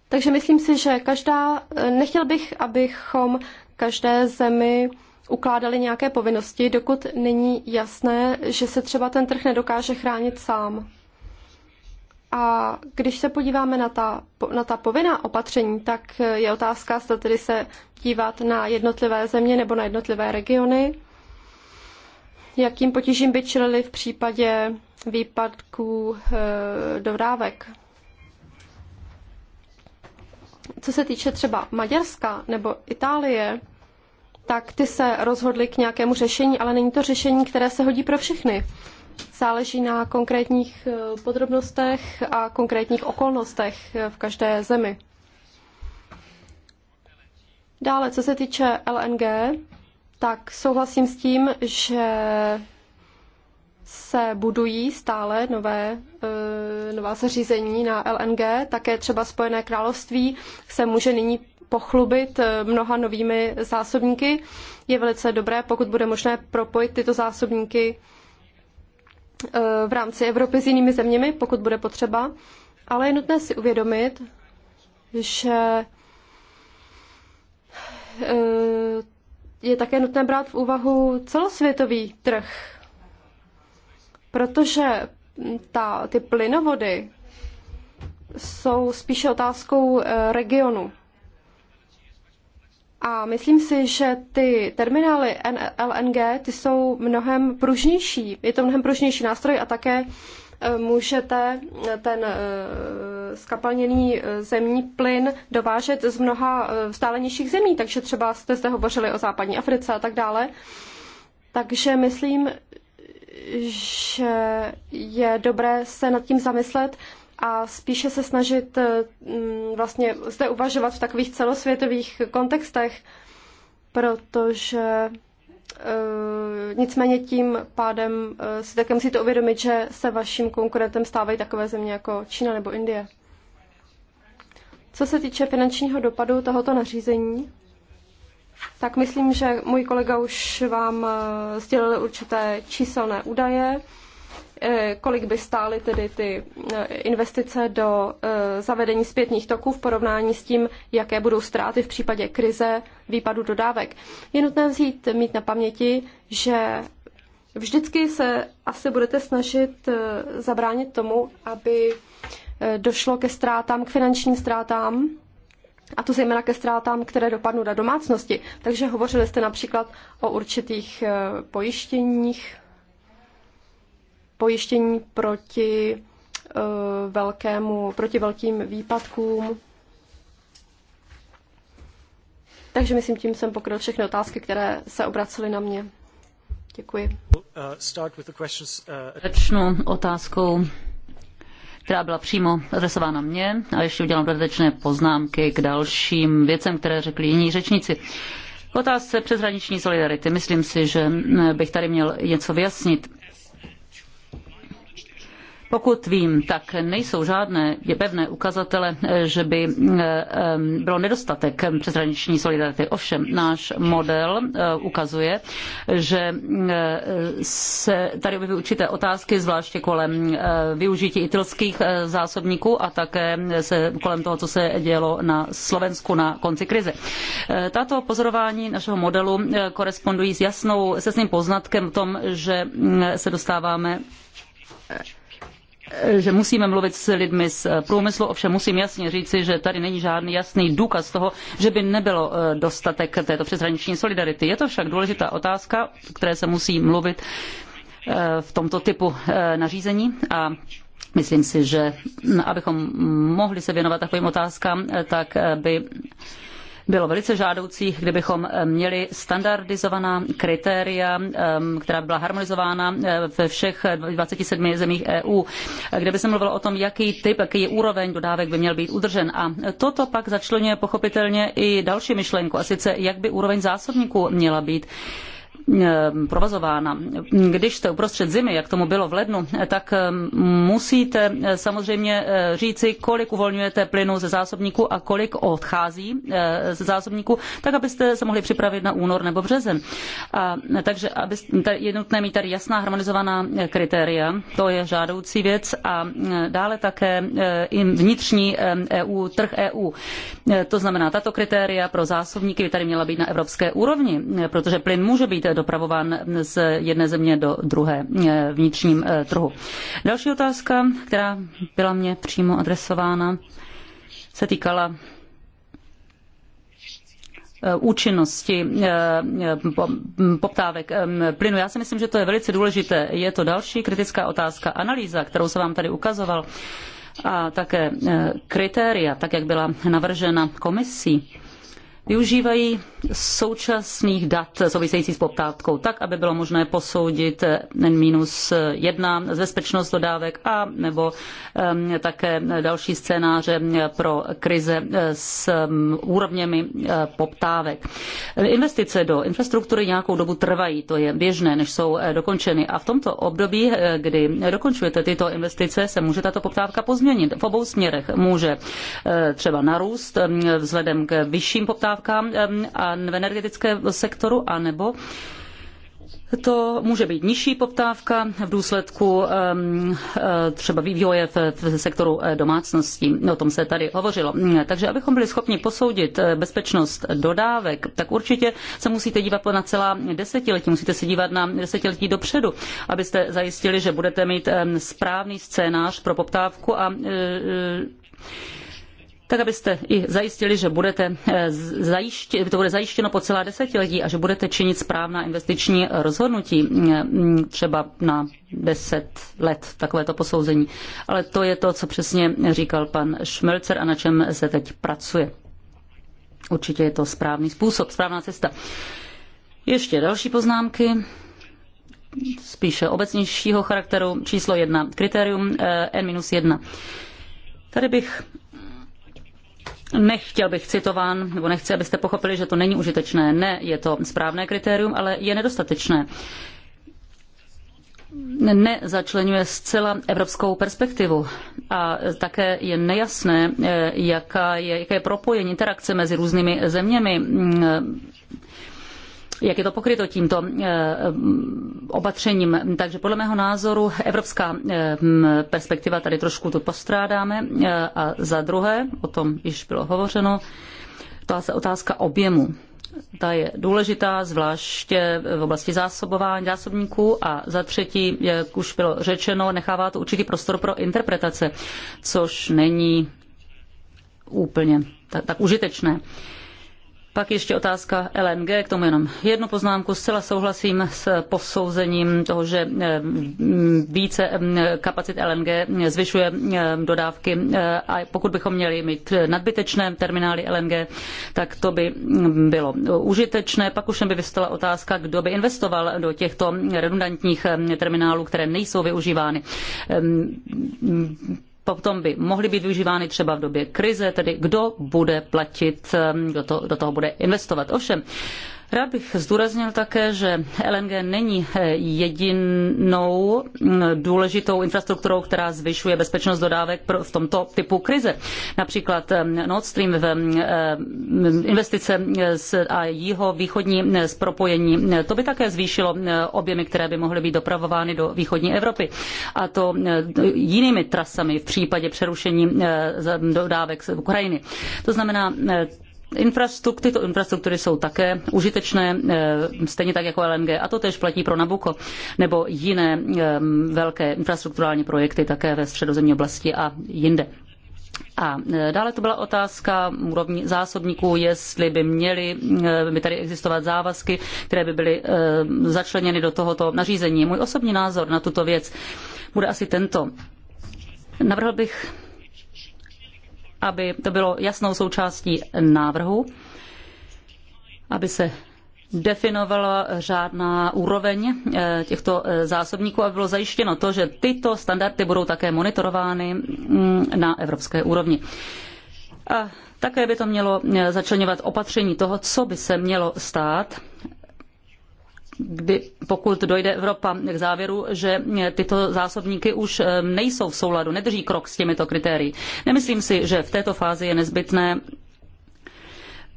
Takže myslím si, že každá, e, nechtěl bych, abychom každé zemi ukládali nějaké povinnosti, dokud není jasné, že se třeba ten trh nedokáže chránit sám. A když se podíváme na ta, na ta povinná opatření, tak je otázka, zda tedy se dívat na jednotlivé země nebo na jednotlivé regiony, jakým potížím by čelili v případě výpadků e, dodávek. Co se týče třeba Maďarska nebo Itálie, tak ty se rozhodly k nějakému řešení, ale není to řešení, které se hodí pro všechny. Záleží na konkrétních eh, podrobnostech a konkrétních okolnostech eh, v každé zemi. Dále, co se týče LNG, tak souhlasím s tím, že se budují stále nové, eh, nová zařízení na LNG, také třeba Spojené království se může nyní pochlubit eh, mnoha novými zásobníky. Je velice dobré, pokud bude možné propojit tyto zásobníky eh, v rámci Evropy s jinými zeměmi, pokud bude potřeba. Ale je nutné si uvědomit, že je také nutné brát v úvahu celosvětový trh protože ta, ty plynovody jsou spíše otázkou eh, regionu. A myslím si, že ty terminály LNG ty jsou mnohem pružnější. Je to mnohem pružnější nástroj a také eh, můžete eh, ten skapalněný zemní plyn dovážet z mnoha vzdálenějších zemí, takže třeba jste zde hovořili o západní Africe a tak dále. Takže myslím, že je dobré se nad tím zamyslet a spíše se snažit eh, mm, vlastně zde uvažovat v takových celosvětových kontextech, protože eh, nicméně tím pádem eh, si také musíte uvědomit, že se vaším konkurentem stávají takové země jako Čína nebo Indie. Co se týče finančního dopadu tohoto nařízení, tak myslím, že můj kolega už vám eh, sdělil určité číselné údaje, eh, kolik by stály tedy ty eh, investice do zavedení zpětných toků v porovnání s tím, jaké budou ztráty v případě krize výpadu dodávek. Je nutné vzít, mít na paměti, že vždycky se asi budete snažit zabránit tomu, aby došlo ke ztrátám, k finančním ztrátám a to zejména ke ztrátám, které dopadnou na domácnosti. Takže hovořili jste například o určitých eh, pojištěních, pojištění proti eh, velkému, proti velkým výpadkům. Takže myslím, tím jsem pokryl všechny otázky, které se obracely na mě. Děkuji. Uh, uh, Začnu otázkou která byla přímo adresována mně a ještě udělám dodatečné poznámky k dalším věcem, které řekli jiní řečníci. K otázce přeshraniční solidarity. Myslím si, že bych tady měl něco vyjasnit. Pokud vím, tak nejsou žádné je pevné ukazatele, že by eh, eh, bylo nedostatek přeshraniční solidarity. Ovšem, náš model eh, ukazuje, že se tady objevují určité otázky, zvláště kolem využití italských zásobníků a také se kolem toho, co se dělo na Slovensku na konci krize. Tato pozorování našeho modelu korespondují s jasnou, se s poznatkem o tom, že mm, se dostáváme že musíme mluvit s lidmi z průmyslu, ovšem musím jasně říci, že tady není žádný jasný důkaz toho, že by nebylo eh, dostatek této přeshraniční solidarity. Je to však důležitá otázka, které se musí mluvit eh, v tomto typu eh, nařízení a myslím si, že abychom mohli se věnovat takovým otázkám, tak by bylo velice žádoucí, kdybychom eh, měli standardizovaná kritéria, eh, která by byla harmonizována eh, ve všech 27 zemích EU, kde by se mluvilo o tom, jaký typ, jaký úroveň dodávek by měl být udržen. A toto pak začlenuje pochopitelně i další myšlenku, a sice jak by úroveň zásobníků měla být. Eh, provozována. Když jste uprostřed zimy, jak tomu bylo v lednu, tak eh, musíte eh, samozřejmě říci, kolik uvolňujete plynu ze zásobníku a kolik odchází ze zásobníku, tak abyste se mohli připravit na únor nebo březen. A, takže je nutné mít tady jasná harmonizovaná kritéria, to je žádoucí věc a dále také vnitřní EU, e trh EU. To znamená, tato kritéria pro zásobníky by tady měla být na evropské úrovni, protože plyn může být dopravován z jedné země do druhé eh, vnitřním eh, trhu. Další otázka, která byla mě přímo adresována, se týkala eh, účinnosti poptávek plynu. Já si myslím, že to je velice důležité. Je to další kritická otázka. Analýza, kterou jsem vám tady ukazoval, a také kritéria, tak jak byla navržena komisí, využívají současných dat souvisejících s poptávkou tak, aby bylo možné posoudit eh, N-1 bezpečnost dodávek a nebo ehm, také další scénáře pro krize eh, s ehm, úrovněmi eh, poptávek. Investice do infrastruktury nějakou dobu trvají, to je běžné, než jsou dokončeny. A v tomto období, kdy dokončujete tyto investice, se může tato poptávka pozměnit. V obou směrech může třeba narůst ehm, vzhledem k vyšším poptávkám, dodávkám a v energetickém sektoru, anebo to může být nižší poptávka v důsledku e, třeba vývoje v, sektoru e, domácností. O tom se tady hovořilo. Takže abychom byli schopni posoudit e, bezpečnost dodávek, tak určitě se musíte dívat na celá desetiletí, musíte se dívat na desetiletí dopředu, abyste zajistili, že budete mít správný scénář pro poptávku a tak abyste i zajistili, že budete eh, zajiště, to bude zajištěno po celá desetiletí a že budete činit správná investiční rozhodnutí, eh, mm, třeba na deset let, takovéto posouzení. Ale to je to, co přesně říkal pan Šmelcer a na čem se teď pracuje. Určitě je to správný způsob, správná cesta. Ještě další poznámky spíše obecnějšího charakteru. Číslo jedna, kritérium eh, N-1. Tady bych Nechtěl bych citován, nebo nechci, abyste pochopili, že to není užitečné. Ne, je to správné kritérium, ale je nedostatečné nezačlenuje zcela evropskou perspektivu a také je nejasné, eh, jaká je, jaké je propojení interakce mezi různými zeměmi mm, jak je to pokryto tímto eh, mm, opatřením. Takže podle mého názoru evropská eh, mm, perspektiva tady trošku tu postrádáme. Eh, a za druhé, o tom již bylo hovořeno, je otázka objemu. Ta je důležitá, zvláště v oblasti zásobování zásobníků a za třetí, jak už bylo řečeno, nechává to určitý prostor pro interpretace, což není úplně tak, tak užitečné. Uh, pak ještě otázka LNG, k tomu jenom jednu poznámku. Zcela souhlasím s posouzením toho, že eh, více eh, kapacit LNG zvyšuje eh, dodávky a pokud bychom měli mít nadbytečné terminály LNG, tak to by mm, bylo užitečné. Pak už by vystala otázka, kdo by investoval do těchto redundantních terminálů, které nejsou využívány potom by mohly být využívány třeba v době krize, tedy kdo bude platit, eh, kdo to, do toho bude investovat. Ovšem, Rád bych zdůraznil také, že LNG není eh, jedinou mm, důležitou infrastrukturou, která zvyšuje bezpečnost dodávek v tomto typu krize. Například eh, Nord Stream v mm, eh, investice a jeho východní mm, To by také zvýšilo objemy, které by mohly být dopravovány do východní Evropy. A to jinými trasami v případě přerušení dodávek z Ukrajiny. To znamená, Infrastruktury, tyto infrastruktury jsou také užitečné, eh, stejně tak jako LNG, a to tež platí pro Nabuko nebo jiné eh, velké infrastrukturální projekty také ve středozemní oblasti a jinde. A eh, dále to byla otázka úrovni zásobníků, jestli by měly by tady existovat závazky, které by byly začleněny do tohoto nařízení. Můj osobní názor na tuto věc bude asi tento. Navrhl bych aby to bylo jasnou součástí návrhu, aby se definovala řádná úroveň eh, těchto eh, zásobníků a bylo zajištěno to, že tyto standardy budou také monitorovány mm, na evropské úrovni. A také by to mělo eh, začlenovat opatření toho, co by se mělo stát kdy, pokud dojde Evropa k závěru, že tyto zásobníky už eh, nejsou v souladu, nedrží krok s těmito kritérii. Nemyslím si, že v této fázi je nezbytné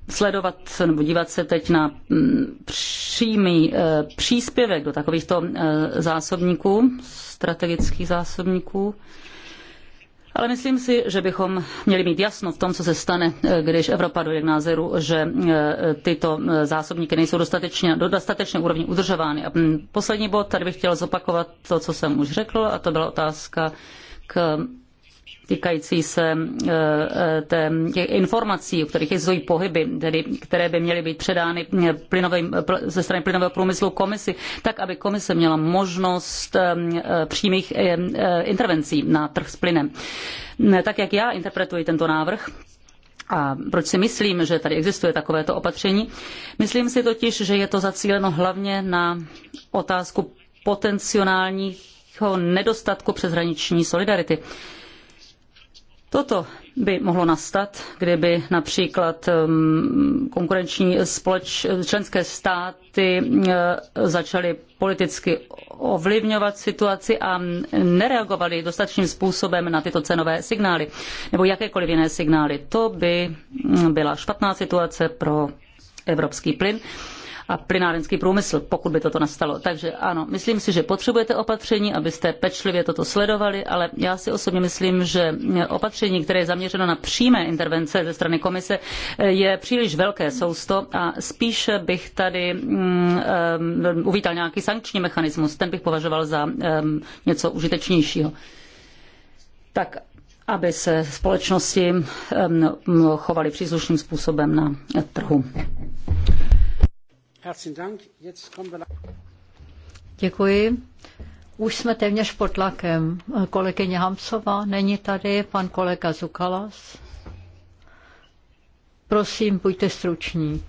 sledovat nebo dívat se teď na mm, přímý eh, příspěvek do takovýchto eh, zásobníků, strategických zásobníků. Ale myslím si, že bychom měli mít jasno v tom, co se stane, eh, když Evropa dojde k názoru, že eh, tyto eh, zásobníky nejsou dostatečně, do dostatečné úrovni udržovány. A mm, poslední bod, tady bych chtěl zopakovat to, co jsem už řekl, a to byla otázka k týkající se e, e, těch informací, o kterých existují pohyby, tedy, které by měly být předány e, plynovým, ze strany plynového průmyslu komisi, tak aby komise měla možnost přímých intervencí na trh s plynem. Tak jak já interpretuji tento návrh, a proč si myslím, že tady existuje takovéto opatření? Myslím si totiž, že je to zacíleno hlavně na otázku potenciálního nedostatku přeshraniční solidarity. Toto by mohlo nastat, kdyby například um, konkurenční společ, členské státy uh, začaly politicky ovlivňovat situaci a nereagovaly dostatečným způsobem na tyto cenové signály nebo jakékoliv jiné signály. To by um, byla špatná situace pro evropský plyn a plynárenský průmysl, pokud by toto nastalo. Takže ano, myslím si, že potřebujete opatření, abyste pečlivě toto sledovali, ale já si osobně myslím, že opatření, které je zaměřeno na přímé intervence ze strany komise, je příliš velké sousto a spíše bych tady um, uvítal nějaký sankční mechanismus. Ten bych považoval za um, něco užitečnějšího. Tak aby se společnosti chovaly příslušným způsobem na trhu. Děkuji. Už jsme téměř pod tlakem. Kolegyně Hamsová není tady, pan kolega Zukalas. Prosím, buďte struční.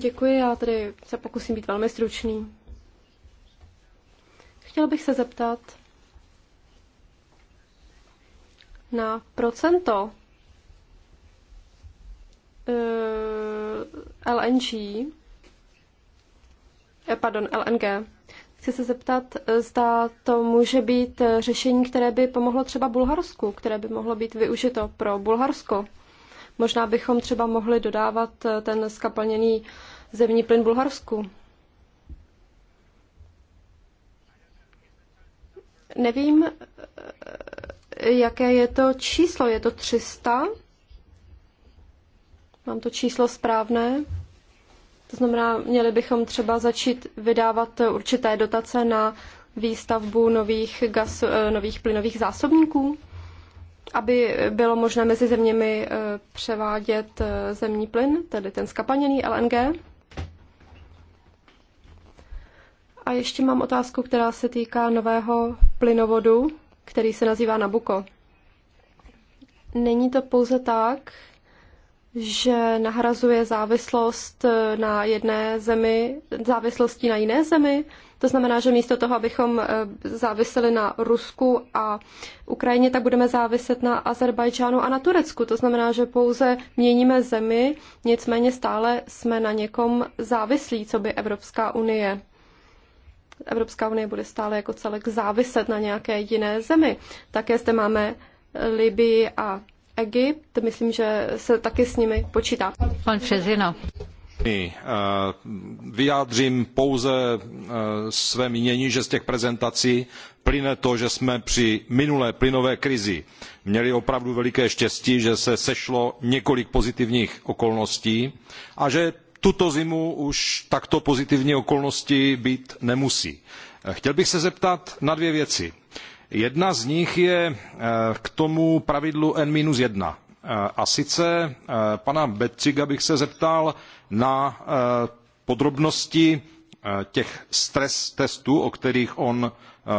Děkuji, já tady se pokusím být velmi stručný. Chtěl bych se zeptat na procento Eh, LNG, eh, pardon, LNG. Chci se zeptat, eh, zda to může být řešení, které by pomohlo třeba Bulharsku, které by mohlo být využito pro Bulharsko. Možná bychom třeba mohli dodávat ten skapalněný zemní plyn Bulharsku. Nevím, jaké je to číslo. Je to 300? Mám to číslo správné? To znamená, měli bychom třeba začít vydávat určité dotace na výstavbu nových, gas, eh, nových plynových zásobníků, aby bylo možné mezi zeměmi eh, převádět eh, zemní plyn, tedy ten skapaněný LNG. A ještě mám otázku, která se týká nového plynovodu, který se nazývá Nabuko. Není to pouze tak, že nahrazuje závislost na jedné zemi závislostí na jiné zemi. To znamená, že místo toho, abychom eh, záviseli na Rusku a Ukrajině, tak budeme záviset na Azerbajdžánu a na Turecku. To znamená, že pouze měníme zemi, nicméně stále jsme na někom závislí, co by Evropská unie. Evropská unie bude stále jako celek záviset na nějaké jiné zemi. Také zde máme Libii a Egypt, myslím, že se taky s nimi počítá. Pan Přezino. Eh, vyjádřím pouze eh, své mínění, že z těch prezentací plyne to, že jsme při minulé plynové krizi měli opravdu veliké štěstí, že se sešlo několik pozitivních okolností a že tuto zimu už takto pozitivní okolnosti být nemusí. Eh, chtěl bych se zeptat na dvě věci Jedna z nich je eh, k tomu pravidlu N-1. Eh, a sice eh, pana Betřiga bych se zeptal na podrobnosti těch stres testů, o kterých on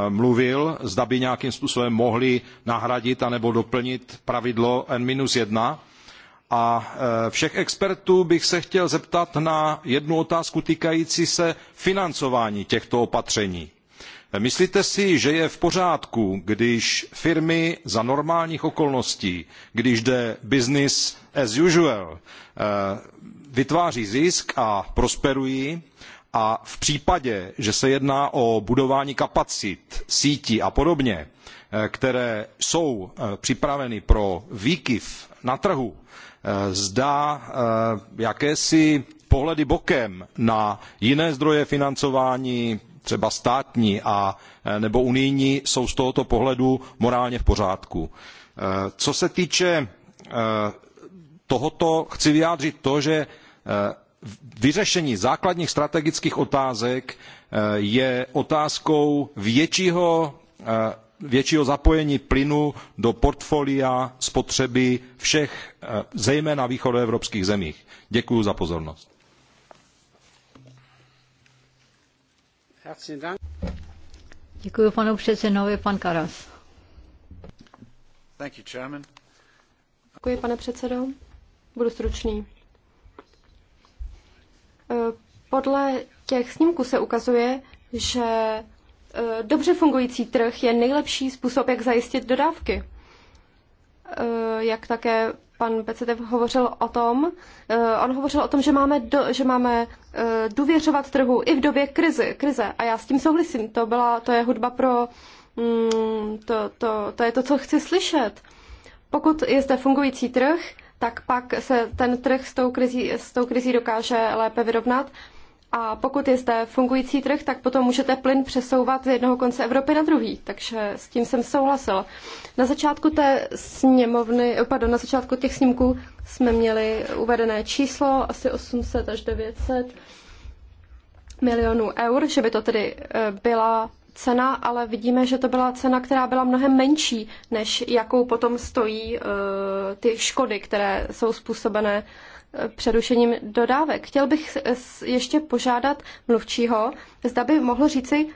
mluvil, zda by nějakým způsobem mohli nahradit anebo doplnit pravidlo N-1. A všech expertů bych se chtěl zeptat na jednu otázku týkající se financování těchto opatření Myslíte si, že je v pořádku, když firmy za normálních okolností, když jde business as usual, eh, vytváří zisk a prosperují a v případě, že se jedná o budování kapacit, sítí a podobně, eh, které jsou eh, připraveny pro výkyv na trhu, zdá jakési pohledy bokem na jiné zdroje financování, třeba státní a e, nebo unijní, jsou z tohoto pohledu morálně v pořádku. E, co se týče e, tohoto, chci vyjádřit to, že vyřešení základních strategických otázek je otázkou většího většího zapojení plynu do portfolia spotřeby všech, zejména východoevropských zemí. Děkuji za pozornost. Děkuji panu předsedovi, pan Karas. Thank you, chairman. Děkuji, pane předsedo. Budu stručný. E, podle těch snímků se ukazuje, že e, dobře fungující trh je nejlepší způsob, jak zajistit dodávky. E, jak také pan Becetev hovořil o tom, eh, on hovořil o tom, že máme, do, že máme eh, důvěřovat trhu i v době krizi, krize. A já s tím souhlasím. To, byla, to je hudba pro... Mm, to, to, to je to, co chci slyšet. Pokud je zde fungující trh, tak pak se ten trh s tou krizí, s tou krizí dokáže lépe vyrovnat. A pokud je zde fungující trh, tak potom můžete plyn přesouvat z jednoho konce Evropy na druhý. Takže s tím jsem souhlasil. Na začátku té sněmovny, eh, pardon, na začátku těch snímků jsme měli uvedené číslo asi 800 až 900 milionů eur, že by to tedy eh, byla cena, ale vidíme, že to byla cena, která byla mnohem menší, než jakou potom stojí eh, ty škody, které jsou způsobené uh, přerušením dodávek. Chtěl bych ještě požádat mluvčího, zda by mohl říci,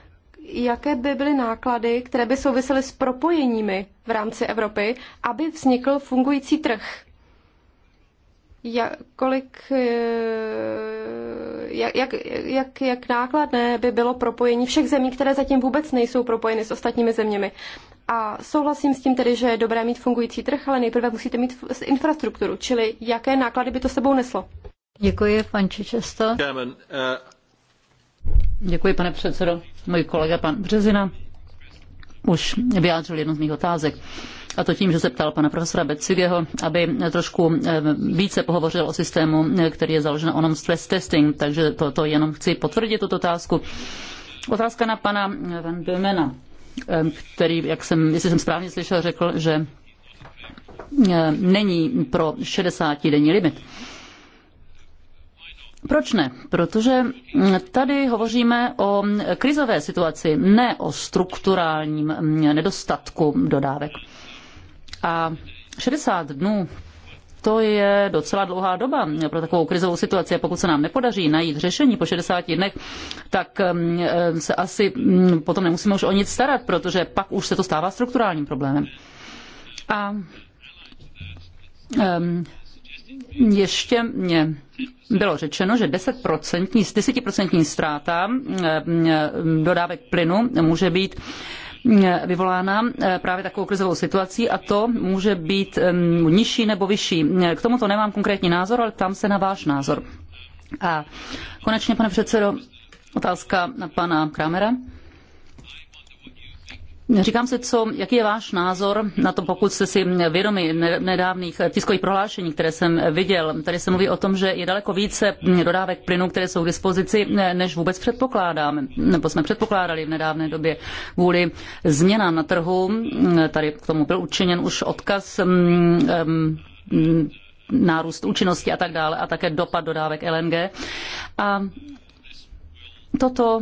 jaké by byly náklady, které by souvisely s propojeními v rámci Evropy, aby vznikl fungující trh. Jak, kolik, eh, jak, jak, jak, jak nákladné by bylo propojení všech zemí, které zatím vůbec nejsou propojeny s ostatními zeměmi. A souhlasím s tím tedy, že je dobré mít fungující trh, ale nejprve musíte mít infrastrukturu, čili jaké náklady by to sebou neslo. Děkuji, pan Čičesto. Uh, Děkuji, pane předsedo. Můj kolega pan Březina už vyjádřil jednu z mých otázek. A to tím, že se ptal pana profesora Betzigeho, aby trošku eh, více pohovořil o systému, eh, který je založen onom stress testing. Takže to, to jenom chci potvrdit tuto otázku. Otázka na pana eh, Van Bömena který, jak jsem, jestli jsem správně slyšel, řekl, že není pro 60-denní limit. Proč ne? Protože tady hovoříme o krizové situaci, ne o strukturálním nedostatku dodávek. A 60 dnů to je docela dlouhá doba pro takovou krizovou situaci. A pokud se nám nepodaří najít řešení po 60 dnech, tak mm, eh, se asi mm, potom nemusíme už o nic starat, protože pak už se to stává strukturálním problémem. A um, ještě mě bylo řečeno, že 10%, 10% ztráta mm, eh, dodávek plynu může být vyvolána eh, právě takovou krizovou situací a to může být nižší nebo vyšší. Eh, k tomuto nemám konkrétní názor, ale tam se na váš názor. A konečně, pane předsedo, otázka na pana Kramera. Říkám si, co, jaký je váš názor na to, pokud jste si vědomi nedávných tiskových prohlášení, které jsem viděl. Tady se mluví o tom, že je daleko více dodávek plynu, které jsou k dispozici, než vůbec předpokládáme, nebo jsme předpokládali v nedávné době kvůli změnám na trhu. Tady k tomu byl učiněn už odkaz mm, mm, nárůst účinnosti a tak dále a také dopad dodávek LNG. A toto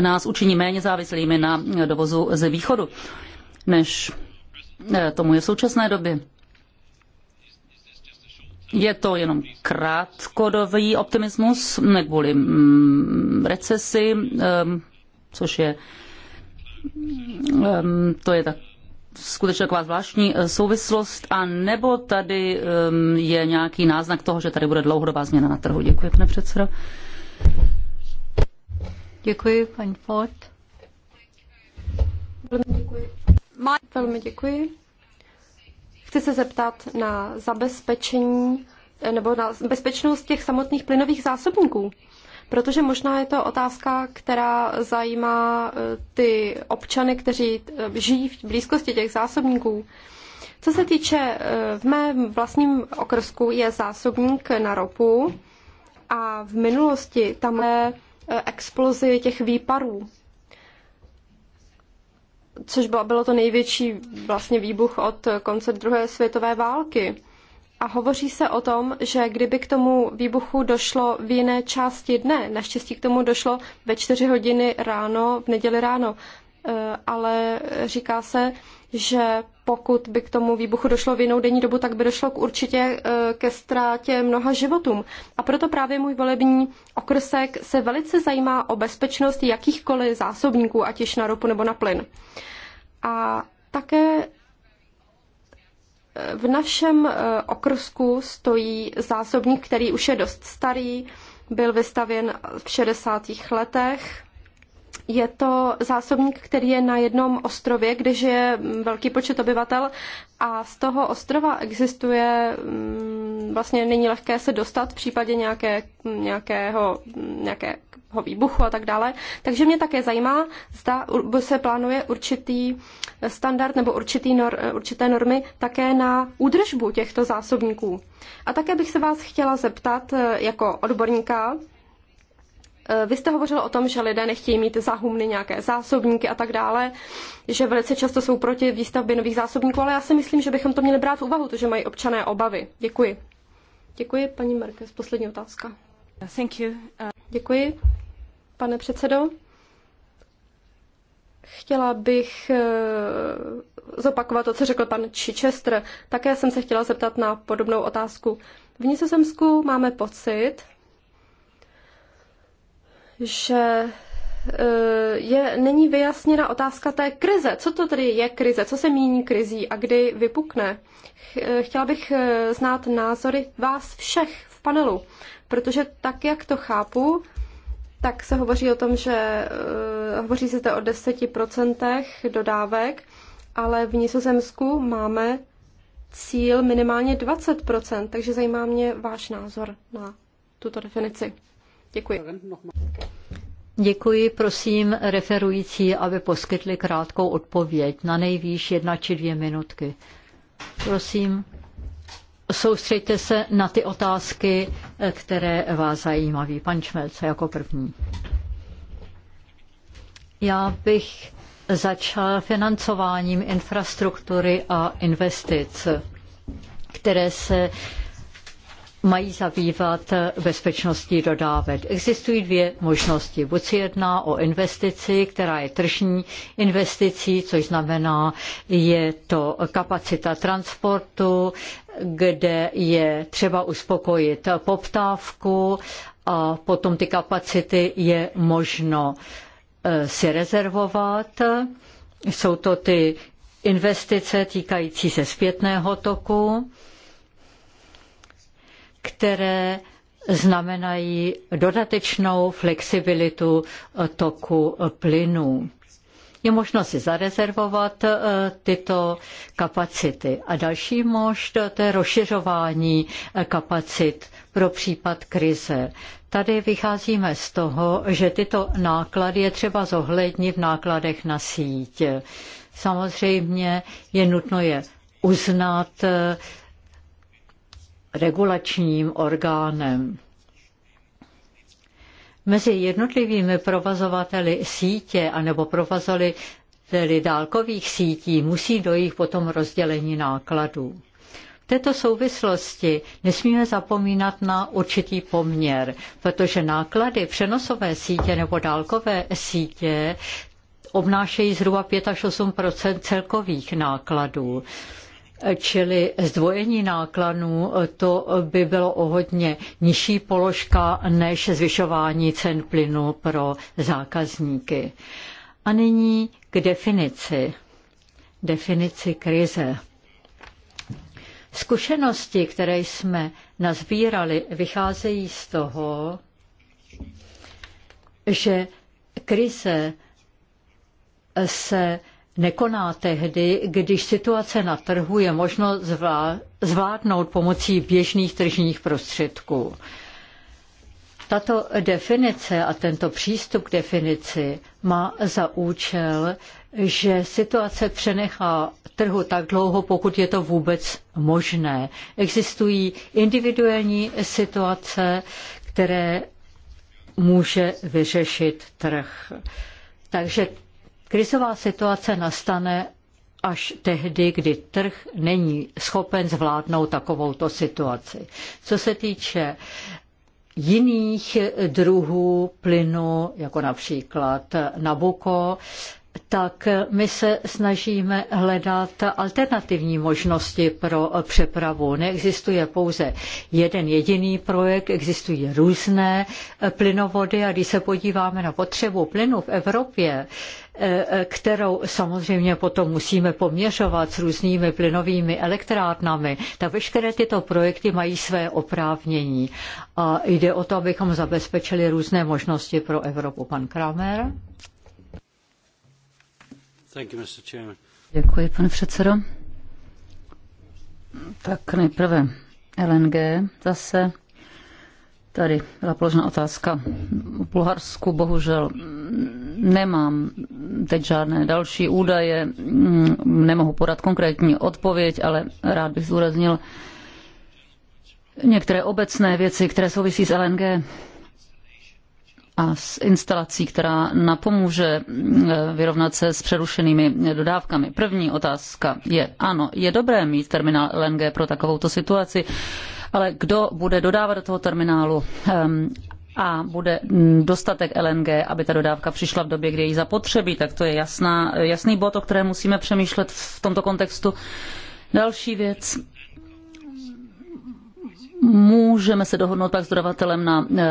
nás učiní méně závislými na dovozu ze východu, než eh, tomu je v současné době. Je to jenom krátkodový optimismus kvůli mm, recesi, ehm, což je ehm, to je tak skutečně taková zvláštní eh, souvislost, a nebo tady ehm, je nějaký náznak toho, že tady bude dlouhodobá změna na trhu. Děkuji, pane předsedo. Děkuji, paní Ford. Velmi děkuji. Velmi děkuji. Chci se zeptat na zabezpečení nebo na bezpečnost těch samotných plynových zásobníků. Protože možná je to otázka, která zajímá eh, ty občany, kteří eh, žijí v blízkosti těch zásobníků. Co se týče eh, v mém vlastním okrsku je zásobník na ropu a v minulosti tam je Eh, explozi těch výparů, což bylo to největší vlastně výbuch od konce druhé světové války. A hovoří se o tom, že kdyby k tomu výbuchu došlo v jiné části dne, naštěstí k tomu došlo ve čtyři hodiny ráno, v neděli ráno, eh, ale říká se, že pokud by k tomu výbuchu došlo v jinou denní dobu, tak by došlo k určitě e, ke ztrátě mnoha životům. A proto právě můj volební okrsek se velice zajímá o bezpečnost jakýchkoliv zásobníků, ať již na ropu nebo na plyn. A také e, v našem e, okrsku stojí zásobník, který už je dost starý, byl vystavěn v 60. letech je to zásobník, který je na jednom ostrově, kde žije velký počet obyvatel a z toho ostrova existuje, mm, vlastně není lehké se dostat v případě nějaké, nějakého, nějakého výbuchu a tak dále. Takže mě také zajímá, zda se plánuje určitý standard nebo určitý nor, určité normy také na údržbu těchto zásobníků. A také bych se vás chtěla zeptat eh, jako odborníka, Eh, vy jste hovořil o tom, že lidé nechtějí mít zahumny, nějaké zásobníky a tak dále, že velice často jsou proti výstavbě nových zásobníků, ale já si myslím, že bychom to měli brát v úvahu, to, že mají občané obavy. Děkuji. Děkuji, paní Marquez. Poslední otázka. Thank you. Děkuji, pane předsedo. Chtěla bych eh, zopakovat to, co řekl pan Chichester. Také jsem se chtěla zeptat na podobnou otázku. V Nizozemsku máme pocit, že e, je, není vyjasněna otázka té krize. Co to tedy je krize? Co se míní krizí a kdy vypukne? E, chtěla bych e, znát názory vás všech v panelu, protože tak, jak to chápu, tak se hovoří o tom, že uh, hovoří se zde o 10% dodávek, ale v Nizozemsku máme cíl minimálně 20%, takže zajímá mě váš názor na tuto definici. Děkuji. Děkuji, prosím, referující, aby poskytli krátkou odpověď, na nejvýš jedna či dvě minutky. Prosím, soustřeďte se na ty otázky, které vás zajímaví. Pan Čmelce jako první. Já bych začal financováním infrastruktury a investic, které se mají zabývat bezpečností dodávek. Existují dvě možnosti. Buď se jedná o investici, která je tržní investicí, což znamená, je to kapacita transportu, kde je třeba uspokojit poptávku a potom ty kapacity je možno eh, si rezervovat. Jsou to ty investice týkající se zpětného toku které znamenají dodatečnou flexibilitu toku plynů. Je možno si zarezervovat eh, tyto kapacity. A další možnost to je rozšiřování eh, kapacit pro případ krize. Tady vycházíme z toho, že tyto náklady je třeba zohlednit v nákladech na síť. Samozřejmě je nutno je uznat, eh, regulačním orgánem. Mezi jednotlivými provozovateli sítě anebo provozovateli tedy dálkových sítí musí dojít potom rozdělení nákladů. V této souvislosti nesmíme zapomínat na určitý poměr, protože náklady přenosové sítě nebo dálkové sítě obnášejí zhruba 5 až 8 celkových nákladů čili zdvojení nákladů to by bylo o hodně nižší položka než zvyšování cen plynu pro zákazníky. A nyní k definici. Definici krize. Zkušenosti, které jsme nazbírali, vycházejí z toho, že krize se nekoná tehdy, když situace na trhu je možno zvládnout pomocí běžných tržních prostředků. Tato definice a tento přístup k definici má za účel, že situace přenechá trhu tak dlouho, pokud je to vůbec možné. Existují individuální situace, které může vyřešit trh. Takže Krizová situace nastane až tehdy, kdy trh není schopen zvládnout takovouto situaci. Co se týče jiných druhů plynu, jako například Nabuko, tak my se snažíme hledat alternativní možnosti pro přepravu. Neexistuje pouze jeden jediný projekt, existují různé eh, plynovody a když se podíváme na potřebu plynu v Evropě, eh, kterou samozřejmě potom musíme poměřovat s různými plynovými elektrárnami, tak veškeré tyto projekty mají své oprávnění. A jde o to, abychom zabezpečili různé možnosti pro Evropu. Pan Kramer? Děkuji, pane předsedo. Tak nejprve LNG zase. Tady byla položena otázka. V Bulharsku bohužel nemám teď žádné další údaje, nemohu podat konkrétní odpověď, ale rád bych zdůraznil některé obecné věci, které souvisí s LNG a s instalací, která napomůže eh, vyrovnat se s přerušenými dodávkami. První otázka je, ano, je dobré mít terminál LNG pro takovouto situaci, ale kdo bude dodávat do toho terminálu ehm, a bude dostatek LNG, aby ta dodávka přišla v době, kdy je ji zapotřebí, tak to je jasná, jasný bod, o kterém musíme přemýšlet v tomto kontextu. Další věc, můžeme se dohodnout pak s dodavatelem na eh,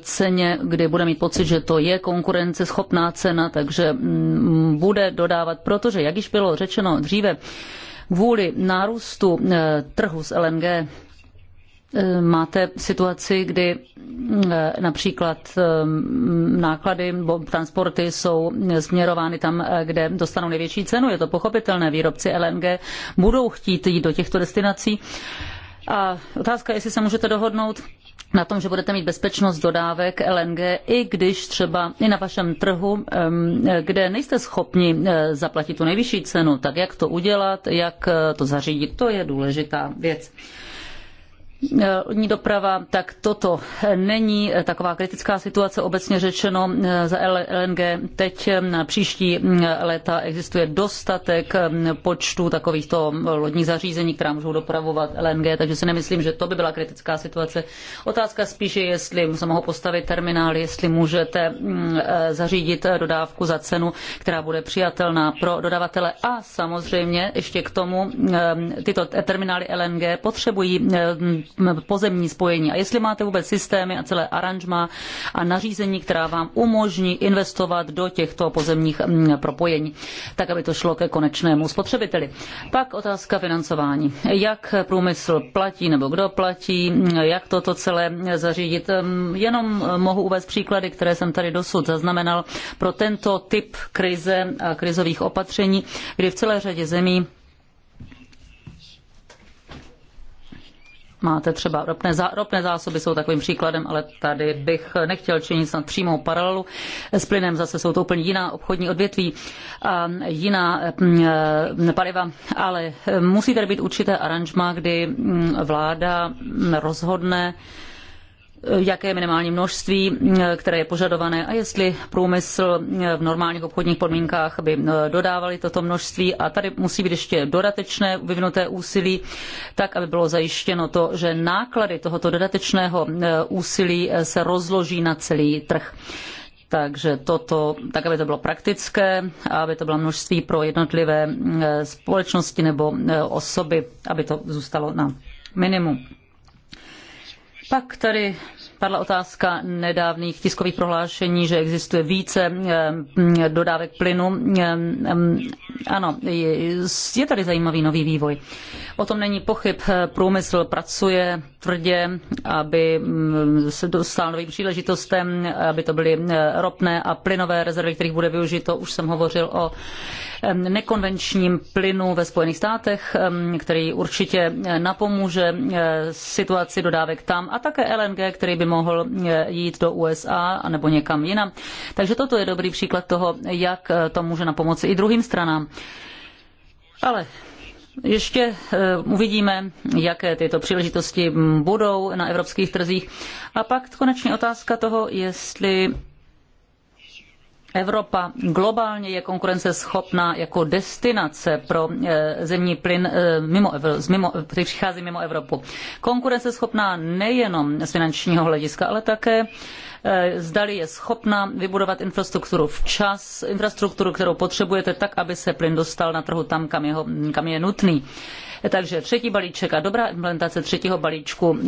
ceně, kdy bude mít pocit, že to je konkurenceschopná cena, takže mm, bude dodávat, protože, jak již bylo řečeno dříve, kvůli nárůstu eh, trhu s LNG eh, máte situaci, kdy například náklady, transporty jsou směrovány tam, kde dostanou největší cenu. Je to pochopitelné. Výrobci LNG budou chtít jít do těchto destinací a otázka, jestli se můžete dohodnout na tom, že budete mít bezpečnost dodávek LNG, i když třeba i na vašem trhu, kde nejste schopni eh, zaplatit tu nejvyšší cenu, tak jak to udělat, jak eh, to zařídit, to je důležitá věc lodní eh, doprava, tak toto není taková kritická situace obecně řečeno eh, za LNG. Teď eh, na příští léta existuje dostatek počtu takovýchto lodních zařízení, která můžou dopravovat LNG, takže si nemyslím, že to by byla kritická situace. Otázka spíše, je, jestli se mohou postavit terminály, jestli můžete mm, zařídit dodávku za cenu, která bude přijatelná pro dodavatele. A samozřejmě ještě k tomu mm, tyto terminály LNG potřebují pozemní spojení a jestli máte vůbec systémy a celé aranžma a nařízení, která vám umožní investovat do těchto pozemních mm, propojení, tak aby to šlo ke konečnému spotřebiteli. Pak otázka financování. Jak průmysl platí nebo kdo platí, jak toto celé zařídit. Jenom mohu uvést příklady, které jsem tady dosud zaznamenal pro tento typ krize a krizových opatření, kdy v celé řadě zemí Máte třeba ropné, zá, ropné zásoby, jsou takovým příkladem, ale tady bych nechtěl činit snad přímou paralelu s plynem. Zase jsou to úplně jiná obchodní odvětví a jiná mm, e, paliva, ale e, musí tady být určité aranžma, kdy mm, vláda mm, rozhodne, jaké minimální množství, eh, které je požadované a jestli průmysl eh, v normálních obchodních podmínkách by eh, dodávali toto množství. A tady musí být ještě dodatečné vyvinuté úsilí, tak aby bylo zajištěno to, že náklady tohoto dodatečného úsilí se rozloží na celý trh. Takže toto, tak aby to bylo praktické, aby to bylo množství pro jednotlivé společnosti nebo osoby, aby to zůstalo na minimum. Pak tady padla otázka nedávných tiskových prohlášení, že existuje více eh, dodávek plynu. Eh, mm, ano, je tady zajímavý nový vývoj. O tom není pochyb. Průmysl pracuje tvrdě, aby mm, se dostal novým příležitostem, aby to byly eh, ropné a plynové rezervy, kterých bude využito. Už jsem hovořil o nekonvenčním plynu ve Spojených státech, který určitě eh, napomůže eh, situaci dodávek tam a také LNG, který by mohl eh, jít do USA nebo někam jinam. Takže toto je dobrý příklad toho, jak to může napomoci i druhým stranám. Ale ještě uvidíme, jaké tyto příležitosti budou na evropských trzích. A pak konečně otázka toho, jestli Evropa globálně je konkurenceschopná jako destinace pro eh, zemní plyn, eh, mimo, mimo, který přichází mimo Evropu. Konkurenceschopná nejenom z finančního hlediska, ale také eh, zdali je schopna vybudovat infrastrukturu včas, infrastrukturu, kterou potřebujete tak, aby se plyn dostal na trhu tam, kam, jeho, kam je nutný. Takže třetí balíček a dobrá implementace třetího balíčku,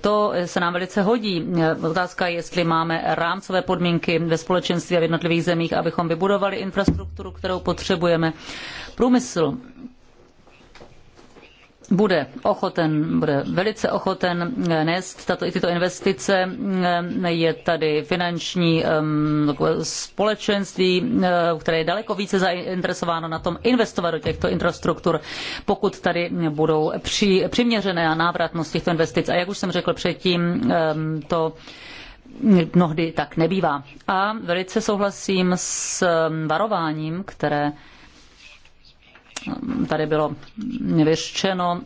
to se nám velice hodí. Otázka je, jestli máme rámcové podmínky ve společenství a v jednotlivých zemích, abychom vybudovali infrastrukturu, kterou potřebujeme. Průmysl bude ochoten, bude velice ochoten eh, nést tato, tyto investice. Eh, je tady finanční společenství, eh, které je daleko více zainteresováno na tom investovat do těchto infrastruktur, pokud tady budou při, přiměřené a návratnost těchto investic. A jak už jsem řekl předtím, to mnohdy tak nebývá. A velice souhlasím s varováním, které tady bylo vyřčeno,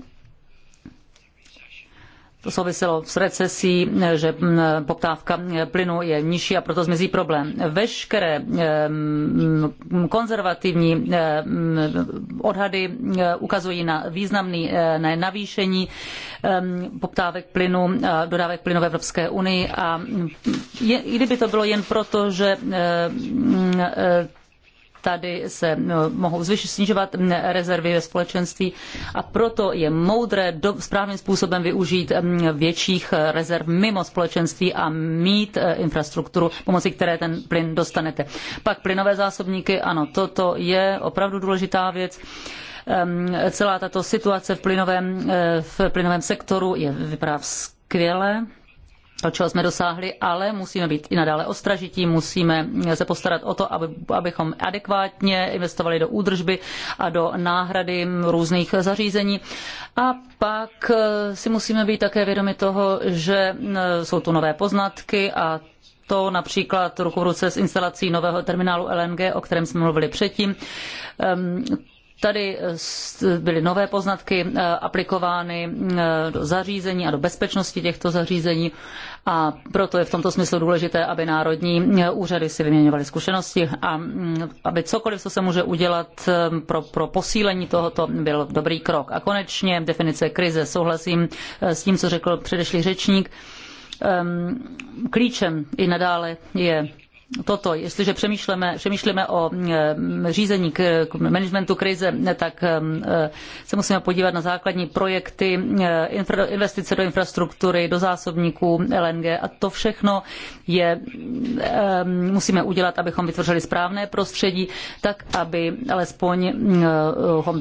to souviselo s recesí, že poptávka plynu je nižší a proto zmizí problém. Veškeré konzervativní odhady ukazují na významný e, na navýšení poptávek plynu, dodávek plynu v Evropské unii a i kdyby to bylo jen proto, že e, tady se no, mohou zvyš, snižovat rezervy ve společenství a proto je moudré do, správným způsobem využít větších rezerv mimo společenství a mít e, infrastrukturu, pomocí které ten plyn dostanete. Pak plynové zásobníky, ano, toto je opravdu důležitá věc celá tato situace v plynovém, e, v plynovém sektoru je, vypadá skvěle to, čeho jsme dosáhli, ale musíme být i nadále ostražití, musíme se postarat o to, aby, abychom adekvátně investovali do údržby a do náhrady různých zařízení. A pak eh, si musíme být také vědomi toho, že eh, jsou tu nové poznatky a to například ruku v ruce s instalací nového terminálu LNG, o kterém jsme mluvili předtím. Ehm, Tady eh, byly nové poznatky eh, aplikovány eh, do zařízení a do bezpečnosti těchto zařízení a proto je v tomto smyslu důležité, aby národní úřady si vyměňovaly zkušenosti a mm, aby cokoliv, co se může udělat pro, pro posílení tohoto, byl dobrý krok. A konečně definice krize. Souhlasím s tím, co řekl předešlý řečník ehm, klíčem i nadále je toto, jestliže přemýšlíme, přemýšlíme o mm, eh, řízení k, managementu krize, tak eh, eh, se musíme podívat na základní projekty, investice do infrastruktury, do zásobníků LNG a to všechno je, musíme udělat, abychom vytvořili správné prostředí, tak aby alespoň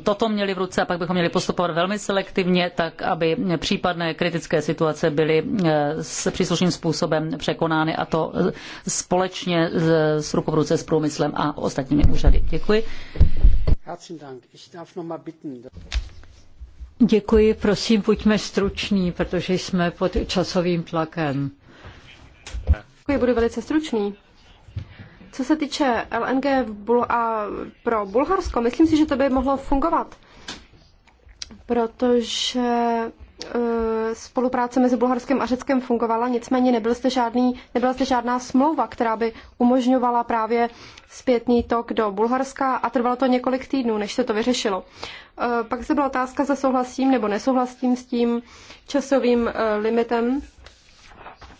toto měli v ruce a pak bychom měli postupovat velmi selektivně, tak aby případné kritické situace byly s příslušným způsobem překonány a to společně samozřejmě s ruku v ruce s průmyslem a ostatními úřady. Děkuji. Děkuji, prosím, buďme struční, protože jsme pod časovým tlakem. Děkuji, budu velice stručný. Co se týče LNG Bul a pro Bulharsko, myslím si, že to by mohlo fungovat, protože Eh, spolupráce mezi Bulharskem a Řeckem fungovala, nicméně nebyl jste žádný, nebyla zde žádná smlouva, která by umožňovala právě zpětný tok do Bulharska a trvalo to několik týdnů, než se to vyřešilo. Eh, pak se byla otázka, zda souhlasím nebo nesouhlasím s tím časovým eh, limitem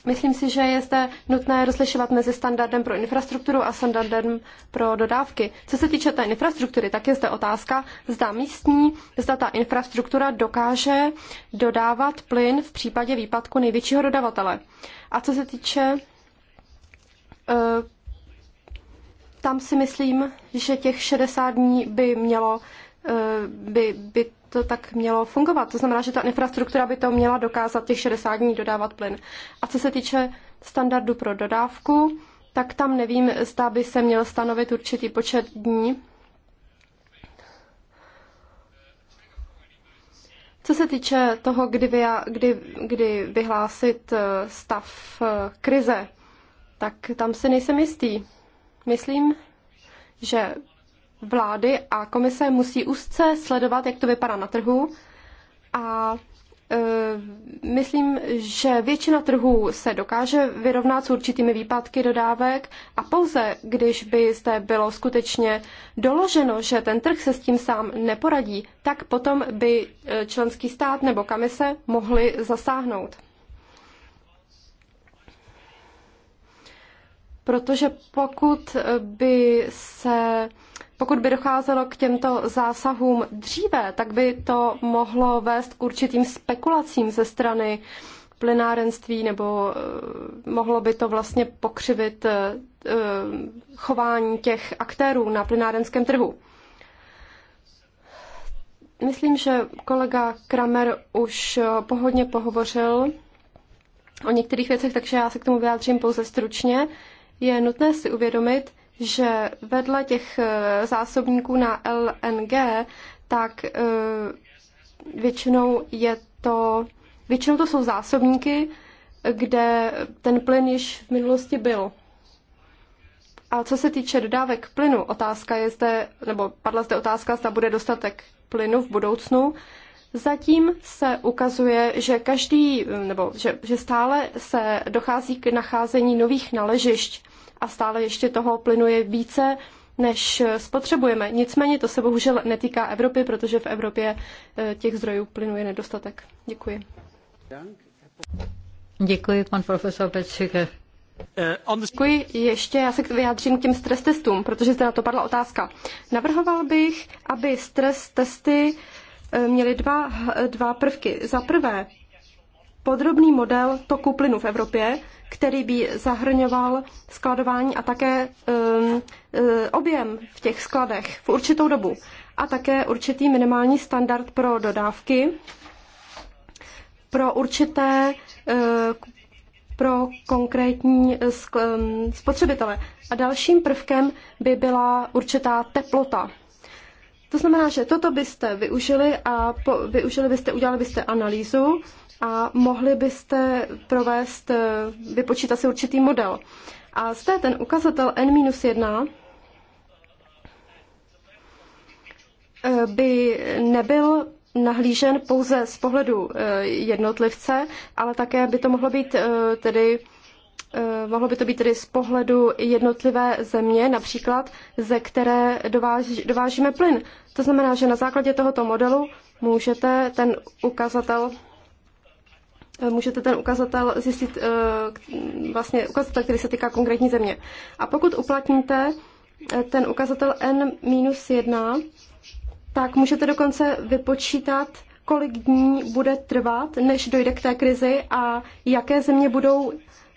Myslím si, že je zde nutné rozlišovat mezi standardem pro infrastrukturu a standardem pro dodávky. Co se týče té infrastruktury, tak je zde otázka, zda místní, zda ta infrastruktura dokáže dodávat plyn v případě výpadku největšího dodavatele. A co se týče eh, tam si myslím, že těch 60 dní by mělo eh, by, by to tak mělo fungovat. To znamená, že ta infrastruktura by to měla dokázat těch 60 dní dodávat plyn. A co se týče standardu pro dodávku, tak tam nevím, zda by se měl stanovit určitý počet dní. Co se týče toho, kdy, vy, kdy, kdy vyhlásit eh, stav eh, krize, tak tam si nejsem jistý. Myslím, že vlády a komise musí úzce sledovat, jak to vypadá na trhu a e, myslím, že většina trhů se dokáže vyrovnat s určitými výpadky dodávek a pouze když by zde bylo skutečně doloženo, že ten trh se s tím sám neporadí, tak potom by e, členský stát nebo Komise mohli zasáhnout. Protože pokud by se pokud by docházelo k těmto zásahům dříve, tak by to mohlo vést k určitým spekulacím ze strany plynárenství nebo eh, mohlo by to vlastně pokřivit eh, chování těch aktérů na plynárenském trhu. Myslím, že kolega Kramer už eh, pohodně pohovořil o některých věcech, takže já se k tomu vyjádřím pouze stručně je nutné si uvědomit, že vedle těch eh, zásobníků na LNG, tak eh, většinou je to, většinou to jsou zásobníky, kde ten plyn již v minulosti byl. A co se týče dodávek plynu, otázka je zde, nebo padla zde otázka, zda bude dostatek plynu v budoucnu. Zatím se ukazuje, že každý, eh, nebo že, že stále se dochází k nacházení nových naležišť a stále ještě toho plynuje více, než spotřebujeme. Nicméně to se bohužel netýká Evropy, protože v Evropě e, těch zdrojů plynu je nedostatek. Děkuji. Děkuji, pan profesor Petřík. E, Děkuji. Ještě já se vyjádřím k těm stres testům, protože zde na to padla otázka. Navrhoval bych, aby stres testy e, měly dva, dva prvky. Za prvé, podrobný model toku plynu v Evropě, který by zahrňoval skladování a také um, uh, objem v těch skladech v určitou dobu a také určitý minimální standard pro dodávky, pro určité uh, pro konkrétní uh, um, spotřebitele. A dalším prvkem by byla určitá teplota. To znamená, že toto byste využili a po, využili byste, udělali byste analýzu, a mohli byste provést, eh, vypočítat si určitý model. A zde ten ukazatel N-1 eh, by nebyl nahlížen pouze z pohledu eh, jednotlivce, ale také by to mohlo být tedy mohlo by to být tedy z pohledu jednotlivé země, například ze které dováž, dovážíme plyn. To znamená, že na základě tohoto modelu můžete ten ukazatel můžete ten ukazatel zjistit, eh, vlastně ukazatel, který se týká konkrétní země. A pokud uplatníte eh, ten ukazatel N-1, tak můžete dokonce vypočítat, kolik dní bude trvat, než dojde k té krizi a jaké země budou,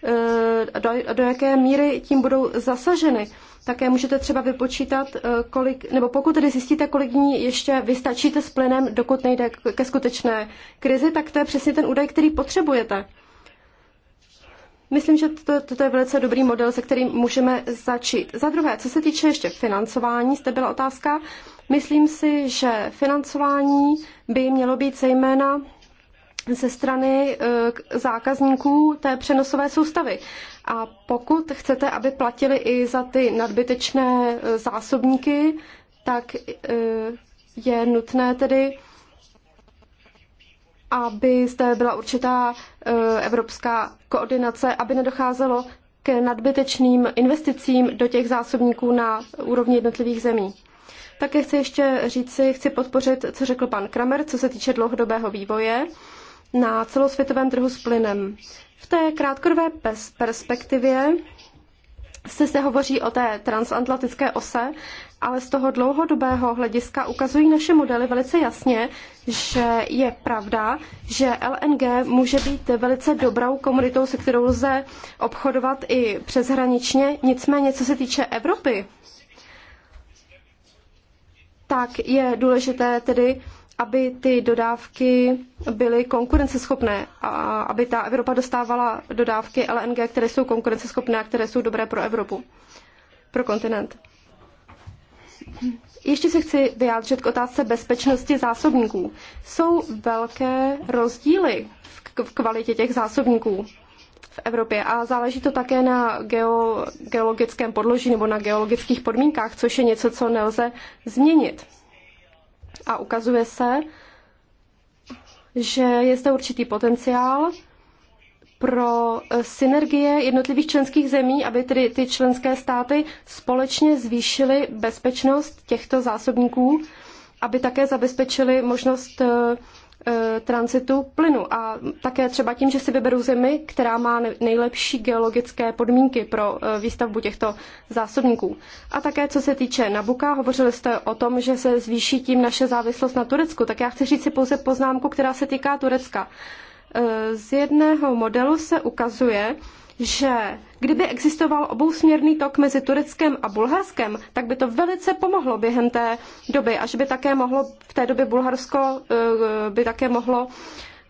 eh, do, do jaké míry tím budou zasaženy. Také můžete třeba vypočítat, eh, kolik, nebo pokud tedy zjistíte, kolik dní ještě vystačíte s plynem, dokud nejde ke skutečné krizi, tak to je přesně ten údaj, který potřebujete. Myslím, že toto to, to je velice dobrý model, se kterým můžeme začít. Za druhé, co se týče ještě financování, jste byla otázka. Myslím si, že financování by mělo být zejména ze strany e, zákazníků té přenosové soustavy. A pokud chcete, aby platili i za ty nadbytečné e, zásobníky, tak e, je nutné tedy, aby zde byla určitá evropská koordinace, aby nedocházelo k nadbytečným investicím do těch zásobníků na úrovni jednotlivých zemí. Také chci ještě říci, chci podpořit, co řekl pan Kramer, co se týče dlouhodobého vývoje na celosvětovém trhu s plynem. V té krátkodobé perspektivě se se hovoří o té transatlantické ose, ale z toho dlouhodobého hlediska ukazují naše modely velice jasně, že je pravda, že LNG může být velice dobrou komoditou, se kterou lze obchodovat i přeshraničně. Nicméně, co se týče Evropy, tak je důležité tedy aby ty dodávky byly konkurenceschopné a aby ta Evropa dostávala dodávky LNG, které jsou konkurenceschopné a které jsou dobré pro Evropu, pro kontinent. Ještě se chci vyjádřit k otázce bezpečnosti zásobníků. Jsou velké rozdíly v kvalitě těch zásobníků v Evropě a záleží to také na geo, geologickém podloží nebo na geologických podmínkách, což je něco, co nelze změnit a ukazuje se, že je zde určitý potenciál pro synergie jednotlivých členských zemí, aby tedy ty členské státy společně zvýšily bezpečnost těchto zásobníků, aby také zabezpečili možnost eh, E, transitu plynu a také třeba tím, že si vyberu zemi, která má nejlepší geologické podmínky pro e, výstavbu těchto zásobníků. A také co se týče Nabuka, hovořili jste o tom, že se zvýší tím naše závislost na Turecku, tak já chci říct si pouze poznámku, která se týká Turecka. E, z jedného modelu se ukazuje, že kdyby existoval obousměrný tok mezi Tureckem a Bulharskem, tak by to velice pomohlo během té doby a že by také mohlo v té době Bulharsko eh, by také mohlo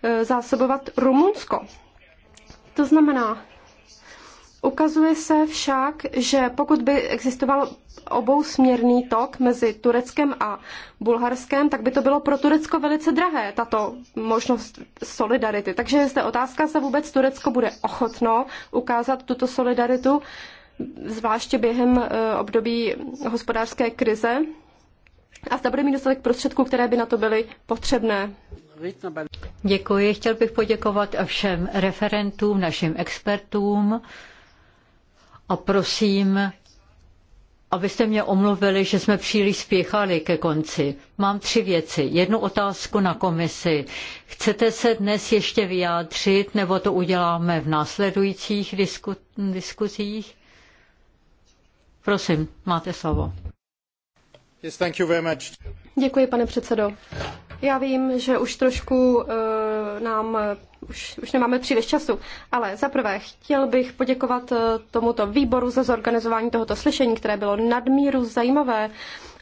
eh, zásobovat Rumunsko. To znamená, Ukazuje se však, že pokud by existoval obousměrný tok mezi Tureckem a Bulharskem, tak by to bylo pro Turecko velice drahé, tato možnost solidarity. Takže je zde otázka, zda vůbec Turecko bude ochotno ukázat tuto solidaritu, zvláště během e, období hospodářské krize. A zda bude mít dostatek prostředků, které by na to byly potřebné. Děkuji. Chtěl bych poděkovat všem referentům, našim expertům a prosím, abyste mě omluvili, že jsme příliš spěchali ke konci. Mám tři věci. Jednu otázku na komisi. Chcete se dnes ještě vyjádřit, nebo to uděláme v následujících disku, diskuzích? Prosím, máte slovo. Děkuji, pane předsedo. Já vím, že už trošku uh, nám už, už nemáme příliš času, ale za prvé chtěl bych poděkovat eh, tomuto výboru za zorganizování tohoto slyšení, které bylo nadmíru zajímavé. Uh,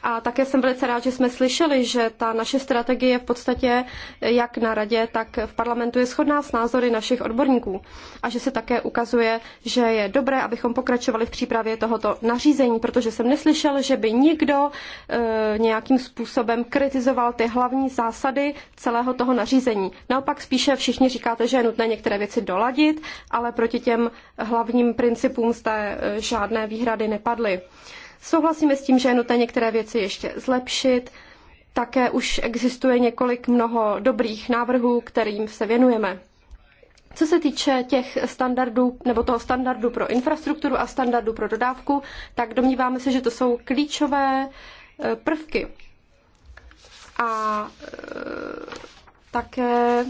a také jsem velice rád, že jsme slyšeli, že ta naše strategie v podstatě jak na radě, tak v parlamentu je shodná s názory našich odborníků. A že se také ukazuje, že je dobré, abychom pokračovali v přípravě tohoto nařízení, protože jsem neslyšel, že by nikdo e, nějakým způsobem kritizoval ty hlavní zásady celého toho nařízení. Naopak spíše všichni říkáte, že je nutné některé věci doladit, ale proti těm hlavním principům jste žádné výhrady nepadly. Souhlasíme s tím, že je nutné některé věci ještě zlepšit. Také už existuje několik mnoho dobrých návrhů, kterým se věnujeme. Co se týče těch standardů, nebo toho standardu pro infrastrukturu a standardu pro dodávku, tak domníváme se, že to jsou klíčové e, prvky. A e, také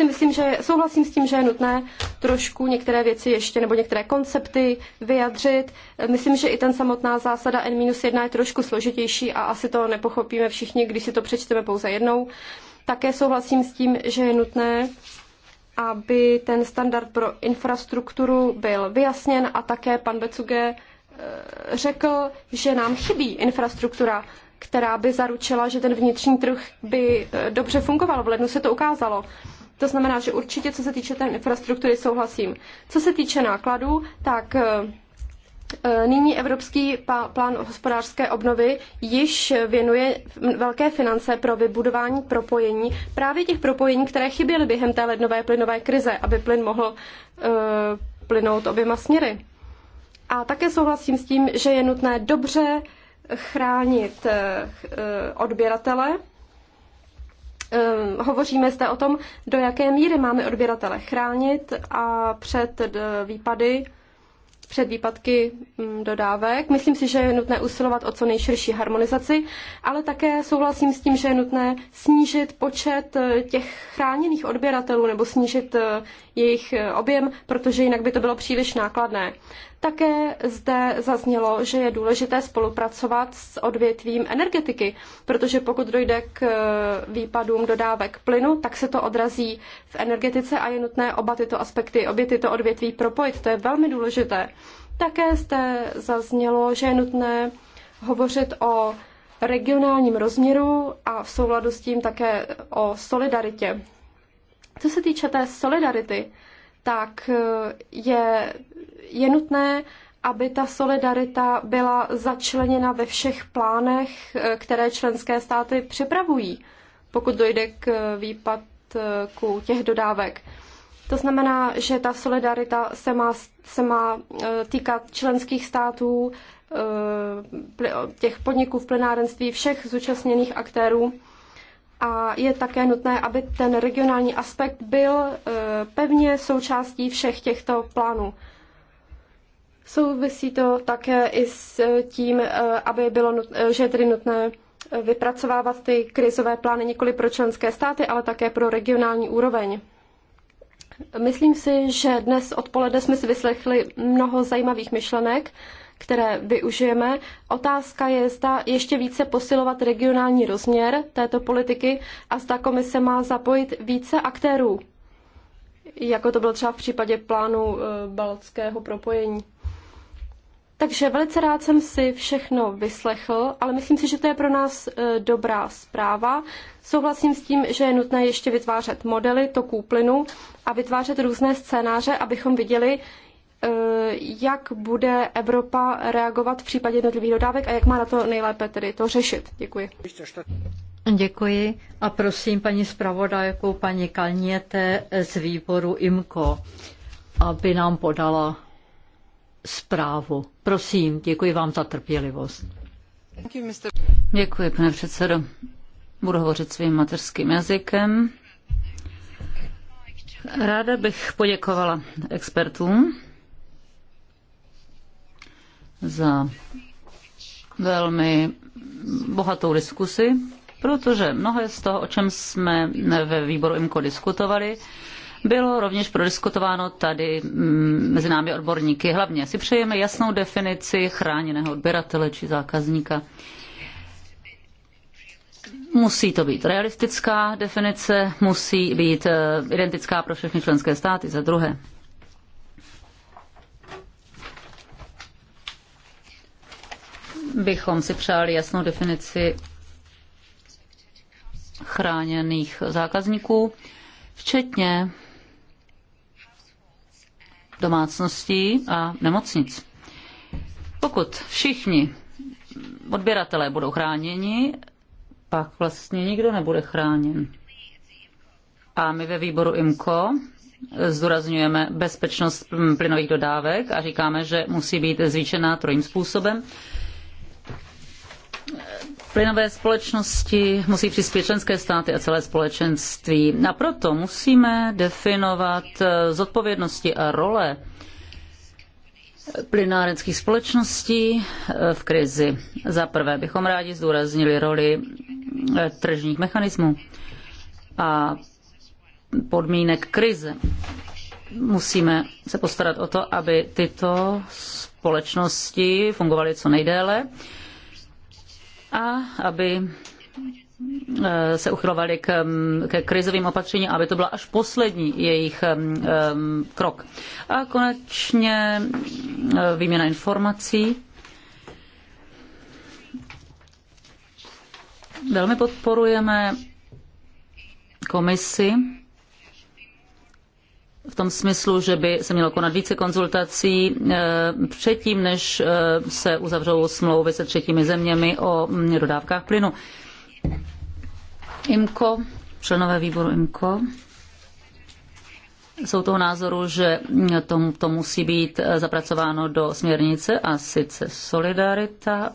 si myslím, že souhlasím s tím, že je nutné trošku některé věci ještě nebo některé koncepty vyjadřit. Myslím, že i ten samotná zásada N-1 je trošku složitější a asi to nepochopíme všichni, když si to přečteme pouze jednou. Také souhlasím s tím, že je nutné aby ten standard pro infrastrukturu byl vyjasněn a také pan Becuge eh, řekl, že nám chybí infrastruktura, která by zaručila, že ten vnitřní trh by eh, dobře fungoval. V lednu se to ukázalo. To znamená, že určitě, co se týče té infrastruktury, souhlasím. Co se týče nákladů, tak eh, eh, Nyní Evropský plán hospodářské obnovy již věnuje velké finance pro vybudování propojení, právě těch propojení, které chyběly během té lednové plynové krize, aby plyn mohl eh, plynout oběma směry. A také souhlasím s tím, že je nutné dobře chránit odběratele Ehm, hovoříme zde o tom, do jaké míry máme odběratele chránit a před výpady před výpadky hm, dodávek. Myslím si, že je nutné usilovat o co nejširší harmonizaci, ale také souhlasím s tím, že je nutné snížit počet e, těch chráněných odběratelů nebo snížit e, jejich e, objem, protože jinak by to bylo příliš nákladné. Také zde zaznělo, že je důležité spolupracovat s odvětvím energetiky, protože pokud dojde k eh, výpadům dodávek plynu, tak se to odrazí v energetice a je nutné oba tyto aspekty, obě tyto odvětví propojit. To je velmi důležité. Také zde zaznělo, že je nutné hovořit o regionálním rozměru a v souladu s tím také o solidaritě. Co se týče té solidarity, tak eh, je, je nutné, aby ta solidarita byla začleněna ve všech plánech, eh, které členské státy připravují, pokud dojde k eh, výpadku těch dodávek. To znamená, že ta solidarita se má, se má týkat členských států, těch podniků v plenárenství, všech zúčastněných aktérů a je také nutné, aby ten regionální aspekt byl e, pevně součástí všech těchto plánů. Souvisí to také i s tím, e, aby bylo, nutné, e, že je tedy nutné vypracovávat ty krizové plány nikoli pro členské státy, ale také pro regionální úroveň. Myslím si, že dnes odpoledne jsme si vyslechli mnoho zajímavých myšlenek které využijeme. Otázka je, zda ještě více posilovat regionální rozměr této politiky a zda komise má zapojit více aktérů, jako to bylo třeba v případě plánu eh, baltského propojení. Takže velice rád jsem si všechno vyslechl, ale myslím si, že to je pro nás eh, dobrá zpráva. Souhlasím s tím, že je nutné ještě vytvářet modely toků plynu a vytvářet různé scénáře, abychom viděli, Eh, jak bude Evropa reagovat v případě jednotlivých dodávek a jak má na to nejlépe tedy to řešit. Děkuji. Děkuji a prosím paní zpravodajku, paní Kalněte z výboru IMKO, aby nám podala zprávu. Prosím, děkuji vám za trpělivost. Děkuji, pane předsedo. Budu hovořit svým mateřským jazykem. Ráda bych poděkovala expertům za velmi bohatou diskusi, protože mnohé z toho, o čem jsme ve výboru IMCO diskutovali, bylo rovněž prodiskutováno tady mm, mezi námi odborníky. Hlavně si přejeme jasnou definici chráněného odběratele či zákazníka. Musí to být realistická definice, musí být eh, identická pro všechny členské státy za druhé. bychom si přáli jasnou definici chráněných zákazníků, včetně domácností a nemocnic. Pokud všichni odběratelé budou chráněni, pak vlastně nikdo nebude chráněn. A my ve výboru IMCO zdůrazňujeme bezpečnost plynových dodávek a říkáme, že musí být zvýšená trojím způsobem plynové společnosti musí přispět členské státy a celé společenství. A proto musíme definovat eh, zodpovědnosti a role plynárenských společností eh, v krizi. Za prvé bychom rádi zdůraznili roli eh, tržních mechanismů a podmínek krize. Musíme se postarat o to, aby tyto společnosti fungovaly co nejdéle a aby eh, se uchylovali k, mm, k krizovým opatřením, aby to byl až poslední jejich um, krok. A konečně eh, výměna informací. Velmi podporujeme komisi v tom smyslu, že by se mělo konat více konzultací eh, předtím, než eh, se uzavřou smlouvy se třetími zeměmi o mm, dodávkách plynu. IMCO, členové výboru IMCO, jsou toho názoru, že mm, to, to musí být eh, zapracováno do směrnice a sice solidarita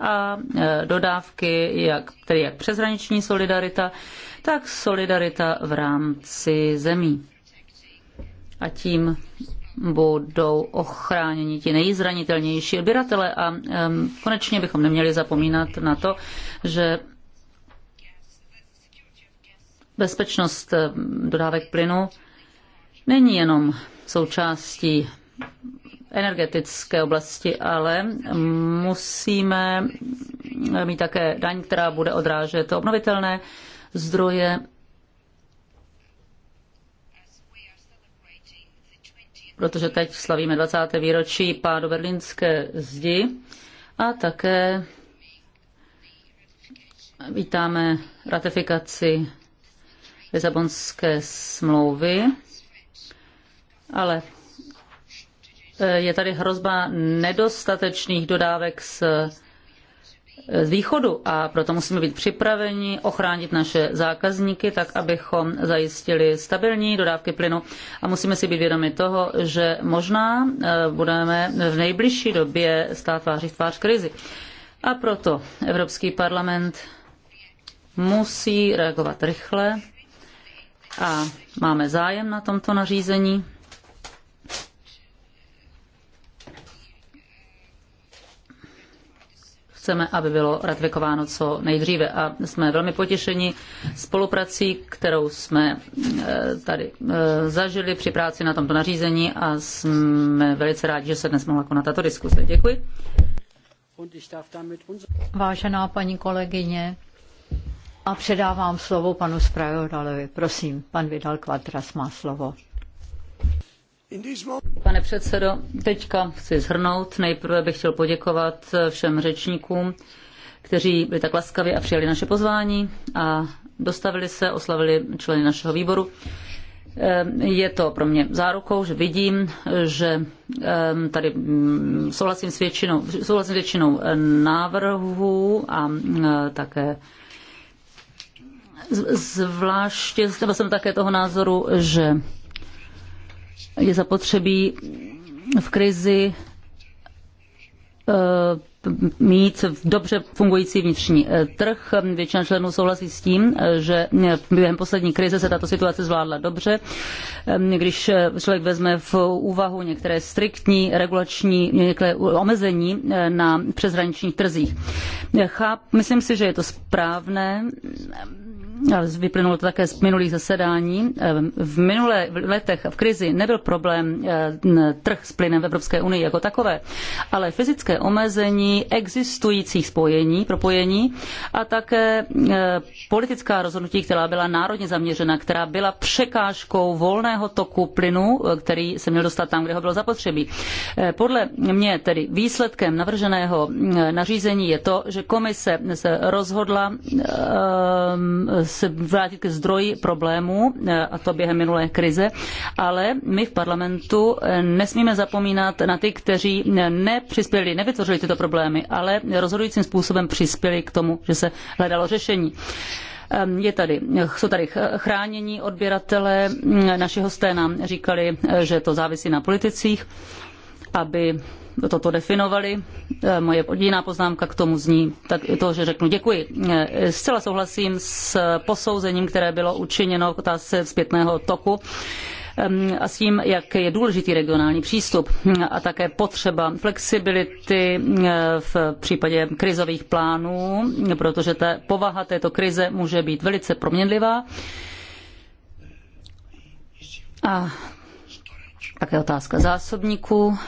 a dodávky, jak, tedy jak přeshraniční solidarita, tak solidarita v rámci zemí a tím budou ochráněni ti nejzranitelnější odběratele a konečně bychom neměli zapomínat na to, že bezpečnost dodávek plynu není jenom součástí energetické oblasti, ale musíme mít také daň, která bude odrážet obnovitelné zdroje protože teď slavíme 20. výročí pádu berlínské zdi a také vítáme ratifikaci Lisabonské smlouvy, ale eh, je tady hrozba nedostatečných dodávek z z východu a proto musíme být připraveni ochránit naše zákazníky tak, abychom zajistili stabilní dodávky plynu a musíme si být vědomi toho, že možná eh, budeme v nejbližší době stát tváří v tvář krizi. A proto Evropský parlament musí reagovat rychle a máme zájem na tomto nařízení. chceme, aby bylo ratifikováno co nejdříve. A jsme velmi potěšeni spoluprací, kterou jsme eh, tady eh, zažili při práci na tomto nařízení a jsme velice rádi, že se dnes mohla konat tato diskuse. Děkuji. Vážená paní kolegyně, a předávám slovo panu Sprajodalovi. Prosím, pan Vidal Kvadras má slovo pane předsedo. Teďka chci zhrnout. Nejprve bych chtěl poděkovat všem řečníkům, kteří byli tak laskavi a přijali naše pozvání a dostavili se, oslavili členy našeho výboru. Ehm, je to pro mě zárukou, že vidím, že ehm, tady mm, souhlasím s většinou, souhlasím s většinou eh, návrhů a mm, eh, také zvláště jsem také toho názoru, že je zapotřebí v krizi eh, mít dobře fungující vnitřní eh, trh. Většina členů souhlasí s tím, eh, že během poslední krize se tato situace zvládla dobře. Když člověk vezme v úvahu některé striktní regulační některé omezení na přeshraničních trzích. Chápu, myslím si, že je to správné vyplynulo to také z minulých zasedání. Ehm, v minulé letech v krizi nebyl problém eh, trh s plynem v Evropské unii jako takové, ale fyzické omezení existujících spojení, propojení a také eh, politická rozhodnutí, která byla národně zaměřena, která byla překážkou volného toku plynu, eh, který se měl dostat tam, kde ho bylo zapotřebí. Podle mě tedy výsledkem navrženého nařízení je to, že komise se rozhodla ehm, se vrátit ke zdroji problémů, eh, a to během minulé krize, ale my v parlamentu eh, nesmíme zapomínat na ty, kteří eh, nepřispěli, nevytvořili tyto problémy, ale rozhodujícím způsobem přispěli k tomu, že se hledalo řešení ehm, je tady, jsou tady chránění odběratele. Hm, naši hosté nám říkali, že to závisí na politicích, aby toto definovali. Eh, moje jediná poznámka k tomu zní tak to, že řeknu děkuji. Eh, zcela souhlasím s posouzením, které bylo učiněno k otázce zpětného toku a s tím, jak je důležitý regionální přístup hm, a také potřeba flexibility eh, v případě krizových plánů, protože ta povaha této krize může být velice proměnlivá. A také otázka zásobníků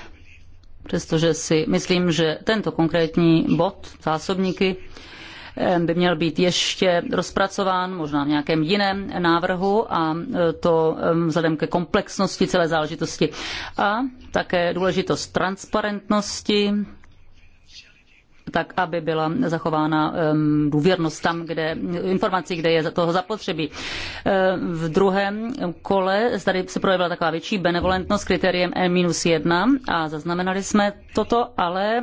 přestože si myslím, že tento konkrétní bod, zásobníky, by měl být ještě rozpracován, možná v nějakém jiném návrhu a e, to vzhledem ke komplexnosti celé záležitosti. A také důležitost transparentnosti tak aby byla zachována důvěrnost tam, kde informací, kde je toho zapotřebí. V druhém kole tady se projevila taková větší benevolentnost kritériem N-1 a zaznamenali jsme toto, ale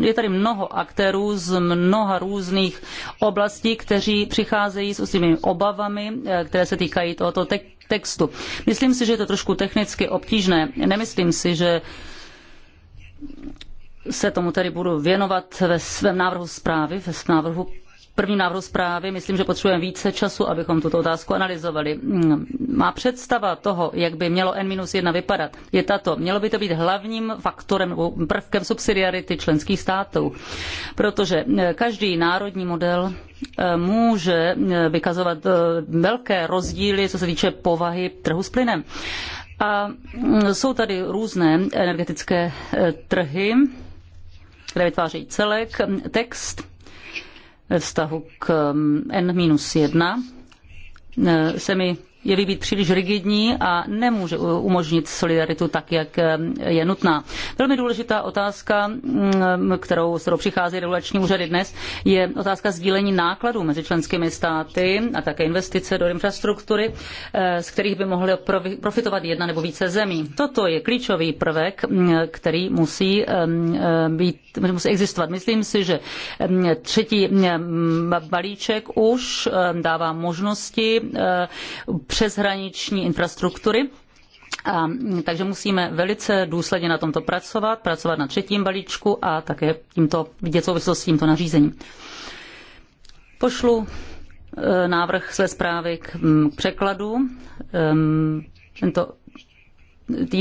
je tady mnoho aktérů z mnoha různých oblastí, kteří přicházejí s svými obavami, e, které se týkají tohoto textu. Myslím si, že je to trošku technicky obtížné. Nemyslím si, že se tomu tedy budu věnovat ve svém návrhu zprávy, ve svém návrhu první návrhu zprávy. Myslím, že potřebujeme více času, abychom tuto otázku analyzovali. Má představa toho, jak by mělo N-1 vypadat, je tato. Mělo by to být hlavním faktorem nebo prvkem subsidiarity členských států, protože každý národní model eh, může eh, vykazovat eh, velké rozdíly, co se týče povahy trhu s plynem. A mm, jsou tady různé energetické trhy, které vytváří celek, text ve vztahu k mm, n-1 e, se mi je-li být příliš rigidní a nemůže umožnit solidaritu tak, jak eh, je nutná. Velmi důležitá otázka, mm, kterou, se přichází regulační úřady dnes, je otázka sdílení nákladů mezi členskými státy a také investice do infrastruktury, eh, z kterých by mohly profitovat jedna nebo více zemí. Toto je klíčový prvek, mm, který musí, eh, být, musí existovat. Myslím si, že třetí mm, balíček už dává možnosti přeshraniční infrastruktury. A, mm, takže musíme velice důsledně na tomto pracovat, pracovat na třetím balíčku a také tímto vidět souvislost s tímto nařízením. Pošlu e, návrh své zprávy k, mm, překladu. E, mm, tento